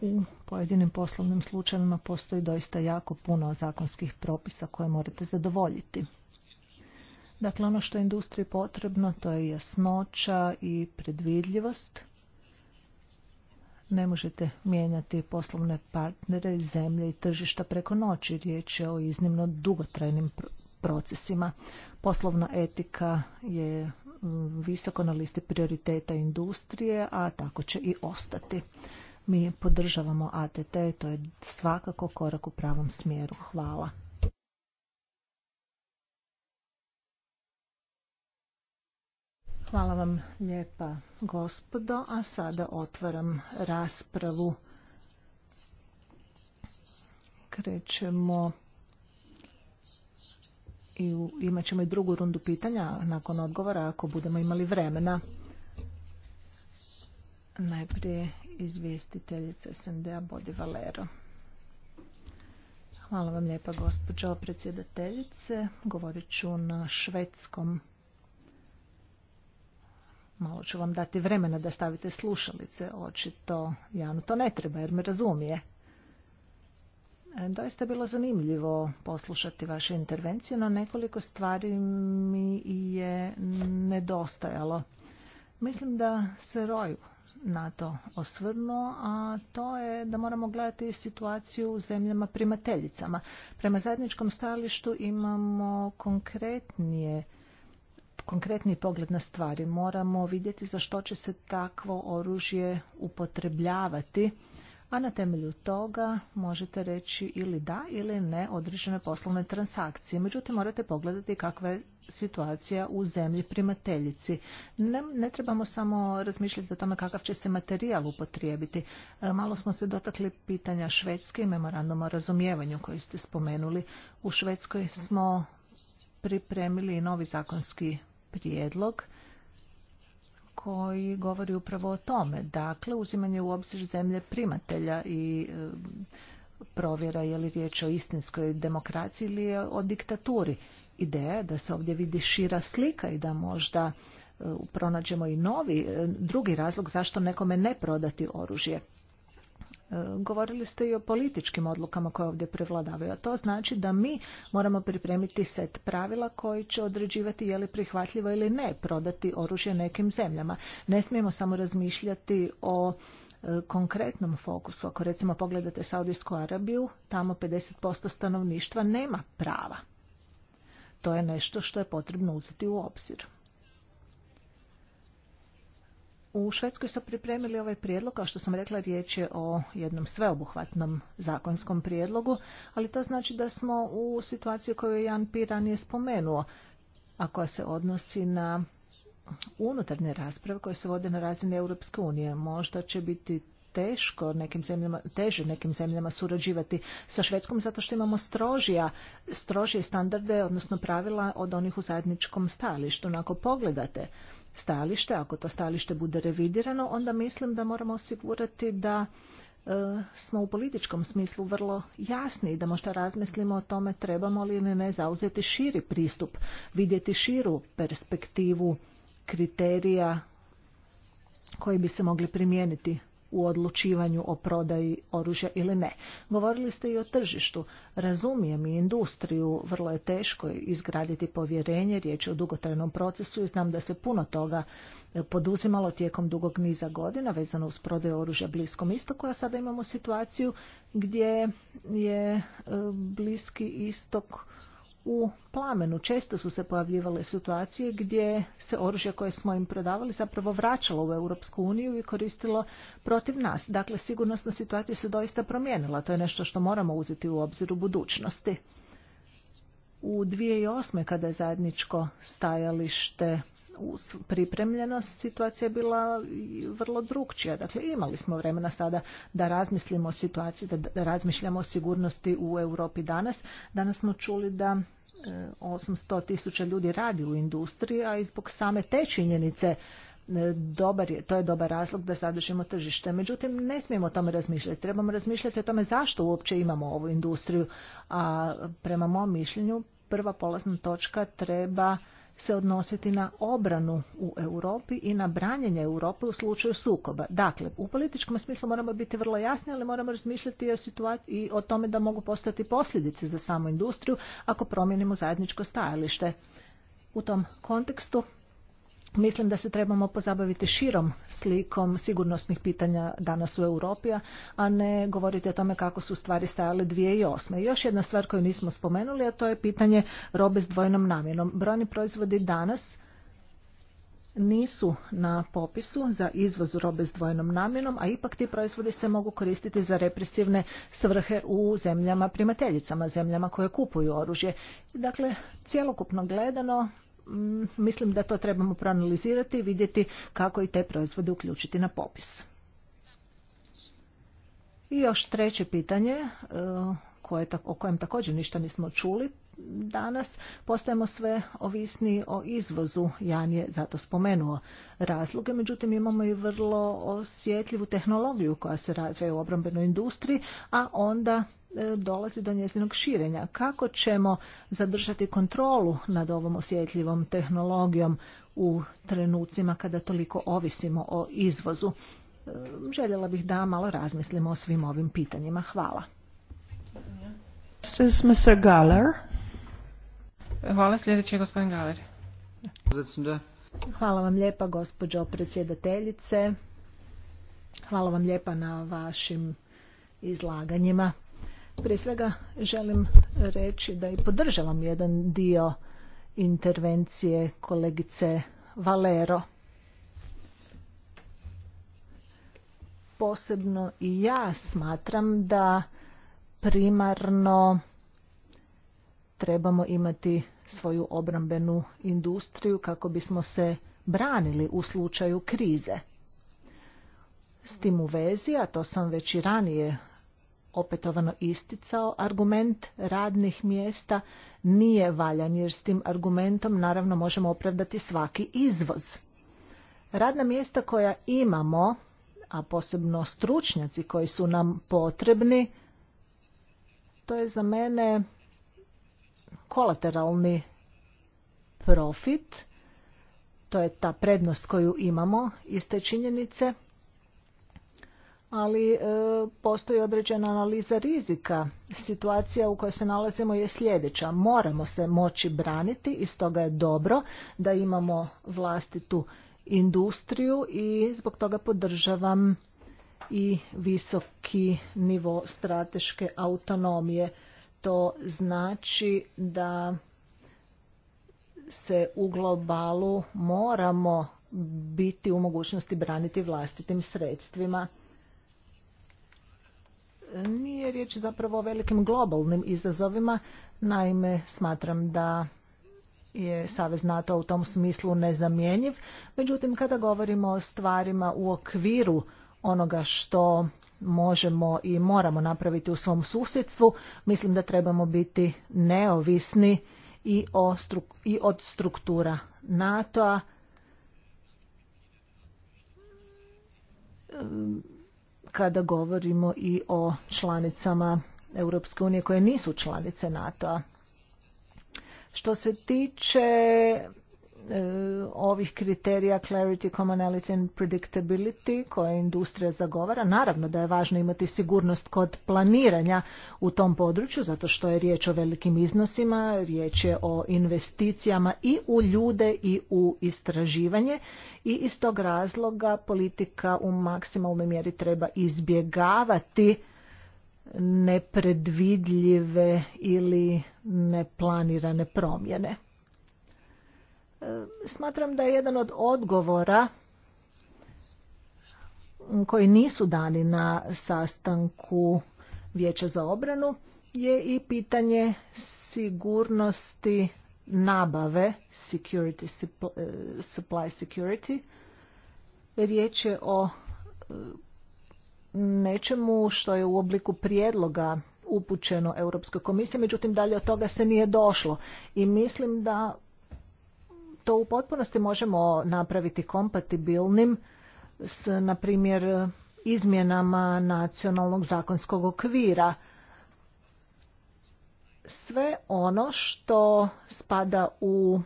u pojedinim poslovnim slučajevima postoji doista jako puno zakonskih propisa koje morate zadovoljiti. Dakle, ono što je industriji potrebno to je jasnoća i predvidljivost. Ne možete mijenjati poslovne partnere, zemlje i tržišta preko noći. Riječ je o iznimno dugotrajnim procesima. Poslovna etika je mm, visoko na listi prioriteta industrije, a tako će i ostati. Mi podržavamo ATT, to je svakako korak u pravom smjeru. Hvala. Hvala vam lijepa gospodo, a sada otvaram raspravu. Krećemo i imat ćemo i drugu rundu pitanja nakon odgovora ako budemo imali vremena. Najprije izvjestiteljica SND-a Bodi Valero. Hvala vam lijepa gospođo predsjedateljice. Govorit ću na švedskom Malo ću vam dati vremena da stavite slušalice, očito Janu to ne treba jer me razumije. E, doista je bilo zanimljivo poslušati vaše intervencije, no nekoliko stvari mi je nedostajalo. Mislim da se Roju na to osvrnuo, a to je da moramo gledati situaciju u zemljama primateljicama. Prema zajedničkom stajalištu imamo konkretnije konkretni pogled na stvari. Moramo vidjeti za što će se takvo oružje upotrebljavati, a na temelju toga možete reći ili da ili ne određene poslovne transakcije. Međutim, morate pogledati kakva je situacija u zemlji primateljici. Ne, trebamo samo razmišljati o tome kakav će se materijal upotrijebiti. E, malo smo se dotakli pitanja Švedske i memoranduma o razumijevanju koji ste spomenuli. U Švedskoj smo pripremili i novi zakonski prijedlog koji govori upravo o tome. Dakle, uzimanje u obzir zemlje primatelja i e, provjera je li riječ o istinskoj demokraciji ili o diktaturi. Ideja je da se ovdje vidi šira slika i da možda e, pronađemo i novi, e, drugi razlog zašto nekome ne prodati oružje. E, govorili ste i o političkim odlukama koje ovdje prevladavaju, a to znači da mi moramo pripremiti set pravila koji će određivati je li prihvatljivo ili ne prodati oružje nekim zemljama. Ne smijemo samo razmišljati o e, konkretnom fokusu. Ako recimo pogledate Saudijsku Arabiju, tamo 50% stanovništva nema prava. To je nešto što je potrebno uzeti u obzir. U Švedskoj su pripremili ovaj prijedlog, kao što sam rekla, riječ je o jednom sveobuhvatnom zakonskom prijedlogu, ali to znači da smo u situaciji koju je Jan Piran je spomenuo, a koja se odnosi na unutarnje rasprave koje se vode na razini Europske unije. Možda će biti teško nekim zemljama, teže nekim zemljama surađivati sa Švedskom zato što imamo strožija, strožije standarde, odnosno pravila od onih u zajedničkom stajalištu. Ako pogledate stalište, ako to stalište bude revidirano, onda mislim da moramo osigurati da e, smo u političkom smislu vrlo jasni i da možda razmislimo o tome trebamo li ili ne zauzeti širi pristup, vidjeti širu perspektivu kriterija koji bi se mogli primijeniti u odlučivanju o prodaji oružja ili ne. Govorili ste i o tržištu. Razumijem i industriju, vrlo je teško izgraditi povjerenje, riječ je o dugotrajnom procesu i znam da se puno toga poduzimalo tijekom dugog niza godina vezano uz prodaju oružja Bliskom istoku, a sada imamo situaciju gdje je e, Bliski istok u plamenu. Često su se pojavljivale situacije gdje se oružje koje smo im prodavali zapravo vraćalo u Europsku uniju i koristilo protiv nas. Dakle, sigurnosna situacija se doista promijenila. To je nešto što moramo uzeti u obzir u budućnosti. U 2008. kada je zajedničko stajalište pripremljenost situacija je bila vrlo drukčija. Dakle, imali smo vremena sada da razmislimo o situaciji, da razmišljamo o sigurnosti u Europi danas. Danas smo čuli da 800 e, tisuća ljudi radi u industriji, a i zbog same te činjenice e, dobar je, to je dobar razlog da zadržimo tržište. Međutim, ne smijemo o tome razmišljati. Trebamo razmišljati o tome zašto uopće imamo ovu industriju. A prema mom mišljenju, prva polazna točka treba se odnositi na obranu u Europi i na branjenje Europe u slučaju sukoba. Dakle, u političkom smislu moramo biti vrlo jasni, ali moramo razmišljati i o, i o tome da mogu postati posljedice za samu industriju ako promijenimo zajedničko stajalište. U tom kontekstu Mislim da se trebamo pozabaviti širom slikom sigurnosnih pitanja danas u Europi, a ne govoriti o tome kako su stvari stajale 2008. I još jedna stvar koju nismo spomenuli, a to je pitanje robe s dvojnom namjenom. Brojni proizvodi danas nisu na popisu za izvoz robe s dvojnom namjenom, a ipak ti proizvodi se mogu koristiti za represivne svrhe u zemljama primateljicama, zemljama koje kupuju oružje. Dakle, cjelokupno gledano Mm, mislim da to trebamo proanalizirati i vidjeti kako i te proizvode uključiti na popis. I još treće pitanje e, koje, o kojem također ništa nismo čuli danas, postajemo sve ovisni o izvozu. Jan je zato spomenuo razloge, međutim imamo i vrlo osjetljivu tehnologiju koja se razvija u obrambenoj industriji, a onda e, dolazi do njezinog širenja. Kako ćemo zadržati kontrolu nad ovom osjetljivom tehnologijom u trenucima kada toliko ovisimo o izvozu? E, željela bih da malo razmislimo o svim ovim pitanjima. Hvala. Hvala vam lijepa gospođo predsjedateljice. Hvala vam lijepa na vašim izlaganjima. Prije svega želim reći da i podržavam jedan dio intervencije kolegice Valero. Posebno i ja smatram da primarno trebamo imati svoju obrambenu industriju kako bismo se branili u slučaju krize. S tim u vezi, a to sam već i ranije opetovano isticao, argument radnih mjesta nije valjan jer s tim argumentom naravno možemo opravdati svaki izvoz. Radna mjesta koja imamo, a posebno stručnjaci koji su nam potrebni, to je za mene kolateralni profit, to je ta prednost koju imamo iz te činjenice, ali e, postoji određena analiza rizika. Situacija u kojoj se nalazimo je sljedeća. Moramo se moći braniti i stoga je dobro da imamo vlastitu industriju i zbog toga podržavam i visoki nivo strateške autonomije. To znači da se u globalu moramo biti u mogućnosti braniti vlastitim sredstvima. Nije riječ zapravo o velikim globalnim izazovima, naime smatram da je Savez NATO u tom smislu nezamjenjiv, međutim kada govorimo o stvarima u okviru onoga što možemo i moramo napraviti u svom susjedstvu, mislim da trebamo biti neovisni i, i od struktura NATO-a. Kada govorimo i o članicama Europske unije koje nisu članice NATO-a. Što se tiče E, ovih kriterija clarity, commonality and predictability koje industrija zagovara. Naravno da je važno imati sigurnost kod planiranja u tom području zato što je riječ o velikim iznosima, riječ je o investicijama i u ljude i u istraživanje i iz tog razloga politika u maksimalnoj mjeri treba izbjegavati nepredvidljive ili neplanirane promjene. Smatram da je jedan od odgovora koji nisu dani na sastanku Vijeća za obranu je i pitanje sigurnosti nabave security, eh, supply security. Riječ je o eh, nečemu što je u obliku prijedloga upućeno Europskoj komisiji, međutim dalje od toga se nije došlo. I mislim da to u potpunosti možemo napraviti kompatibilnim s, na primjer, izmjenama nacionalnog zakonskog okvira. Sve ono što spada u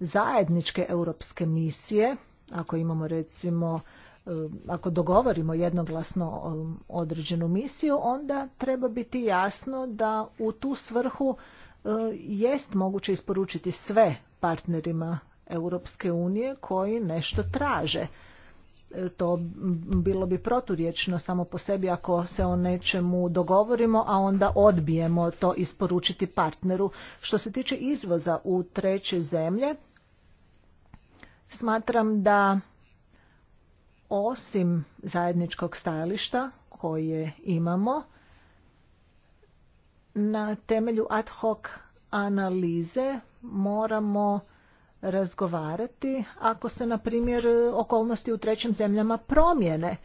zajedničke europske misije, ako imamo recimo eh, ako dogovorimo jednoglasno eh, određenu misiju, onda treba biti jasno da u tu svrhu E, jest moguće isporučiti sve partnerima Europske unije koji nešto traže. E, to bilo bi proturječno samo po sebi ako se o nečemu dogovorimo, a onda odbijemo to isporučiti partneru. Što se tiče izvoza u treće zemlje, smatram da osim zajedničkog stajališta koje imamo, na temelju ad hoc analize moramo razgovarati ako se na primjer okolnosti u trećim zemljama promijene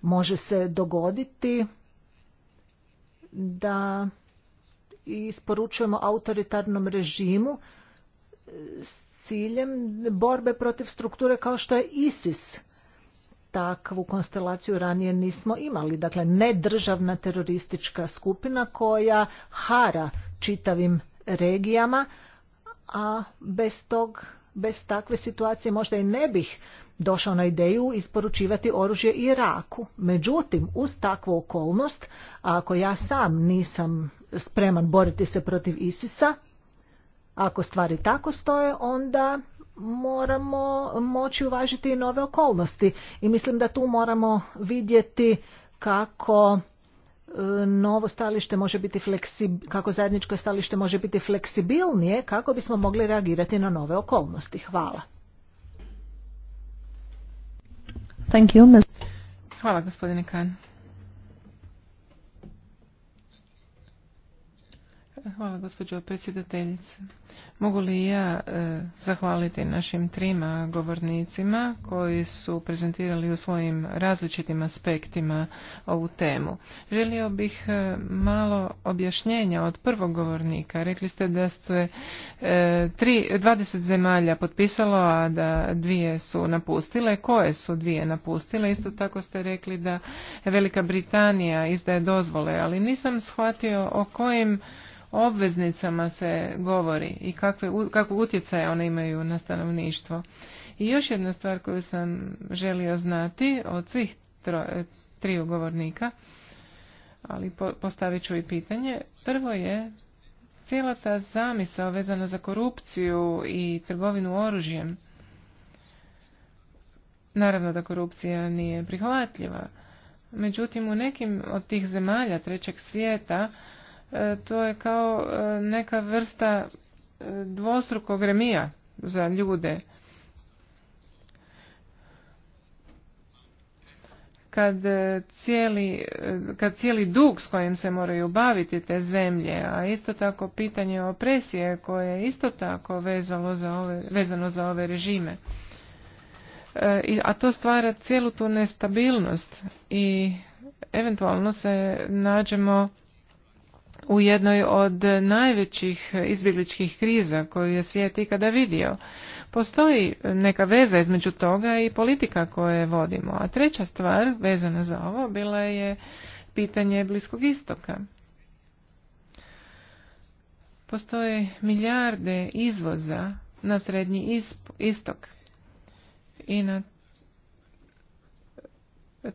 može se dogoditi da isporučujemo autoritarnom režimu s ciljem borbe protiv strukture kao što je ISIS takvu konstelaciju ranije nismo imali. Dakle, nedržavna teroristička skupina koja hara čitavim regijama, a bez tog bez takve situacije možda i ne bih došao na ideju isporučivati oružje Iraku. Međutim, uz takvu okolnost, ako ja sam nisam spreman boriti se protiv Isisa, ako stvari tako stoje, onda moramo moći uvažiti i nove okolnosti i mislim da tu moramo vidjeti kako e, novo stalište može biti kako zajedničko stalište može biti fleksibilnije kako bismo mogli reagirati na nove okolnosti. Hvala. Thank you, Hvala gospodine Hvala gospođo predsjedateljice. Mogu li ja e, zahvaliti našim trima govornicima koji su prezentirali u svojim različitim aspektima ovu temu. Želio bih e, malo objašnjenja od prvog govornika. Rekli ste da ste 20 e, zemalja potpisalo, a da dvije su napustile. Koje su dvije napustile? Isto tako ste rekli da Velika Britanija izdaje dozvole, ali nisam shvatio o kojim obveznicama se govori i kakve, utjecaje utjecaje one imaju na stanovništvo. I još jedna stvar koju sam želio znati od svih tro, e, tri ugovornika, ali po, postavit ću i pitanje. Prvo je cijela ta zamisa vezana za korupciju i trgovinu oružjem. Naravno da korupcija nije prihvatljiva. Međutim, u nekim od tih zemalja trećeg svijeta E, to je kao e, neka vrsta e, dvostrukog remija za ljude. Kad cijeli, kad cijeli dug s kojim se moraju baviti te zemlje, a isto tako pitanje opresije koje je isto tako za ove, vezano za ove režime. a to stvara cijelu tu nestabilnost i eventualno se nađemo u jednoj od najvećih izbjegličkih kriza koju je svijet ikada vidio. Postoji neka veza između toga i politika koje vodimo. A treća stvar vezana za ovo bila je pitanje Bliskog istoka. Postoje milijarde izvoza na srednji istok i na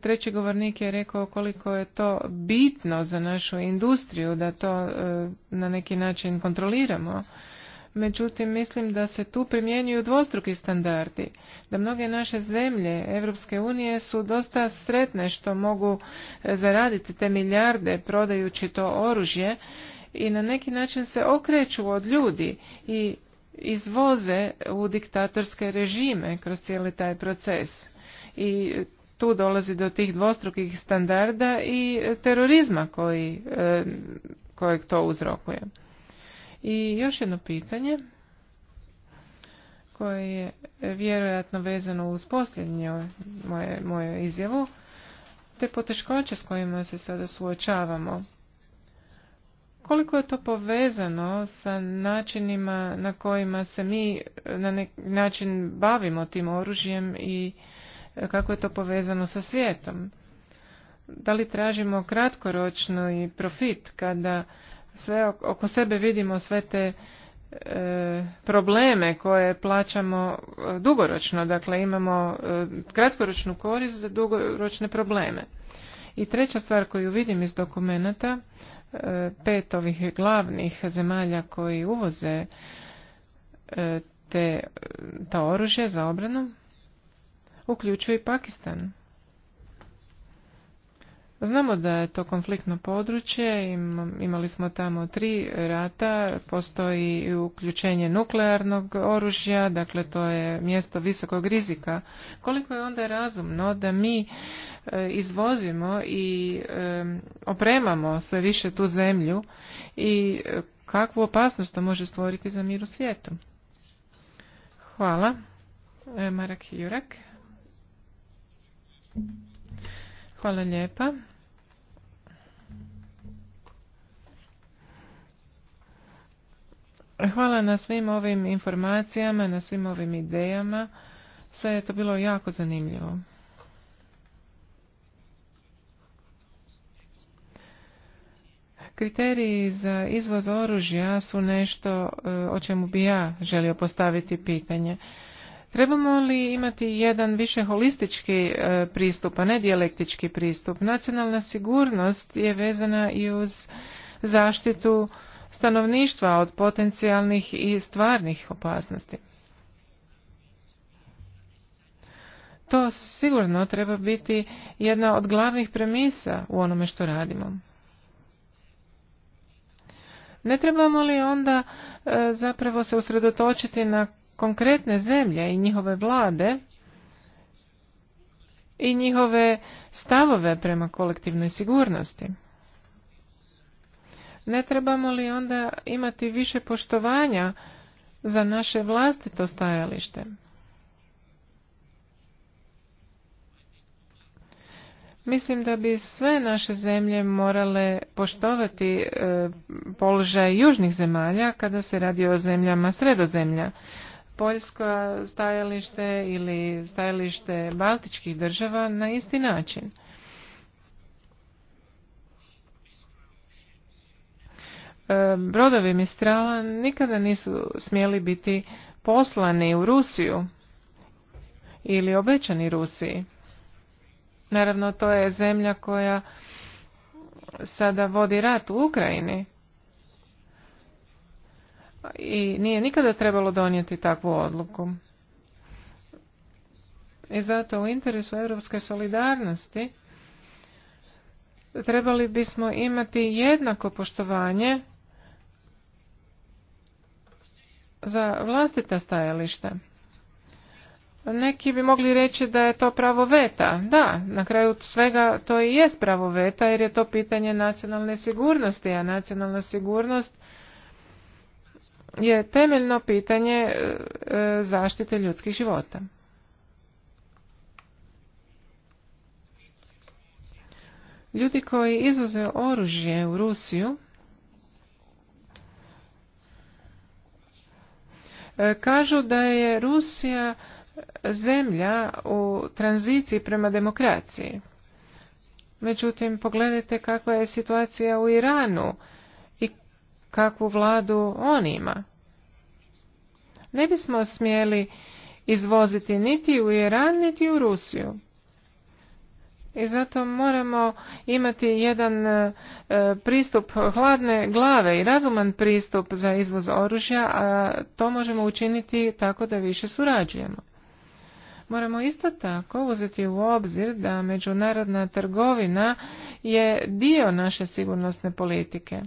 Treći govornik je rekao koliko je to bitno za našu industriju da to e, na neki način kontroliramo. Međutim, mislim da se tu primjenjuju dvostruki standardi, da mnoge naše zemlje Europske unije su dosta sretne što mogu e, zaraditi te milijarde prodajući to oružje i na neki način se okreću od ljudi i izvoze u diktatorske režime kroz cijeli taj proces. I tu dolazi do tih dvostrukih standarda i terorizma koji, e, kojeg to uzrokuje. I još jedno pitanje koje je vjerojatno vezano uz posljednju moje, moju izjavu, te poteškoće s kojima se sada suočavamo. Koliko je to povezano sa načinima na kojima se mi na neki način bavimo tim oružjem i kako je to povezano sa svijetom. Da li tražimo kratkoročno i profit kada sve oko sebe vidimo sve te e, probleme koje plaćamo e, dugoročno, dakle imamo e, kratkoročnu korist za dugoročne probleme. I treća stvar koju vidim iz dokumenata, pet ovih glavnih zemalja koji uvoze te, ta oružje za obranu, uključuje i Pakistan. Znamo da je to konfliktno područje, imali smo tamo tri rata, postoji uključenje nuklearnog oružja, dakle to je mjesto visokog rizika. Koliko je onda razumno da mi e, izvozimo i e, opremamo sve više tu zemlju i e, kakvu opasnost to može stvoriti za mir u svijetu? Hvala. Marak Jurek. Hvala lijepa. Hvala na svim ovim informacijama, na svim ovim idejama. Sve je to bilo jako zanimljivo. Kriteriji za izvoz oružja su nešto e, o čemu bi ja želio postaviti pitanje. Trebamo li imati jedan više holistički e, pristup, a ne dijalektički pristup? Nacionalna sigurnost je vezana i uz zaštitu stanovništva od potencijalnih i stvarnih opasnosti. To sigurno treba biti jedna od glavnih premisa u onome što radimo. Ne trebamo li onda e, zapravo se usredotočiti na konkretne zemlje i njihove vlade i njihove stavove prema kolektivnoj sigurnosti. Ne trebamo li onda imati više poštovanja za naše vlastito stajalište? Mislim da bi sve naše zemlje morale poštovati e, položaj južnih zemalja kada se radi o zemljama sredozemlja poljsko stajalište ili stajalište baltičkih država na isti način. E, brodovi Mistrala nikada nisu smjeli biti poslani u Rusiju ili obećani Rusiji. Naravno, to je zemlja koja sada vodi rat u Ukrajini i nije nikada trebalo donijeti takvu odluku. I zato u interesu europske solidarnosti trebali bismo imati jednako poštovanje za vlastita stajališta. Neki bi mogli reći da je to pravo veta. Da, na kraju svega to i jest pravo veta jer je to pitanje nacionalne sigurnosti, a nacionalna sigurnost je temeljno pitanje e, zaštite ljudskih života. Ljudi koji izvoze oružje u Rusiju e, kažu da je Rusija zemlja u tranziciji prema demokraciji. Međutim, pogledajte kakva je situacija u Iranu kakvu vladu on ima. Ne bismo smjeli izvoziti niti u Iran, niti u Rusiju. I zato moramo imati jedan e, pristup hladne glave i razuman pristup za izvoz oružja, a to možemo učiniti tako da više surađujemo. Moramo isto tako uzeti u obzir da međunarodna trgovina je dio naše sigurnosne politike.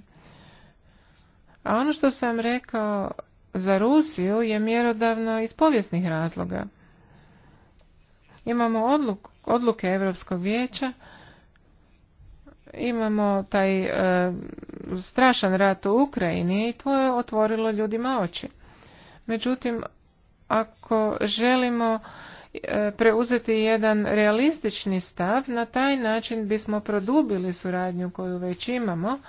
A ono što sam rekao za Rusiju je mjerodavno iz povijesnih razloga. Imamo odluk, odluke Europskog vijeća, imamo taj e, strašan rat u Ukrajini i to je otvorilo ljudima oči. Međutim, ako želimo e, preuzeti jedan realistični stav, na taj način bismo produbili suradnju koju već imamo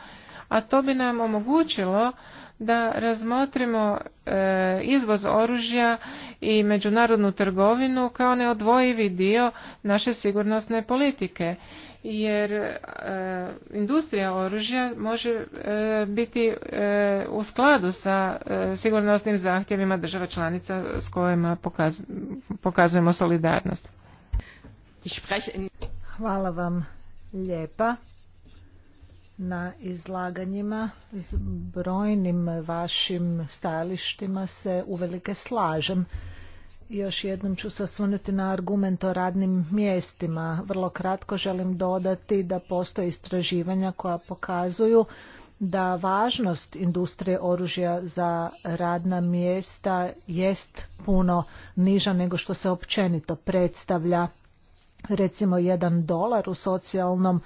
a to bi nam omogućilo da razmotrimo e, izvoz oružja i međunarodnu trgovinu kao neodvojivi dio naše sigurnosne politike jer e, industrija oružja može e, biti u skladu sa sigurnosnim zahtjevima država članica s kojima pokazujemo solidarnost. Hvala vam lijepa na izlaganjima s brojnim vašim stajalištima se uvelike slažem. Još jednom ću se osvrnuti na argument o radnim mjestima. Vrlo kratko želim dodati da postoje istraživanja koja pokazuju da važnost industrije oružja za radna mjesta jest puno niža nego što se općenito predstavlja recimo jedan dolar u socijalnom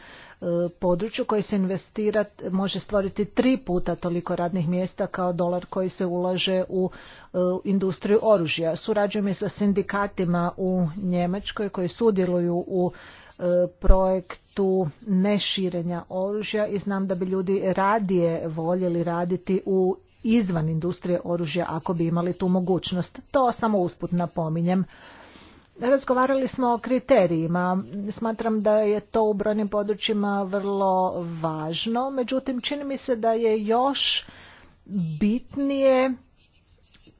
e, području koji se investira može stvoriti tri puta toliko radnih mjesta kao dolar koji se ulaže u e, industriju oružja. Surađujem i sa sindikatima u Njemačkoj koji sudjeluju u e, projektu neširenja oružja i znam da bi ljudi radije voljeli raditi u izvan industrije oružja ako bi imali tu mogućnost. To samo usput napominjem. Razgovarali smo o kriterijima. Smatram da je to u brojnim područjima vrlo važno. Međutim, čini mi se da je još bitnije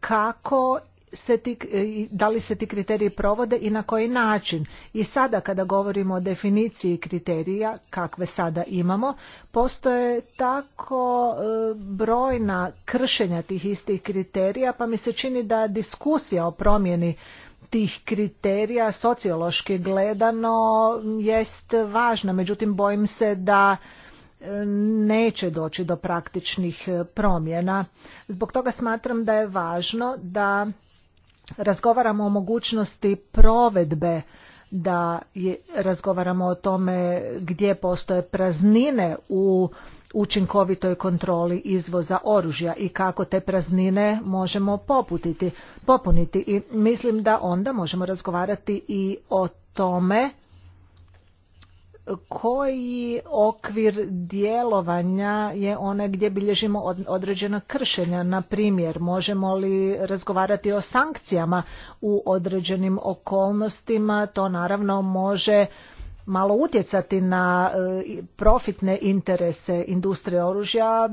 kako se ti, da li se ti kriteriji provode i na koji način. I sada kada govorimo o definiciji kriterija, kakve sada imamo, postoje tako e, brojna kršenja tih istih kriterija, pa mi se čini da diskusija o promjeni tih kriterija sociološki gledano jest važna, međutim bojim se da e, neće doći do praktičnih e, promjena. Zbog toga smatram da je važno da razgovaramo o mogućnosti provedbe da je, razgovaramo o tome gdje postoje praznine u učinkovitoj kontroli izvoza oružja i kako te praznine možemo poputiti, popuniti i mislim da onda možemo razgovarati i o tome koji okvir djelovanja je onaj gdje bilježimo određena kršenja na primjer možemo li razgovarati o sankcijama u određenim okolnostima to naravno može malo utjecati na e, profitne interese industrije oružja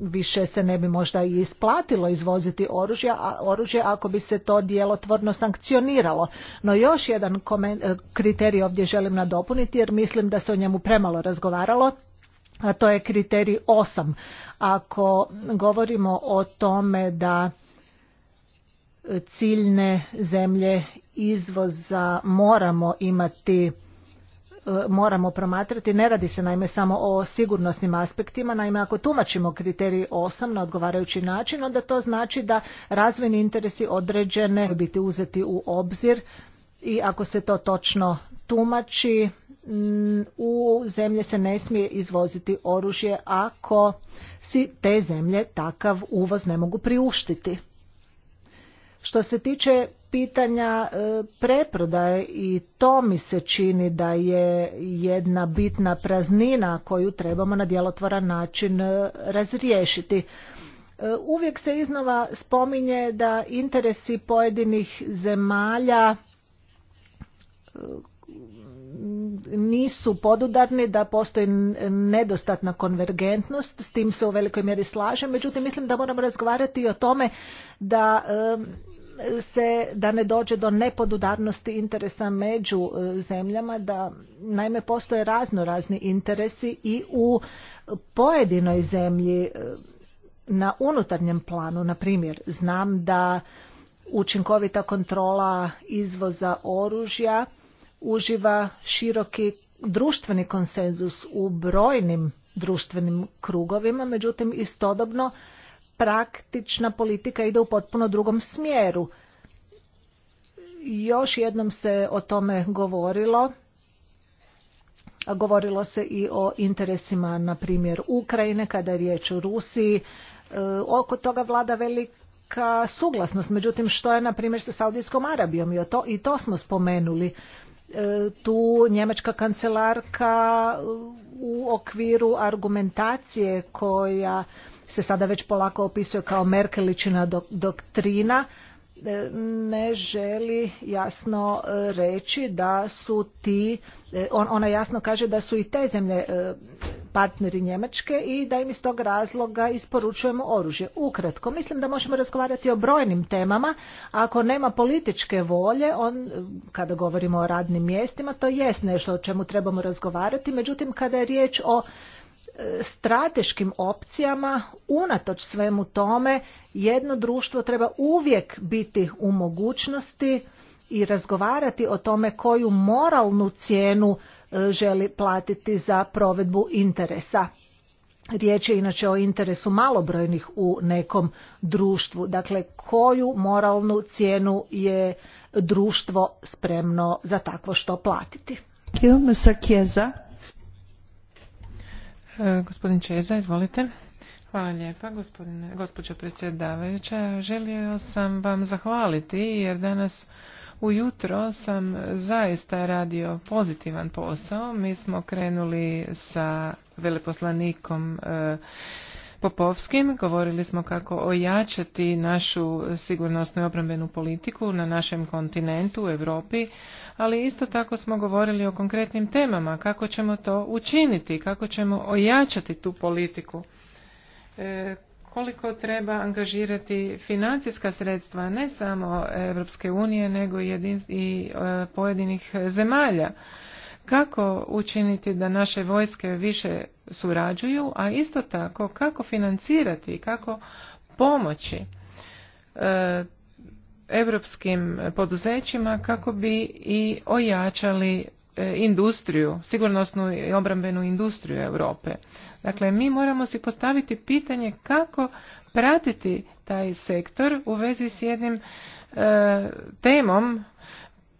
više se ne bi možda i isplatilo izvoziti oružje, ako bi se to djelotvorno sankcioniralo. No još jedan e, kriterij ovdje želim nadopuniti jer mislim da se o njemu premalo razgovaralo. A to je kriterij osam. Ako govorimo o tome da ciljne zemlje izvoza moramo imati e, moramo promatrati. Ne radi se naime samo o sigurnosnim aspektima, naime ako tumačimo kriterij 8 na odgovarajući način, onda to znači da razvojni interesi određene biti uzeti u obzir i ako se to točno tumači, u zemlje se ne smije izvoziti oružje ako si te zemlje takav uvoz ne mogu priuštiti. Što se tiče pitanja e, preprodaje i to mi se čini da je jedna bitna praznina koju trebamo na djelotvoran način e, razriješiti. E, uvijek se iznova spominje da interesi pojedinih zemalja nisu podudarni, da postoji nedostatna konvergentnost, s tim se u velikoj mjeri slažem, međutim mislim da moramo razgovarati i o tome da se da ne dođe do nepodudarnosti interesa među e, zemljama da naime postoje razno razni interesi i u pojedinoj zemlji e, na unutarnjem planu na primjer znam da učinkovita kontrola izvoza oružja uživa široki društveni konsenzus u brojnim društvenim krugovima međutim istodobno praktična politika ide u potpuno drugom smjeru. Još jednom se o tome govorilo. Govorilo se i o interesima, na primjer, Ukrajine, kada je riječ o Rusiji. E, oko toga vlada velika suglasnost. Međutim, što je, na primjer, sa Saudijskom Arabijom? I, to, i to smo spomenuli e, tu njemačka kancelarka u okviru argumentacije koja se sada već polako opisuje kao Merkeličina doktrina, e, ne želi jasno e, reći da su ti, e, ona jasno kaže da su i te zemlje partneri Njemačke i da im iz tog razloga isporučujemo oružje. Ukratko, mislim da možemo razgovarati o brojnim temama. Ako nema političke volje, on, kada govorimo o radnim mjestima, to jest nešto o čemu trebamo razgovarati. Međutim, kada je riječ o strateškim opcijama, unatoč svemu tome, jedno društvo treba uvijek biti u mogućnosti i razgovarati o tome koju moralnu cijenu e, želi platiti za provedbu interesa. Riječ je inače o interesu malobrojnih u nekom društvu. Dakle, koju moralnu cijenu je društvo spremno za takvo što platiti? E, gospodin Čeza, izvolite. Hvala lijepa, gospođo predsjedavajuća. Želio sam vam zahvaliti jer danas ujutro sam zaista radio pozitivan posao. Mi smo krenuli sa veleposlanikom e, Popovskim. Govorili smo kako ojačati našu sigurnosnu i obrambenu politiku na našem kontinentu, u Europi, ali isto tako smo govorili o konkretnim temama, kako ćemo to učiniti, kako ćemo ojačati tu politiku. E, koliko treba angažirati financijska sredstva ne samo Europske unije nego i, i e, pojedinih zemalja kako učiniti da naše vojske više surađuju, a isto tako kako financirati i kako pomoći europskim poduzećima kako bi i ojačali e, industriju, sigurnosnu i obrambenu industriju Europe. Dakle, mi moramo si postaviti pitanje kako pratiti taj sektor u vezi s jednim e, temom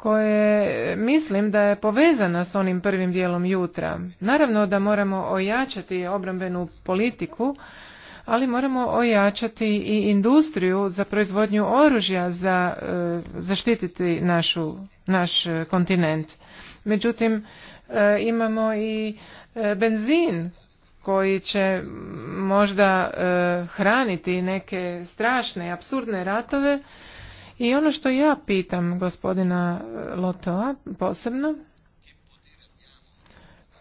koje mislim da je povezana s onim prvim dijelom jutra. Naravno da moramo ojačati obrambenu politiku, ali moramo ojačati i industriju za proizvodnju oružja za e, zaštititi našu, naš kontinent. Međutim, e, imamo i e, benzin koji će možda hraniti neke strašne, apsurdne ratove i ono što ja pitam gospodina e, Lotoa posebno,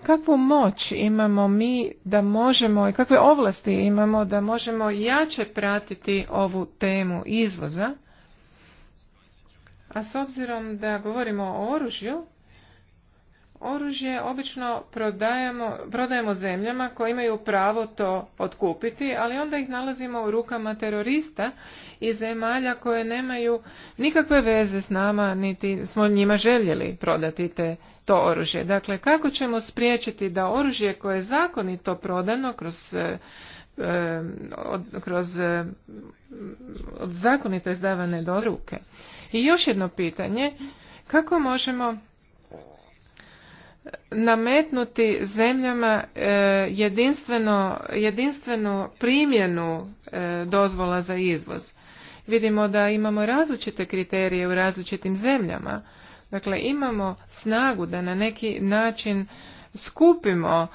kakvu moć imamo mi da možemo i kakve ovlasti imamo da možemo jače pratiti ovu temu izvoza, a s obzirom da govorimo o oružju, Oružje obično prodajemo, prodajemo zemljama koje imaju pravo to otkupiti, ali onda ih nalazimo u rukama terorista i zemalja koje nemaju nikakve veze s nama, niti smo njima željeli prodati to oružje. Dakle, kako ćemo spriječiti da oružje koje je zakonito prodano kroz e, e, kroz e, od zakonito izdavane do ruke. I još jedno pitanje, kako možemo nametnuti zemljama e, jedinstveno, jedinstvenu primjenu e, dozvola za izvoz. Vidimo da imamo različite kriterije u različitim zemljama. Dakle, imamo snagu da na neki način skupimo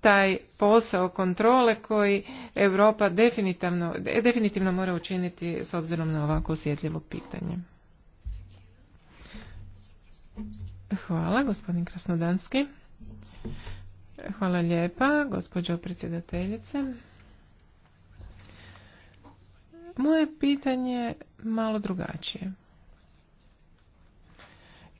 taj posao kontrole koji Europa definitivno, definitivno mora učiniti s obzirom na ovako osjetljivo pitanje. Hvala, gospodin Krasnodanski. Hvala lijepa, gospođo predsjedateljice. Moje pitanje je malo drugačije.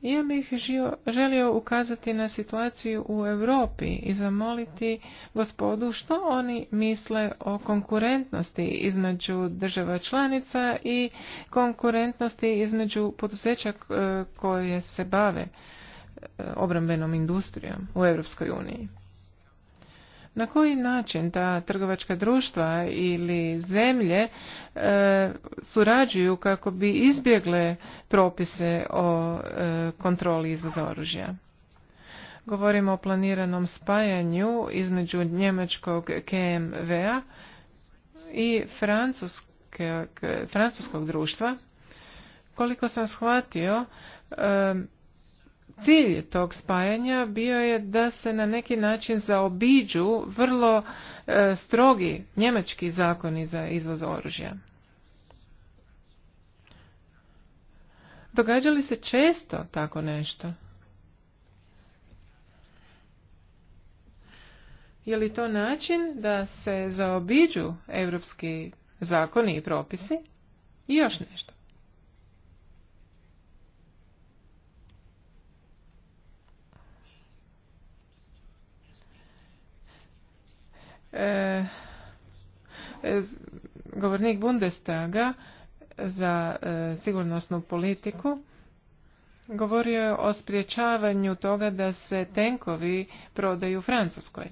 Ja bih žio, želio ukazati na situaciju u Europi i zamoliti gospodu što oni misle o konkurentnosti između država članica i konkurentnosti između poduzeća e, koje se bave obrambenom industrijom u Europskoj uniji. Na koji način ta trgovačka društva ili zemlje e, surađuju kako bi izbjegle propise o e, kontroli izvoza oružja? Govorimo o planiranom spajanju između njemačkog KMV-a i francuskog društva. Koliko sam shvatio, e, cilj tog spajanja bio je da se na neki način zaobiđu vrlo e, strogi njemački zakoni za izvoz oružja. Događa li se često tako nešto? Je li to način da se zaobiđu europski zakoni i propisi? I još nešto. E, e, govornik Bundestaga za e, sigurnosnu politiku govorio je o spriječavanju toga da se tenkovi prodaju u Francuskoj.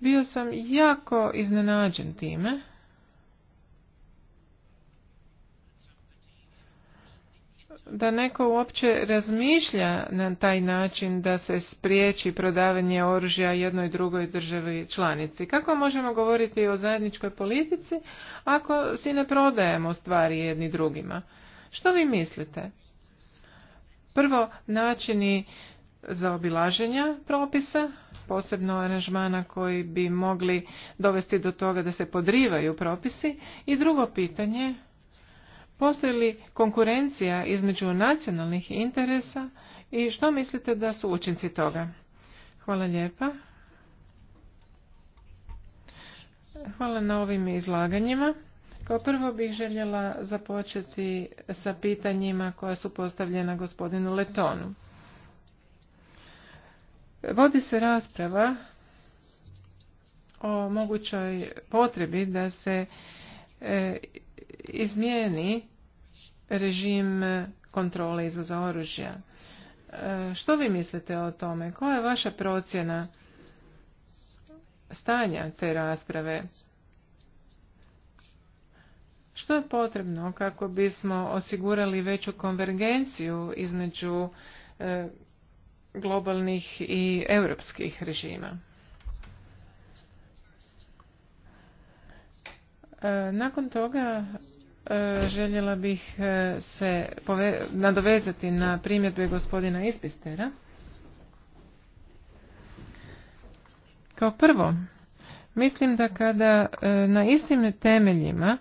Bio sam jako iznenađen time da neko uopće razmišlja na taj način da se spriječi prodavanje oružja jednoj drugoj državi članici. Kako možemo govoriti o zajedničkoj politici ako si ne prodajemo stvari jedni drugima? Što vi mislite? Prvo, načini obilaženja propisa, posebno aranžmana koji bi mogli dovesti do toga da se podrivaju propisi. I drugo pitanje, Postoji li konkurencija između nacionalnih interesa i što mislite da su učinci toga? Hvala lijepa. Hvala na ovim izlaganjima. Kao prvo bih željela započeti sa pitanjima koja su postavljena gospodinu Letonu. Vodi se rasprava o mogućoj potrebi da se e, izmijeni režim kontrole izvoza oružja. E, što vi mislite o tome? Koja je vaša procjena stanja te rasprave? Što je potrebno kako bismo osigurali veću konvergenciju između e, globalnih i europskih režima? E, nakon toga e, željela bih e, se nadovezati na primjedbe gospodina Ispistera. Kao prvo, mislim da kada na istim temeljima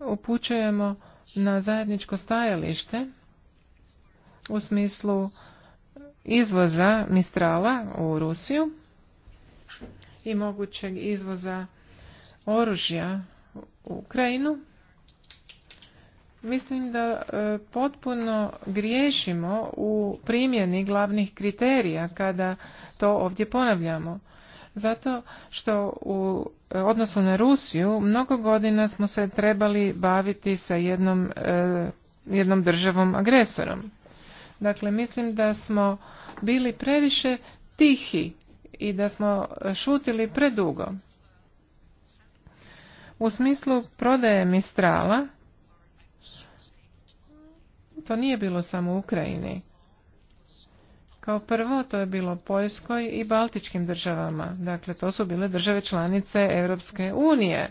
upućujemo na zajedničko stajalište u smislu izvoza Mistrala u Rusiju i mogućeg izvoza oružja Ukrajinu, mislim da e, potpuno griješimo u primjeni glavnih kriterija kada to ovdje ponavljamo. Zato što u e, odnosu na Rusiju mnogo godina smo se trebali baviti sa jednom, e, jednom državom agresorom. Dakle, mislim da smo bili previše tihi i da smo šutili predugo. U smislu prodaje Mistrala, to nije bilo samo u Ukrajini. Kao prvo to je bilo Poljskoj i Baltičkim državama. Dakle, to su bile države članice Europske unije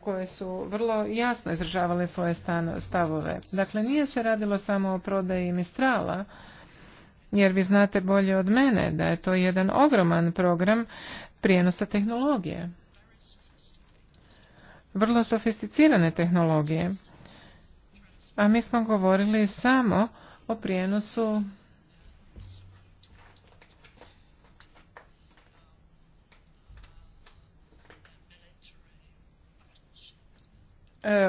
koje su vrlo jasno izražavale svoje stavove. Dakle, nije se radilo samo o prodaji Mistrala, jer vi znate bolje od mene da je to jedan ogroman program prijenosa tehnologije vrlo sofisticirane tehnologije. A mi smo govorili samo o prijenosu e, e,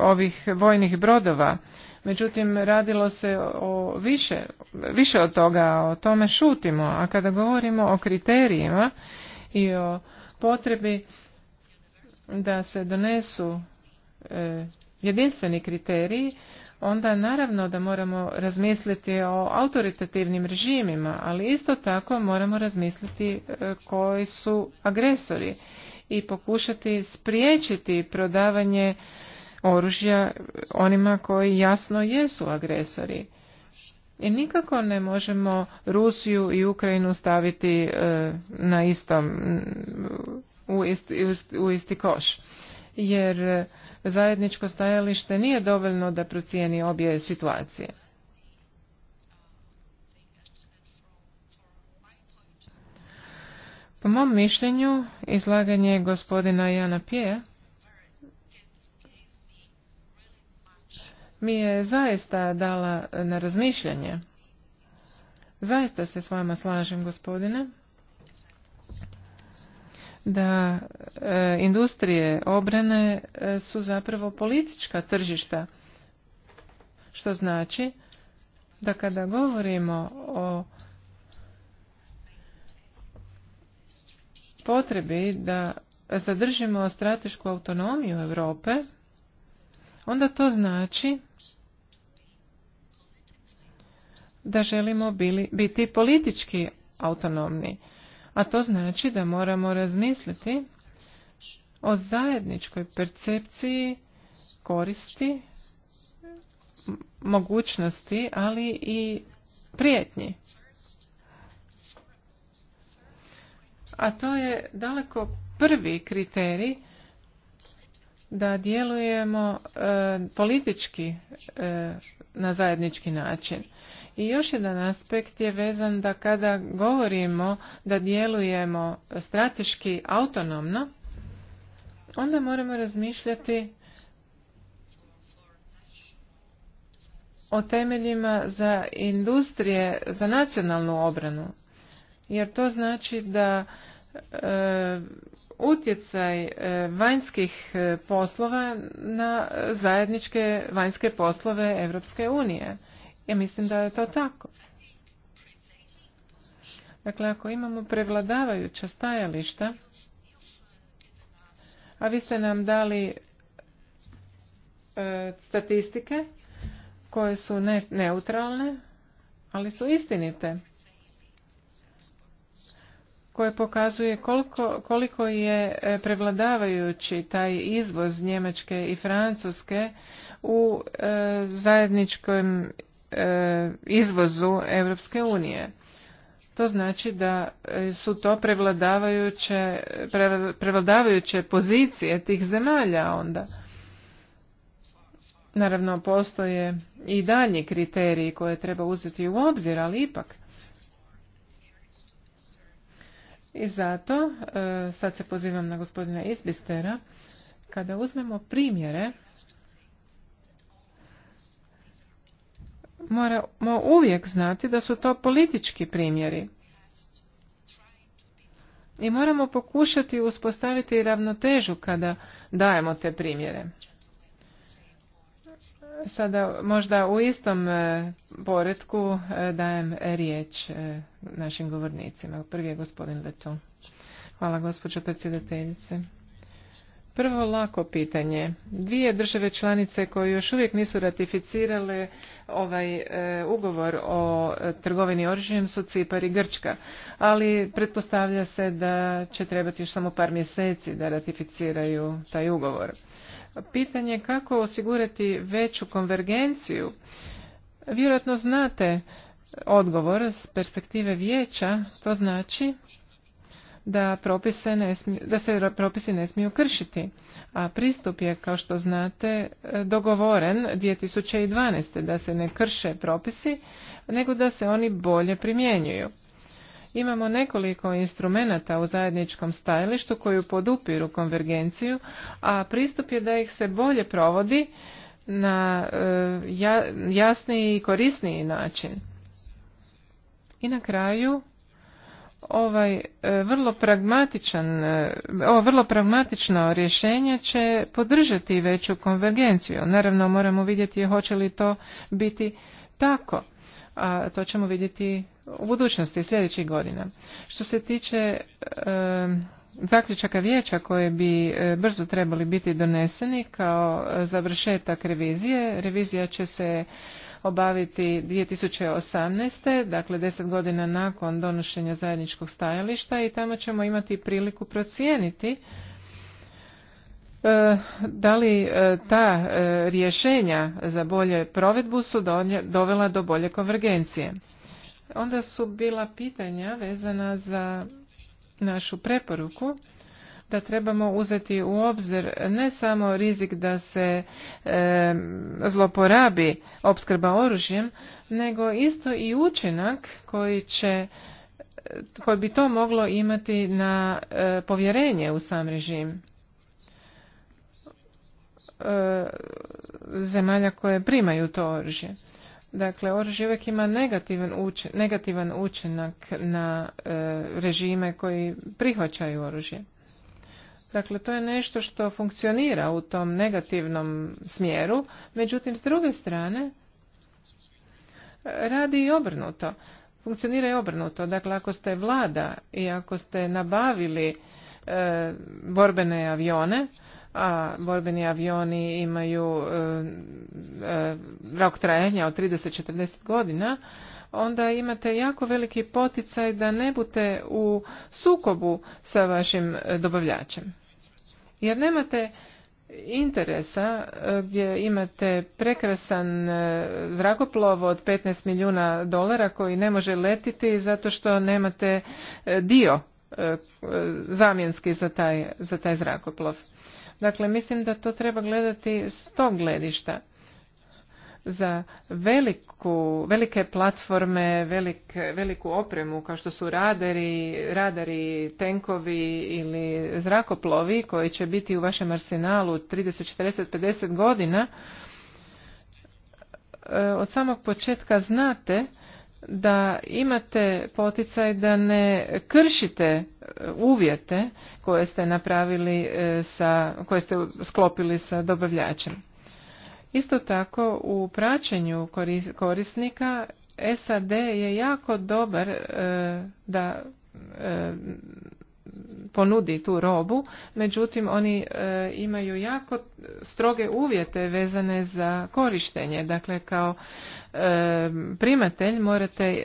ovih vojnih brodova. Međutim, radilo se o više, više od toga, o tome šutimo. A kada govorimo o kriterijima i o potrebi da se donesu e, jedinstveni kriteriji, onda naravno da moramo razmisliti o autoritativnim režimima, ali isto tako moramo razmisliti e, koji su agresori i pokušati spriječiti prodavanje oružja onima koji jasno jesu agresori. I nikako ne možemo Rusiju i Ukrajinu staviti e, na istom u isti, u isti koš jer e, zajedničko stajalište nije dovoljno da procijeni obje situacije po mom mišljenju izlaganje gospodina jana pije mi je zaista dala na razmišljanje zaista se s vama slažem gospodine da e, industrije obrane e, su zapravo politička tržišta što znači da kada govorimo o potrebi da zadržimo stratešku autonomiju Europe onda to znači da želimo bili, biti politički autonomni a to znači da moramo razmisliti o zajedničkoj percepciji koristi mogućnosti ali i prijetnji a to je daleko prvi kriterij da djelujemo e, politički e, na zajednički način i još jedan aspekt je vezan da kada govorimo da djelujemo strateški autonomno, onda moramo razmišljati o temeljima za industrije za nacionalnu obranu. Jer to znači da e, utjecaj e, vanjskih e, poslova na zajedničke vanjske poslove Europske unije. Ja mislim da je to tako. Dakle, ako imamo prevladavajuća stajališta, a vi ste nam dali e, statistike koje su ne, neutralne, ali su istinite, koje pokazuje koliko, koliko je e, prevladavajući taj izvoz Njemačke i Francuske u e, zajedničkom E, izvozu Europske unije. To znači da e, su to prevladavajuće, prevladavajuće pozicije tih zemalja onda. Naravno, postoje i dalji kriteriji koje treba uzeti u obzir, ali ipak. I zato, e, sad se pozivam na gospodina Izbistera, kada uzmemo primjere moramo uvijek znati da su to politički primjeri. I moramo pokušati uspostaviti ravnotežu kada dajemo te primjere. Sada možda u istom e, poredku e, dajem riječ e, našim govornicima. Prvi je gospodin Leto. Hvala gospođo predsjedateljice. Prvo lako pitanje. Dvije države članice koje još uvijek nisu ratificirale ovaj e, ugovor o e, trgovini oružjem su Cipar i Grčka, ali pretpostavlja se da će trebati još samo par mjeseci da ratificiraju taj ugovor. Pitanje je kako osigurati veću konvergenciju. Vjerojatno znate odgovor s perspektive vijeća, to znači da, da se propisi ne smiju kršiti, a pristup je, kao što znate, e, dogovoren 2012. da se ne krše propisi, nego da se oni bolje primjenjuju. Imamo nekoliko instrumenata u zajedničkom stajalištu koju podupiru konvergenciju, a pristup je da ih se bolje provodi na e, jasniji i korisniji način. I na kraju ovaj e, vrlo pragmatičan e, ovo vrlo pragmatično rješenje će podržati veću konvergenciju naravno moramo vidjeti hoće li to biti tako a to ćemo vidjeti u budućnosti sljedećih godina što se tiče e, zaključaka vijeća koje bi brzo trebali biti doneseni kao završetak revizije revizija će se obaviti 2018. dakle deset godina nakon donošenja zajedničkog stajališta i tamo ćemo imati priliku procijeniti e, da li e, ta e, rješenja za bolje provedbu su dovela do bolje konvergencije. Onda su bila pitanja vezana za našu preporuku da trebamo uzeti u obzir ne samo rizik da se e, zloporabi opskrba oružjem, nego isto i učinak koji će koji bi to moglo imati na e, povjerenje u sam režim e, zemalja koje primaju to oružje. Dakle, oružje uvijek ima negativan, uči, negativan učinak na e, režime koji prihvaćaju oružje. Dakle, to je nešto što funkcionira u tom negativnom smjeru, međutim, s druge strane, radi i obrnuto. Funkcionira i obrnuto. Dakle, ako ste vlada i ako ste nabavili e, borbene avione, a borbeni avioni imaju e, e, rok trajanja od 30-40 godina, onda imate jako veliki poticaj da ne budete u sukobu sa vašim e, dobavljačem. Jer nemate interesa e, gdje imate prekrasan e, zrakoplov od 15 milijuna dolara koji ne može letiti zato što nemate dio zamjenski za taj, za taj zrakoplov. Dakle, mislim da to treba gledati s tog gledišta za veliku, velike platforme, velik, veliku opremu kao što su radari, radari, tenkovi ili zrakoplovi koji će biti u vašem arsenalu 30, 40, 50 godina. E, od samog početka znate da imate poticaj da ne kršite e, uvjete koje ste napravili e, sa, koje ste sklopili sa dobavljačem. Isto tako u praćenju korisnika SAD je jako dobar e, da e, ponudi tu robu, međutim oni e, imaju jako stroge uvjete vezane za korištenje. Dakle, kao primatelj morate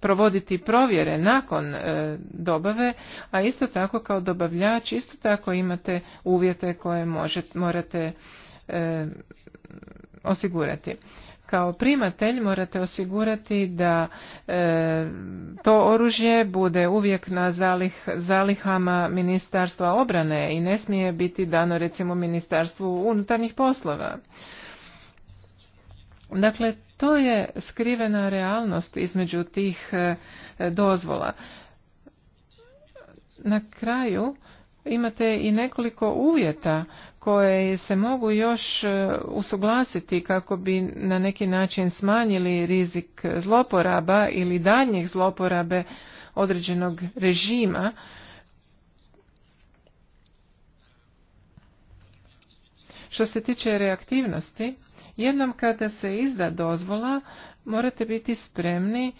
provoditi provjere nakon dobave, a isto tako kao dobavljač isto tako imate uvjete koje možete, morate E, osigurati kao primatelj morate osigurati da e, to oružje bude uvijek na zalih, zalihama ministarstva obrane i ne smije biti dano recimo ministarstvu unutarnjih poslova dakle to je skrivena realnost između tih e, dozvola na kraju imate i nekoliko uvjeta koje se mogu još e, usuglasiti kako bi na neki način smanjili rizik zloporaba ili daljnjih zloporabe određenog režima Što se tiče reaktivnosti, jednom kada se izda dozvola, morate biti spremni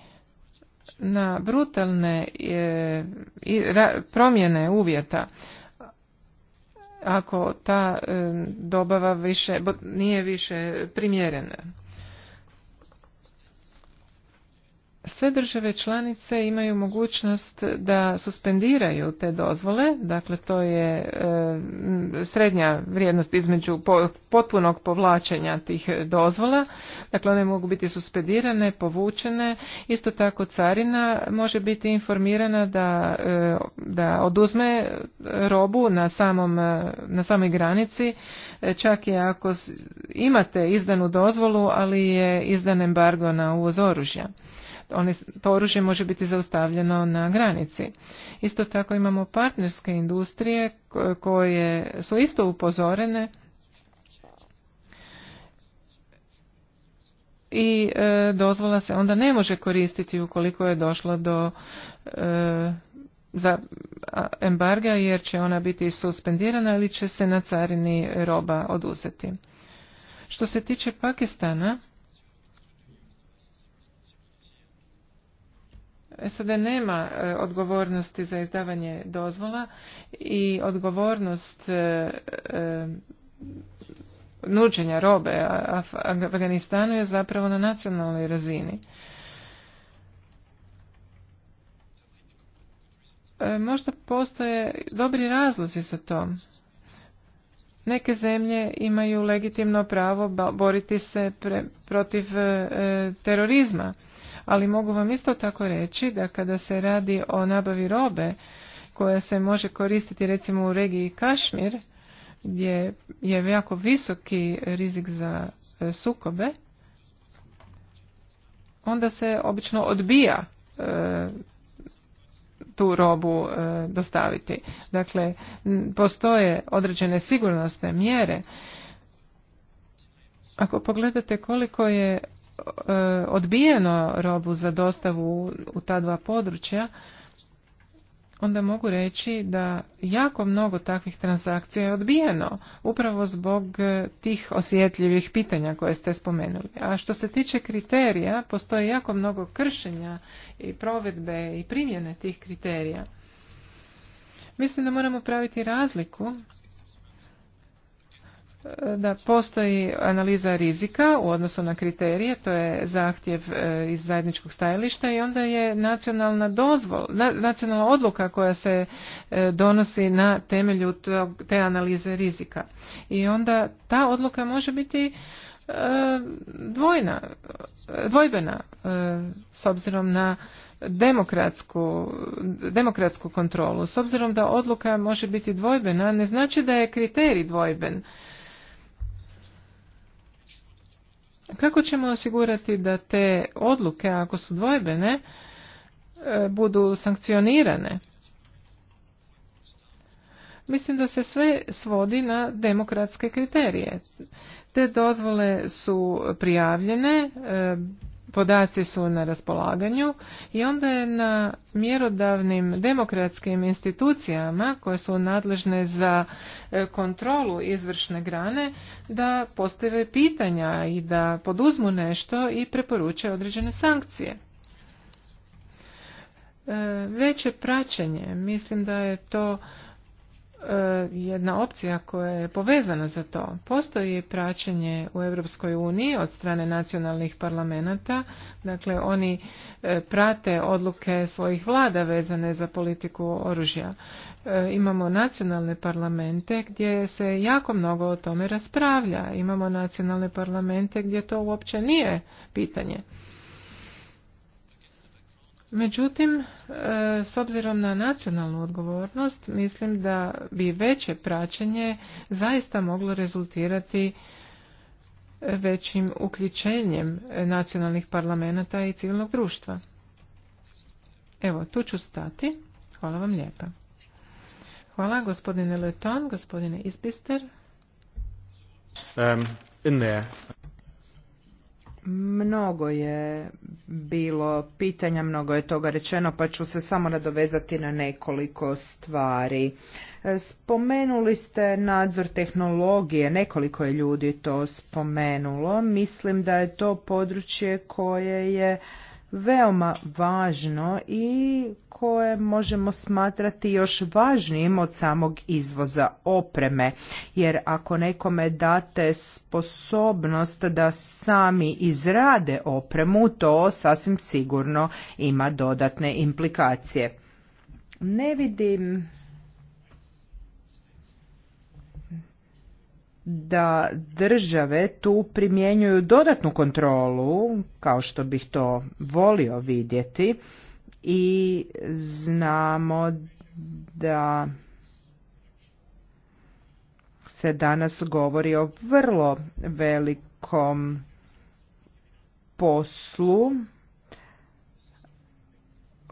na brutalne e, promjene uvjeta ako ta dobava više, nije više primjerena. sve države članice imaju mogućnost da suspendiraju te dozvole, dakle to je e, srednja vrijednost između potpunog povlačenja tih dozvola, dakle one mogu biti suspendirane, povučene, isto tako carina može biti informirana da, e, da oduzme robu na, samom, e, na samoj granici, čak i ako imate izdanu dozvolu, ali je izdan embargo na uvoz oružja. Oni, to oružje može biti zaustavljeno na granici. Isto tako imamo partnerske industrije koje su isto upozorene i e, dozvola se onda ne može koristiti ukoliko je došlo do e, za embarga jer će ona biti suspendirana ili će se na carini roba oduzeti. Što se tiče Pakistana, Sada nema e, odgovornosti za izdavanje dozvola i odgovornost e, e, nuđenja robe Afganistanu je zapravo na nacionalnoj razini. Možda postoje dobri razlozi za to. Neke zemlje imaju legitimno pravo boriti se protiv terorizma ali mogu vam isto tako reći da kada se radi o nabavi robe koja se može koristiti recimo u regiji Kašmir gdje je jako visoki rizik za e, sukobe, onda se obično odbija e, tu robu e, dostaviti. Dakle, postoje određene sigurnosne mjere. Ako pogledate koliko je E, odbijeno robu za dostavu u ta dva područja, onda mogu reći da jako mnogo takvih transakcija je odbijeno upravo zbog e, tih osjetljivih pitanja koje ste spomenuli. A što se tiče kriterija, postoji jako mnogo kršenja i provedbe i primjene tih kriterija. Mislim da moramo praviti razliku da postoji analiza rizika u odnosu na kriterije, to je zahtjev e, iz zajedničkog stajališta i onda je nacionalna dozvol, nacionalna odluka koja se e, donosi na temelju te analize rizika. I onda ta odluka može biti e, dvojna, dvojbena s obzirom na demokratsku, demokratsku kontrolu. S obzirom da odluka može biti dvojbena, ne znači da je kriterij dvojben Kako ćemo osigurati da te odluke, ako su dvojbene, e, budu sankcionirane? Mislim da se sve svodi na demokratske kriterije. Te dozvole su prijavljene, e, podaci su na raspolaganju i onda je na mjerodavnim demokratskim institucijama koje su nadležne za e, kontrolu izvršne grane da postave pitanja i da poduzmu nešto i preporuče određene sankcije. E, veće praćenje, mislim da je to E, jedna opcija koja je povezana za to. Postoji praćenje u Europskoj uniji od strane nacionalnih parlamenta, dakle oni e, prate odluke svojih vlada vezane za politiku oružja. E, imamo nacionalne parlamente gdje se jako mnogo o tome raspravlja. Imamo nacionalne parlamente gdje to uopće nije pitanje. Međutim, e, s obzirom na nacionalnu odgovornost, mislim da bi veće praćenje zaista moglo rezultirati većim uključenjem nacionalnih parlamenta i civilnog društva. Evo, tu ću stati. Hvala vam lijepa. Hvala gospodine Leton, gospodine Ispister. Um, Mnogo je bilo pitanja, mnogo je toga rečeno, pa ću se samo nadovezati na nekoliko stvari. E, spomenuli ste nadzor tehnologije, nekoliko je ljudi to spomenulo. Mislim da je to područje koje je veoma važno i koje možemo smatrati još važnijim od samog izvoza opreme. Jer ako nekome date sposobnost da sami izrade opremu, to sasvim sigurno ima dodatne implikacije. Ne vidim da države tu primjenjuju dodatnu kontrolu, kao što bih to volio vidjeti, i znamo da se danas govori o vrlo velikom poslu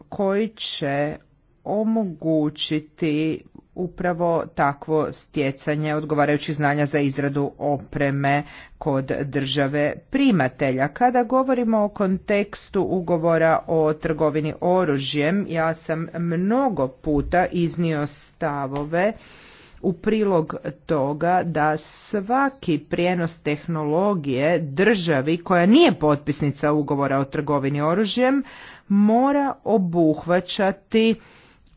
koji će omogućiti upravo takvo stjecanje odgovarajućih znanja za izradu opreme kod države primatelja. Kada govorimo o kontekstu ugovora o trgovini oružjem, ja sam mnogo puta iznio stavove u prilog toga da svaki prijenos tehnologije državi koja nije potpisnica ugovora o trgovini oružjem mora obuhvaćati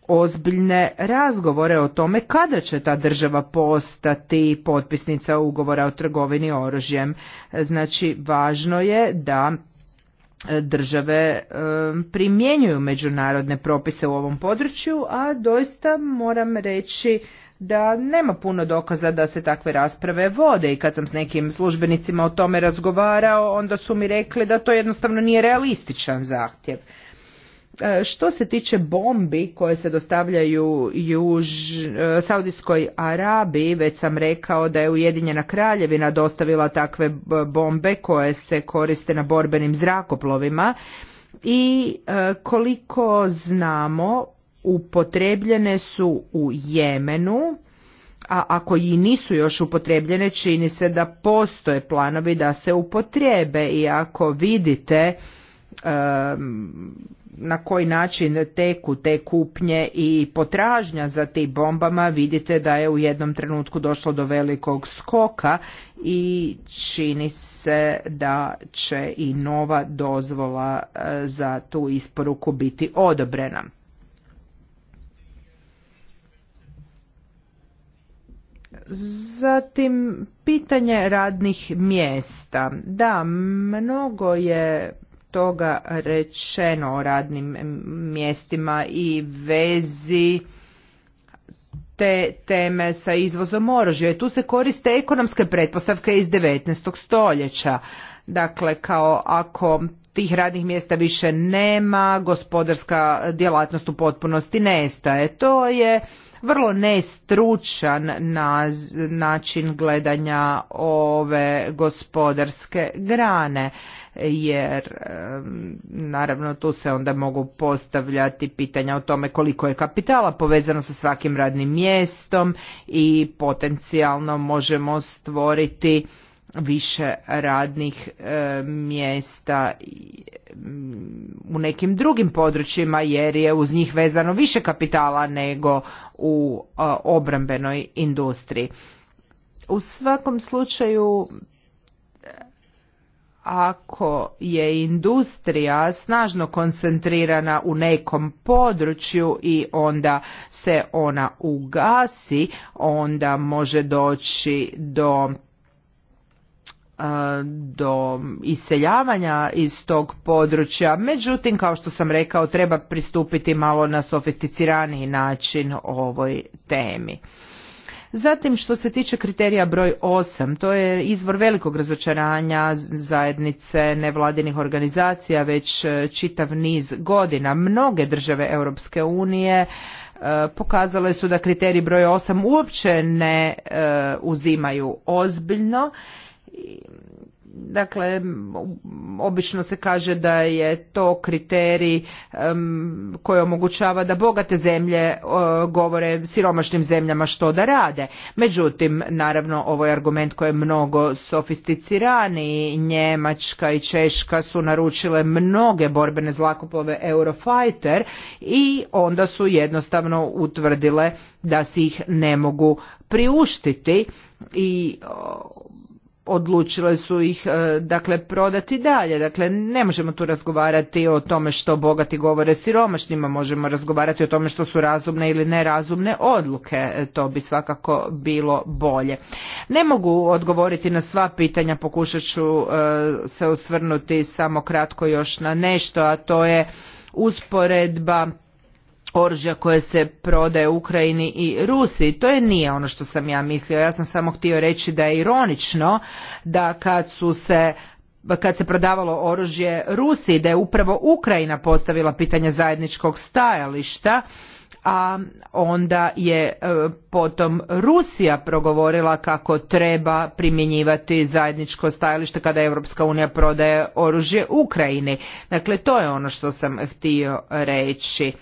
ozbiljne razgovore o tome kada će ta država postati potpisnica ugovora o trgovini oružjem. Znači, važno je da e, države e, primjenjuju međunarodne propise u ovom području, a doista moram reći da nema puno dokaza da se takve rasprave vode i kad sam s nekim službenicima o tome razgovarao, onda su mi rekli da to jednostavno nije realističan zahtjev. E, što se tiče bombi koje se dostavljaju juž, e, Saudijskoj Arabiji, već sam rekao da je Ujedinjena Kraljevina dostavila takve bombe koje se koriste na borbenim zrakoplovima i e, koliko znamo upotrebljene su u Jemenu a ako i nisu još upotrebljene čini se da postoje planovi da se upotrebe i ako vidite Um, na koji način teku te kupnje i potražnja za tim bombama vidite da je u jednom trenutku došlo do velikog skoka i čini se da će i nova dozvola uh, za tu isporuku biti odobrena. Zatim pitanje radnih mjesta. Da, mnogo je toga rečeno o radnim mjestima i vezi te teme sa izvozom oružja. tu se koriste ekonomske pretpostavke iz 19. stoljeća. Dakle, kao ako tih radnih mjesta više nema, gospodarska djelatnost u potpunosti nestaje. To je vrlo nestručan način gledanja ove gospodarske grane jer naravno tu se onda mogu postavljati pitanja o tome koliko je kapitala povezano sa svakim radnim mjestom i potencijalno možemo stvoriti više radnih mjesta mm, u nekim drugim područjima jer je uz njih vezano više kapitala nego u obrambenoj industriji. U svakom slučaju ako je industrija snažno koncentrirana u nekom području i onda se ona ugasi, onda može doći do eh, do iseljavanja iz tog područja. Međutim, kao što sam rekao, treba pristupiti malo na sofisticiraniji način ovoj temi. Zatim što se tiče kriterija broj 8, to je izvor velikog razočaranja zajednice nevladinih organizacija već e, čitav niz godina. Mnoge države Europske unije e, pokazale su da kriterij broj 8 uopće ne e, uzimaju ozbiljno Dakle, obično se kaže da je to kriterij koji omogućava da bogate zemlje e, govore siromašnim zemljama što da rade. Međutim, naravno, ovo je argument koji je mnogo sofisticiraniji. Njemačka i Češka su naručile mnoge borbene zlakoplove Eurofighter i onda su jednostavno utvrdile da si ih ne mogu priuštiti i odlučile su ih e, dakle prodati dalje. Dakle ne možemo tu razgovarati o tome što bogati govore siromašnima, možemo razgovarati o tome što su razumne ili nerazumne odluke, e, to bi svakako bilo bolje. Ne mogu odgovoriti na sva pitanja, pokušat ću e, se osvrnuti samo kratko još na nešto, a to je usporedba oružja koje se prodaje Ukrajini i Rusiji. To je nije ono što sam ja mislio. Ja sam samo htio reći da je ironično da kad su se kad se prodavalo oružje Rusiji, da je upravo Ukrajina postavila pitanje zajedničkog stajališta, a onda je e, potom Rusija progovorila kako treba primjenjivati zajedničko stajalište kada Europska unija prodaje oružje Ukrajini. Dakle, to je ono što sam htio reći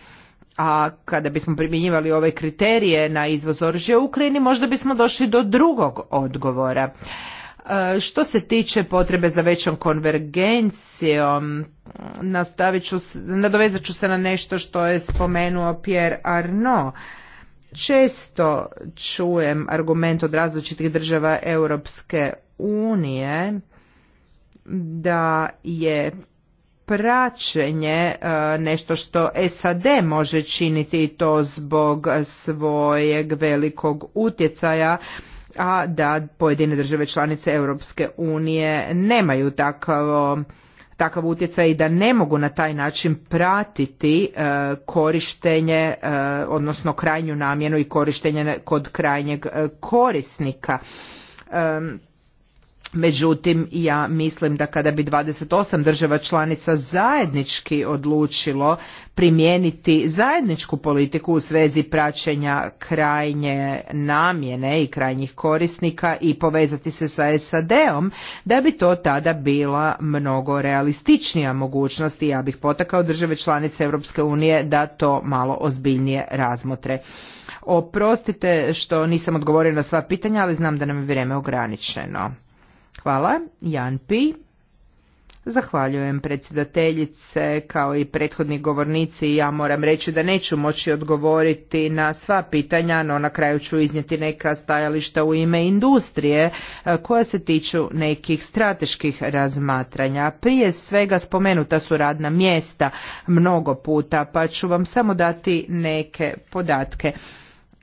a kada bismo primjenjivali ove kriterije na izvoz oružja u Ukrajini možda bismo došli do drugog odgovora. E, što se tiče potrebe za većom konvergencijom, nastavit ću, nadovezat ću se na nešto što je spomenuo Pierre Arnaud. Često čujem argument od različitih država Europske unije da je praćenje e, nešto što SAD može činiti i to zbog svojeg velikog utjecaja a da pojedine države članice Europske unije nemaju takvo takav utjecaj i da ne mogu na taj način pratiti e, korištenje e, odnosno krajnju namjenu i korištenje kod krajnjeg korisnika. Međutim, ja mislim da kada bi 28 država članica zajednički odlučilo primijeniti zajedničku politiku u svezi praćenja krajnje namjene i krajnjih korisnika i povezati se sa SAD-om, da bi to tada bila mnogo realističnija mogućnost i ja bih potakao države članice Europske unije da to malo ozbiljnije razmotre. Oprostite što nisam odgovorila na sva pitanja, ali znam da nam je vrijeme ograničeno. Hvala, Jan Pi. Zahvaljujem predsjedateljice, kao i prethodni govornici. Ja moram reći da neću moći odgovoriti na sva pitanja, no na kraju ću iznijeti neka stajališta u ime industrije e, koja se tiču nekih strateških razmatranja. Prije svega spomenuta su radna mjesta mnogo puta, pa ću vam samo dati neke podatke.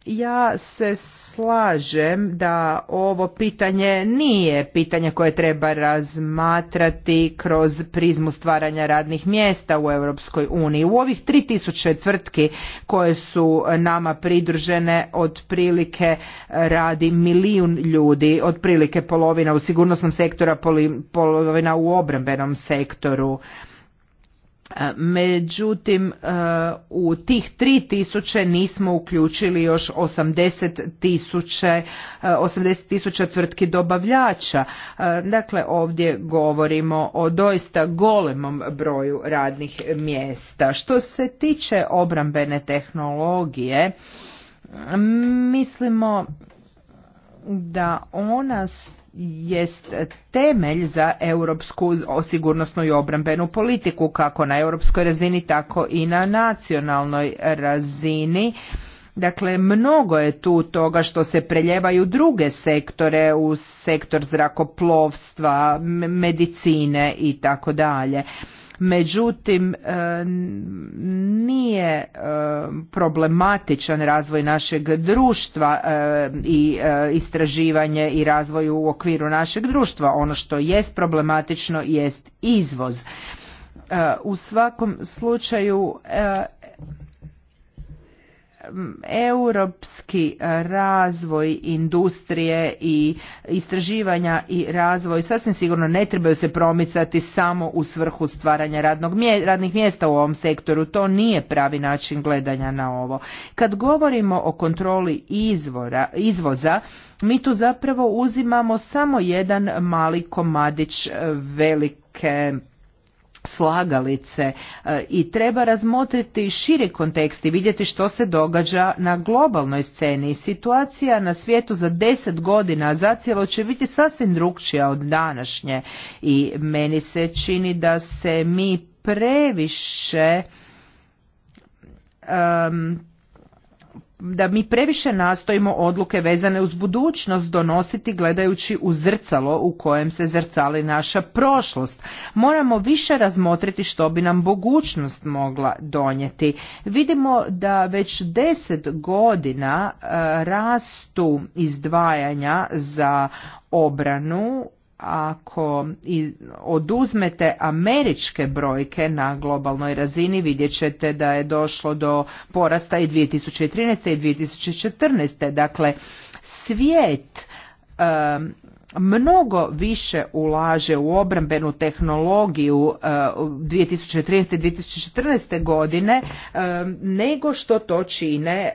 Ja se slažem da ovo pitanje nije pitanje koje treba razmatrati kroz prizmu stvaranja radnih mjesta u Europskoj uniji. U ovih 3000 tvrtki koje su nama pridružene otprilike eh, radi milijun ljudi, otprilike polovina u sigurnosnom sektoru, polovina u obrambenom sektoru. E, međutim, e, u tih 3000 nismo uključili još 80 e, tisuća tvrtki dobavljača. Dakle, ovdje govorimo o doista golemom broju radnih mjesta. Što se tiče obrambene tehnologije, mislimo da ona jest temelj za europsku sigurnosnu i obrambenu politiku kako na europskoj razini tako i na nacionalnoj razini. Dakle, mnogo je tu toga što se preljevaju druge sektore u sektor zrakoplovstva, medicine i tako dalje međutim e, nije e, problematičan razvoj našeg društva e, i istraživanje i razvoj u okviru našeg društva. Ono što jest problematično jest izvoz. U svakom slučaju europski razvoj industrije i istraživanja i razvoj sasvim sigurno ne trebaju se promicati samo u svrhu stvaranja radnog radnih mjesta u ovom sektoru. To nije pravi način gledanja na ovo. Kad govorimo o kontroli izvora, izvoza, mi tu zapravo uzimamo samo jedan mali komadić velike slagalice e, i treba razmotriti širi kontekst i vidjeti što se događa na globalnoj sceni. Situacija na svijetu za deset godina za cijelo će biti sasvim drukčija od današnje i meni se čini da se mi previše da mi previše nastojimo odluke vezane uz budućnost donositi gledajući u zrcalo u kojem se zrcali naša prošlost. Moramo više razmotriti što bi nam budućnost mogla donijeti. Vidimo da već deset godina e, rastu izdvajanja za obranu ako oduzmete američke brojke na globalnoj razini vidjet ćete da je došlo do porasta i 2013. i 2014. Dakle, svijet mnogo više ulaže u obrambenu tehnologiju 2013. Eh, i 2014. godine nego što to čine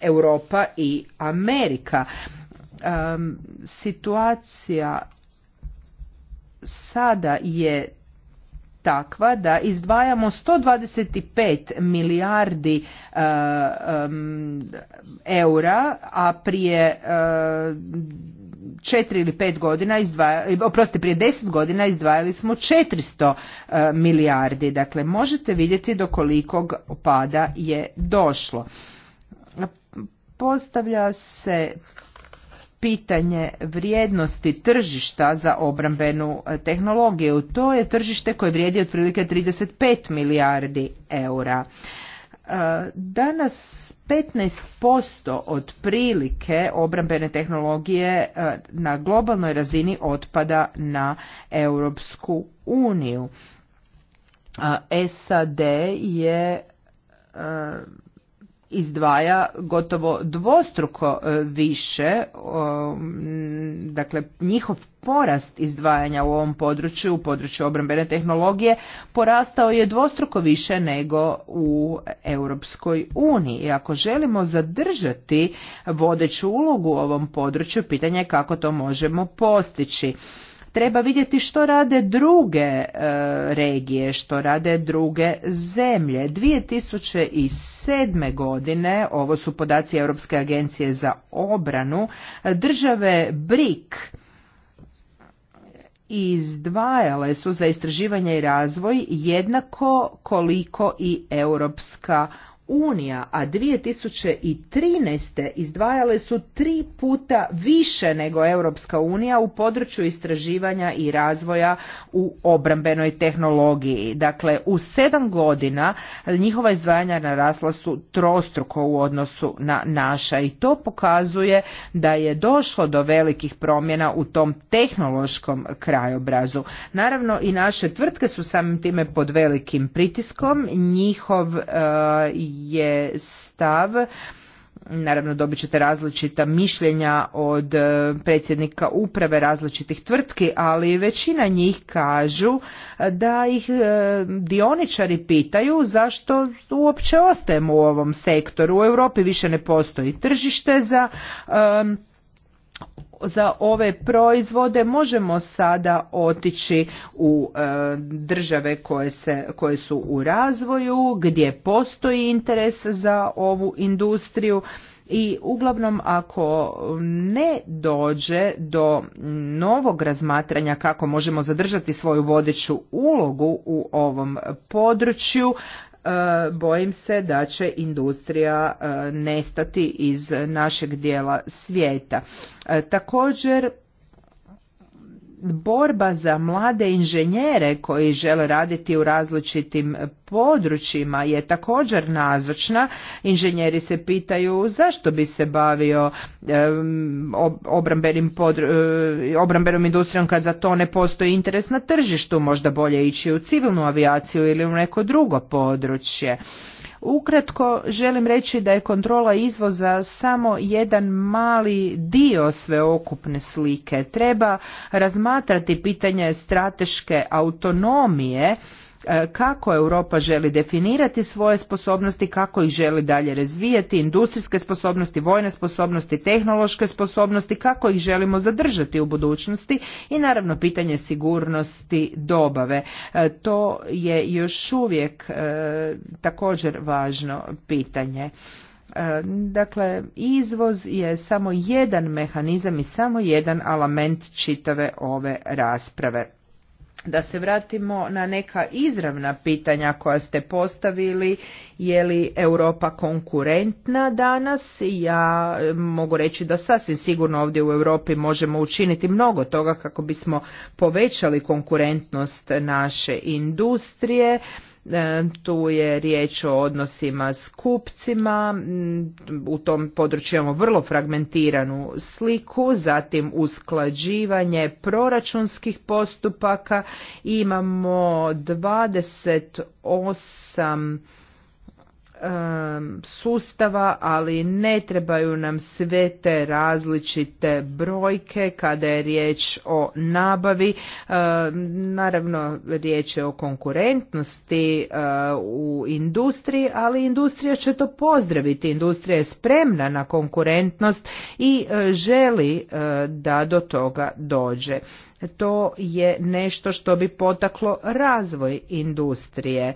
Europa i Amerika situacija sada je takva da izdvajamo 125 milijardi uh, um, eura, a prije uh, četiri ili pet godina, izdvaja, oprosti, prije deset godina izdvajali smo 400 e, milijardi. Dakle, možete vidjeti do kolikog pada je došlo. Postavlja se pitanje vrijednosti tržišta za obrambenu e, tehnologiju. To je tržište koje vrijedi otprilike 35 milijardi eura. E, danas 15% otprilike obrambene tehnologije e, na globalnoj razini otpada na Europsku uniju. SAD je izdvaja gotovo dvostruko e, više, dakle njihov porast izdvajanja u ovom području, u području obrambene tehnologije, porastao je dvostruko više nego u Europskoj uniji. I ako želimo zadržati vodeću ulogu u ovom području, pitanje je kako to možemo postići. Treba vidjeti što rade druge e, regije, što rade druge zemlje. 2007. godine, ovo su podaci Europske agencije za obranu, države BRIC izdvajale su za istraživanje i razvoj jednako koliko i Europska unija, a 2013. izdvajale su tri puta više nego Europska unija u području istraživanja i razvoja u obrambenoj tehnologiji. Dakle, u sedam godina njihova izdvajanja narasla su trostruko u odnosu na naša i to pokazuje da je došlo do velikih promjena u tom tehnološkom krajobrazu. Naravno i naše tvrtke su samim time pod velikim pritiskom, njihov e, je stav naravno dobit ćete različita mišljenja od e, predsjednika uprave različitih tvrtki, ali većina njih kažu e, da ih e, dioničari pitaju zašto uopće ostajemo u ovom sektoru. U Europi više ne postoji tržište za za ove proizvode možemo sada otići u e, države koje, se, koje su u razvoju, gdje postoji interes za ovu industriju i uglavnom ako ne dođe do novog razmatranja kako možemo zadržati svoju vodeću ulogu u ovom području E, bojim se da će industrija e, nestati iz našeg dijela svijeta. E, također borba za mlade inženjere koji žele raditi u različitim područjima je također nazočna. Inženjeri se pitaju zašto bi se bavio obrambenim eh, obrambenom industrijom kad za to ne postoji interes na tržištu, možda bolje ići u civilnu avijaciju ili u neko drugo područje. Ukratko želim reći da je kontrola izvoza samo jedan mali dio sveokupne slike. Treba razmatrati pitanje strateške autonomije E, kako Europa želi definirati svoje sposobnosti, kako ih želi dalje razvijati, industrijske sposobnosti, vojne sposobnosti, tehnološke sposobnosti, kako ih želimo zadržati u budućnosti i naravno pitanje sigurnosti dobave. E, to je još uvijek e, također važno pitanje. Dakle, izvoz je samo jedan mehanizam i samo jedan element čitave ove rasprave da se vratimo na neka izravna pitanja koja ste postavili je li Europa konkurentna danas ja e, mogu reći da sasvim sigurno ovdje u Europi možemo učiniti mnogo toga kako bismo povećali konkurentnost naše industrije E, tu je riječ o odnosima s kupcima, mm, u tom području imamo vrlo fragmentiranu sliku, zatim usklađivanje proračunskih postupaka, imamo 28 sustava, ali ne trebaju nam sve te različite brojke kada je riječ o nabavi. Naravno, riječ je o konkurentnosti u industriji, ali industrija će to pozdraviti. Industrija je spremna na konkurentnost i želi da do toga dođe. To je nešto što bi potaklo razvoj industrije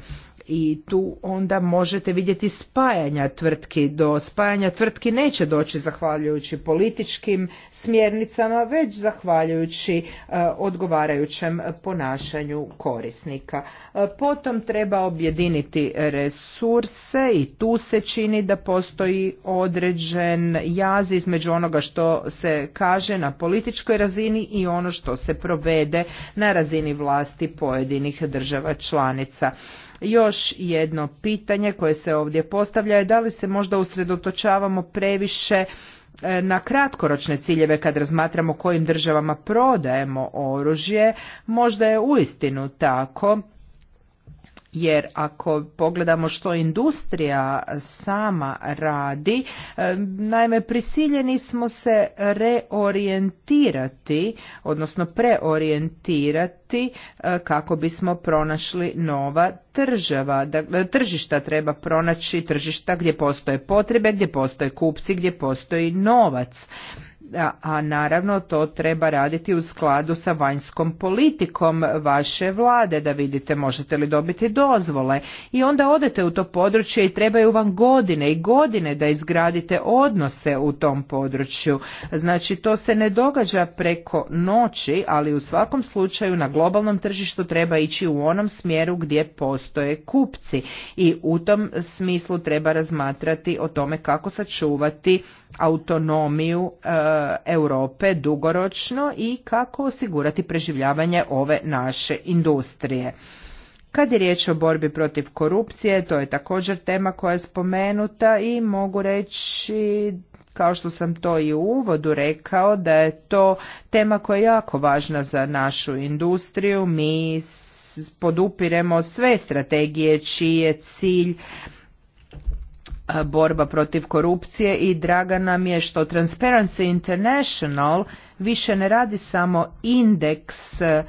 i tu onda možete vidjeti spajanja tvrtki. Do spajanja tvrtki neće doći zahvaljujući političkim smjernicama, već zahvaljujući e, odgovarajućem ponašanju korisnika. E, potom treba objediniti resurse i tu se čini da postoji određen jaz između onoga što se kaže na političkoj razini i ono što se provede na razini vlasti pojedinih država članica. Još jedno pitanje koje se ovdje postavlja je da li se možda usredotočavamo previše e, na kratkoročne ciljeve kad razmatramo kojim državama prodajemo oružje, možda je uistinu tako jer ako pogledamo što industrija sama radi, e, naime prisiljeni smo se reorijentirati, odnosno preorijentirati e, kako bismo pronašli nova tržava. E, tržišta treba pronaći, tržišta gdje postoje potrebe, gdje postoje kupci, gdje postoji novac a naravno to treba raditi u skladu sa vanjskom politikom vaše vlade da vidite možete li dobiti dozvole i onda odete u to područje i trebaju vam godine i godine da izgradite odnose u tom području znači to se ne događa preko noći ali u svakom slučaju na globalnom tržištu treba ići u onom smjeru gdje postoje kupci i u tom smislu treba razmatrati o tome kako sačuvati autonomiju e, Eh, Europe dugoročno i kako osigurati preživljavanje ove naše industrije. Kad je riječ o borbi protiv korupcije, to je također tema koja je spomenuta i mogu reći kao što sam to i u uvodu rekao da je to tema koja je jako važna za našu industriju. Mi podupiremo sve strategije čiji je cilj E, borba protiv korupcije i draga nam je što Transparency International više ne radi samo indeks e,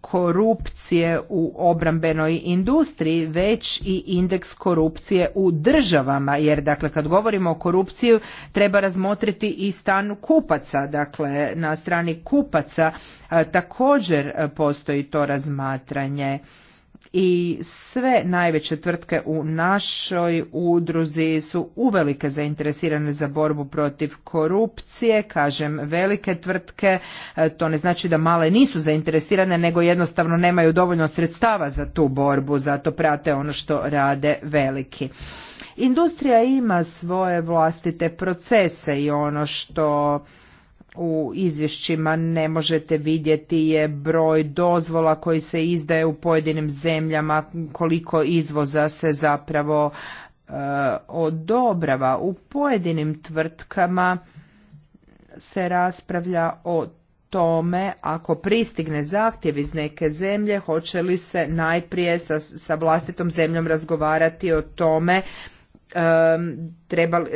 korupcije u obrambenoj industriji, već i indeks korupcije u državama, jer dakle kad govorimo o korupciju treba razmotriti i stan kupaca, dakle na strani kupaca e, također postoji to razmatranje i sve najveće tvrtke u našoj udruzi su uvelike zainteresirane za borbu protiv korupcije, kažem velike tvrtke, e, to ne znači da male nisu zainteresirane, nego jednostavno nemaju dovoljno sredstava za tu borbu, zato prate ono što rade veliki. Industrija ima svoje vlastite procese i ono što u izvješćima ne možete vidjeti je broj dozvola koji se izdaje u pojedinim zemljama, koliko izvoza se zapravo e, odobrava. U pojedinim tvrtkama se raspravlja o tome ako pristigne zahtjev iz neke zemlje hoće li se najprije sa vlastitom zemljom razgovarati o tome trebali,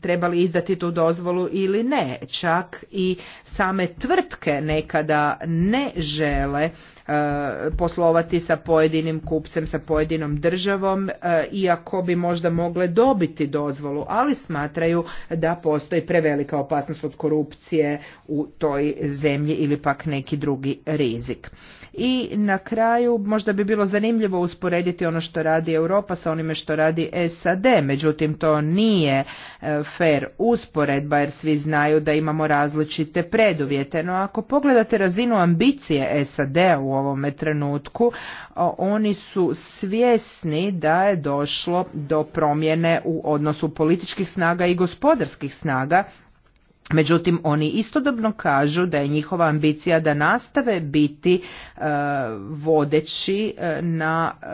trebali izdati tu dozvolu ili ne. Čak i same tvrtke nekada ne žele eh, poslovati sa pojedinim kupcem, sa pojedinom državom, eh, iako bi možda mogle dobiti dozvolu, ali smatraju da postoji prevelika opasnost od korupcije u toj zemlji ili pak neki drugi rizik. I na kraju možda bi bilo zanimljivo usporediti ono što radi Europa sa onime što radi SAD, međutim to nije e, fair usporedba jer svi znaju da imamo različite preduvjete, no ako pogledate razinu ambicije SAD u ovome trenutku, oni su svjesni da je došlo do promjene u odnosu političkih snaga i gospodarskih snaga Međutim, oni istodobno kažu da je njihova ambicija da nastave biti e, vodeći e, na e,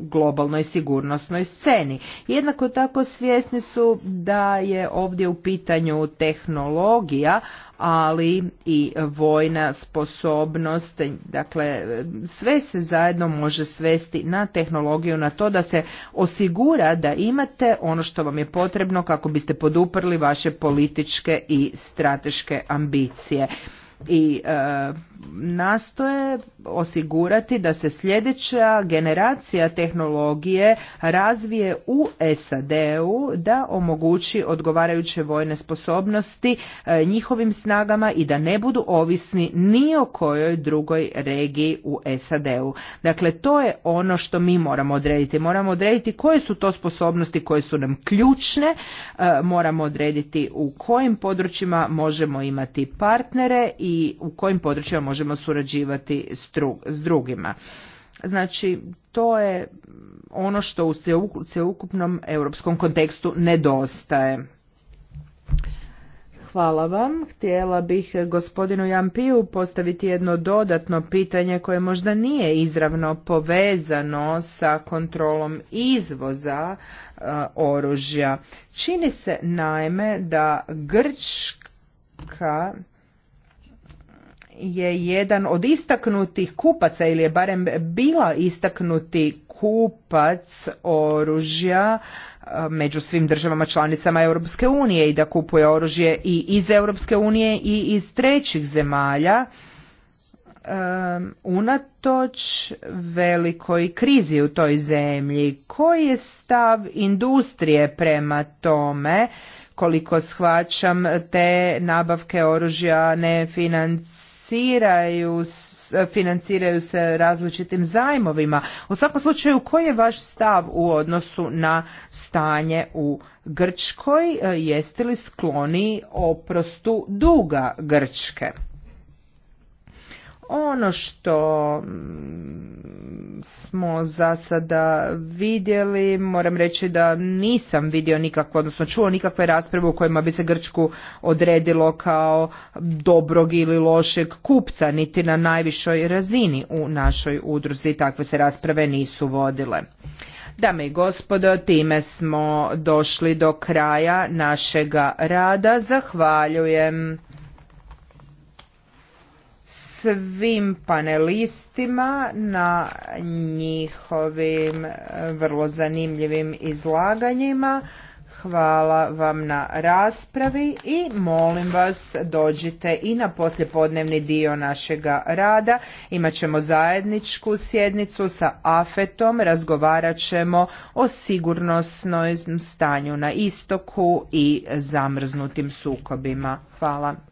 globalnoj sigurnosnoj sceni. Jednako tako svjesni su da je ovdje u pitanju tehnologija, ali i vojna sposobnost, dakle sve se zajedno može svesti na tehnologiju, na to da se osigura da imate ono što vam je potrebno kako biste poduprli vaše političke i strateške ambicije i e, nastoje osigurati da se sljedeća generacija tehnologije razvije u SAD-u da omogući odgovarajuće vojne sposobnosti e, njihovim snagama i da ne budu ovisni ni o kojoj drugoj regiji u SAD-u. Dakle, to je ono što mi moramo odrediti. Moramo odrediti koje su to sposobnosti koje su nam ključne, e, moramo odrediti u kojim područjima možemo imati partnere i u kojim područjima možemo surađivati s drugima. Znači, to je ono što u ukupnom europskom kontekstu nedostaje. Hvala vam. Htjela bih gospodinu Jampiju postaviti jedno dodatno pitanje koje možda nije izravno povezano sa kontrolom izvoza eh, oružja. Čini se naime da Grčka je jedan od istaknutih kupaca ili je barem bila istaknuti kupac oružja e, među svim državama članicama Europske unije i da kupuje oružje i iz Europske unije i iz trećih zemalja e, unatoč velikoj krizi u toj zemlji. Koji je stav industrije prema tome? Koliko shvaćam, te nabavke oružja ne financiraju financiraju, financiraju se različitim zajmovima. U svakom slučaju, koji je vaš stav u odnosu na stanje u Grčkoj? E, jeste li skloni oprostu duga Grčke? Ono što mm, smo za sada vidjeli, moram reći da nisam vidio nikakve, odnosno čuo nikakve rasprave u kojima bi se Grčku odredilo kao dobrog ili lošeg kupca, niti na najvišoj razini u našoj udruzi takve se rasprave nisu vodile. Dame i gospodo, time smo došli do kraja našega rada. Zahvaljujem svim panelistima na njihovim e, vrlo zanimljivim izlaganjima. Hvala vam na raspravi i molim vas dođite i na poslijepodnevni dio našega rada. Imaćemo zajedničku sjednicu sa Afetom, om razgovarat ćemo o sigurnosnom stanju na istoku i zamrznutim sukobima. Hvala.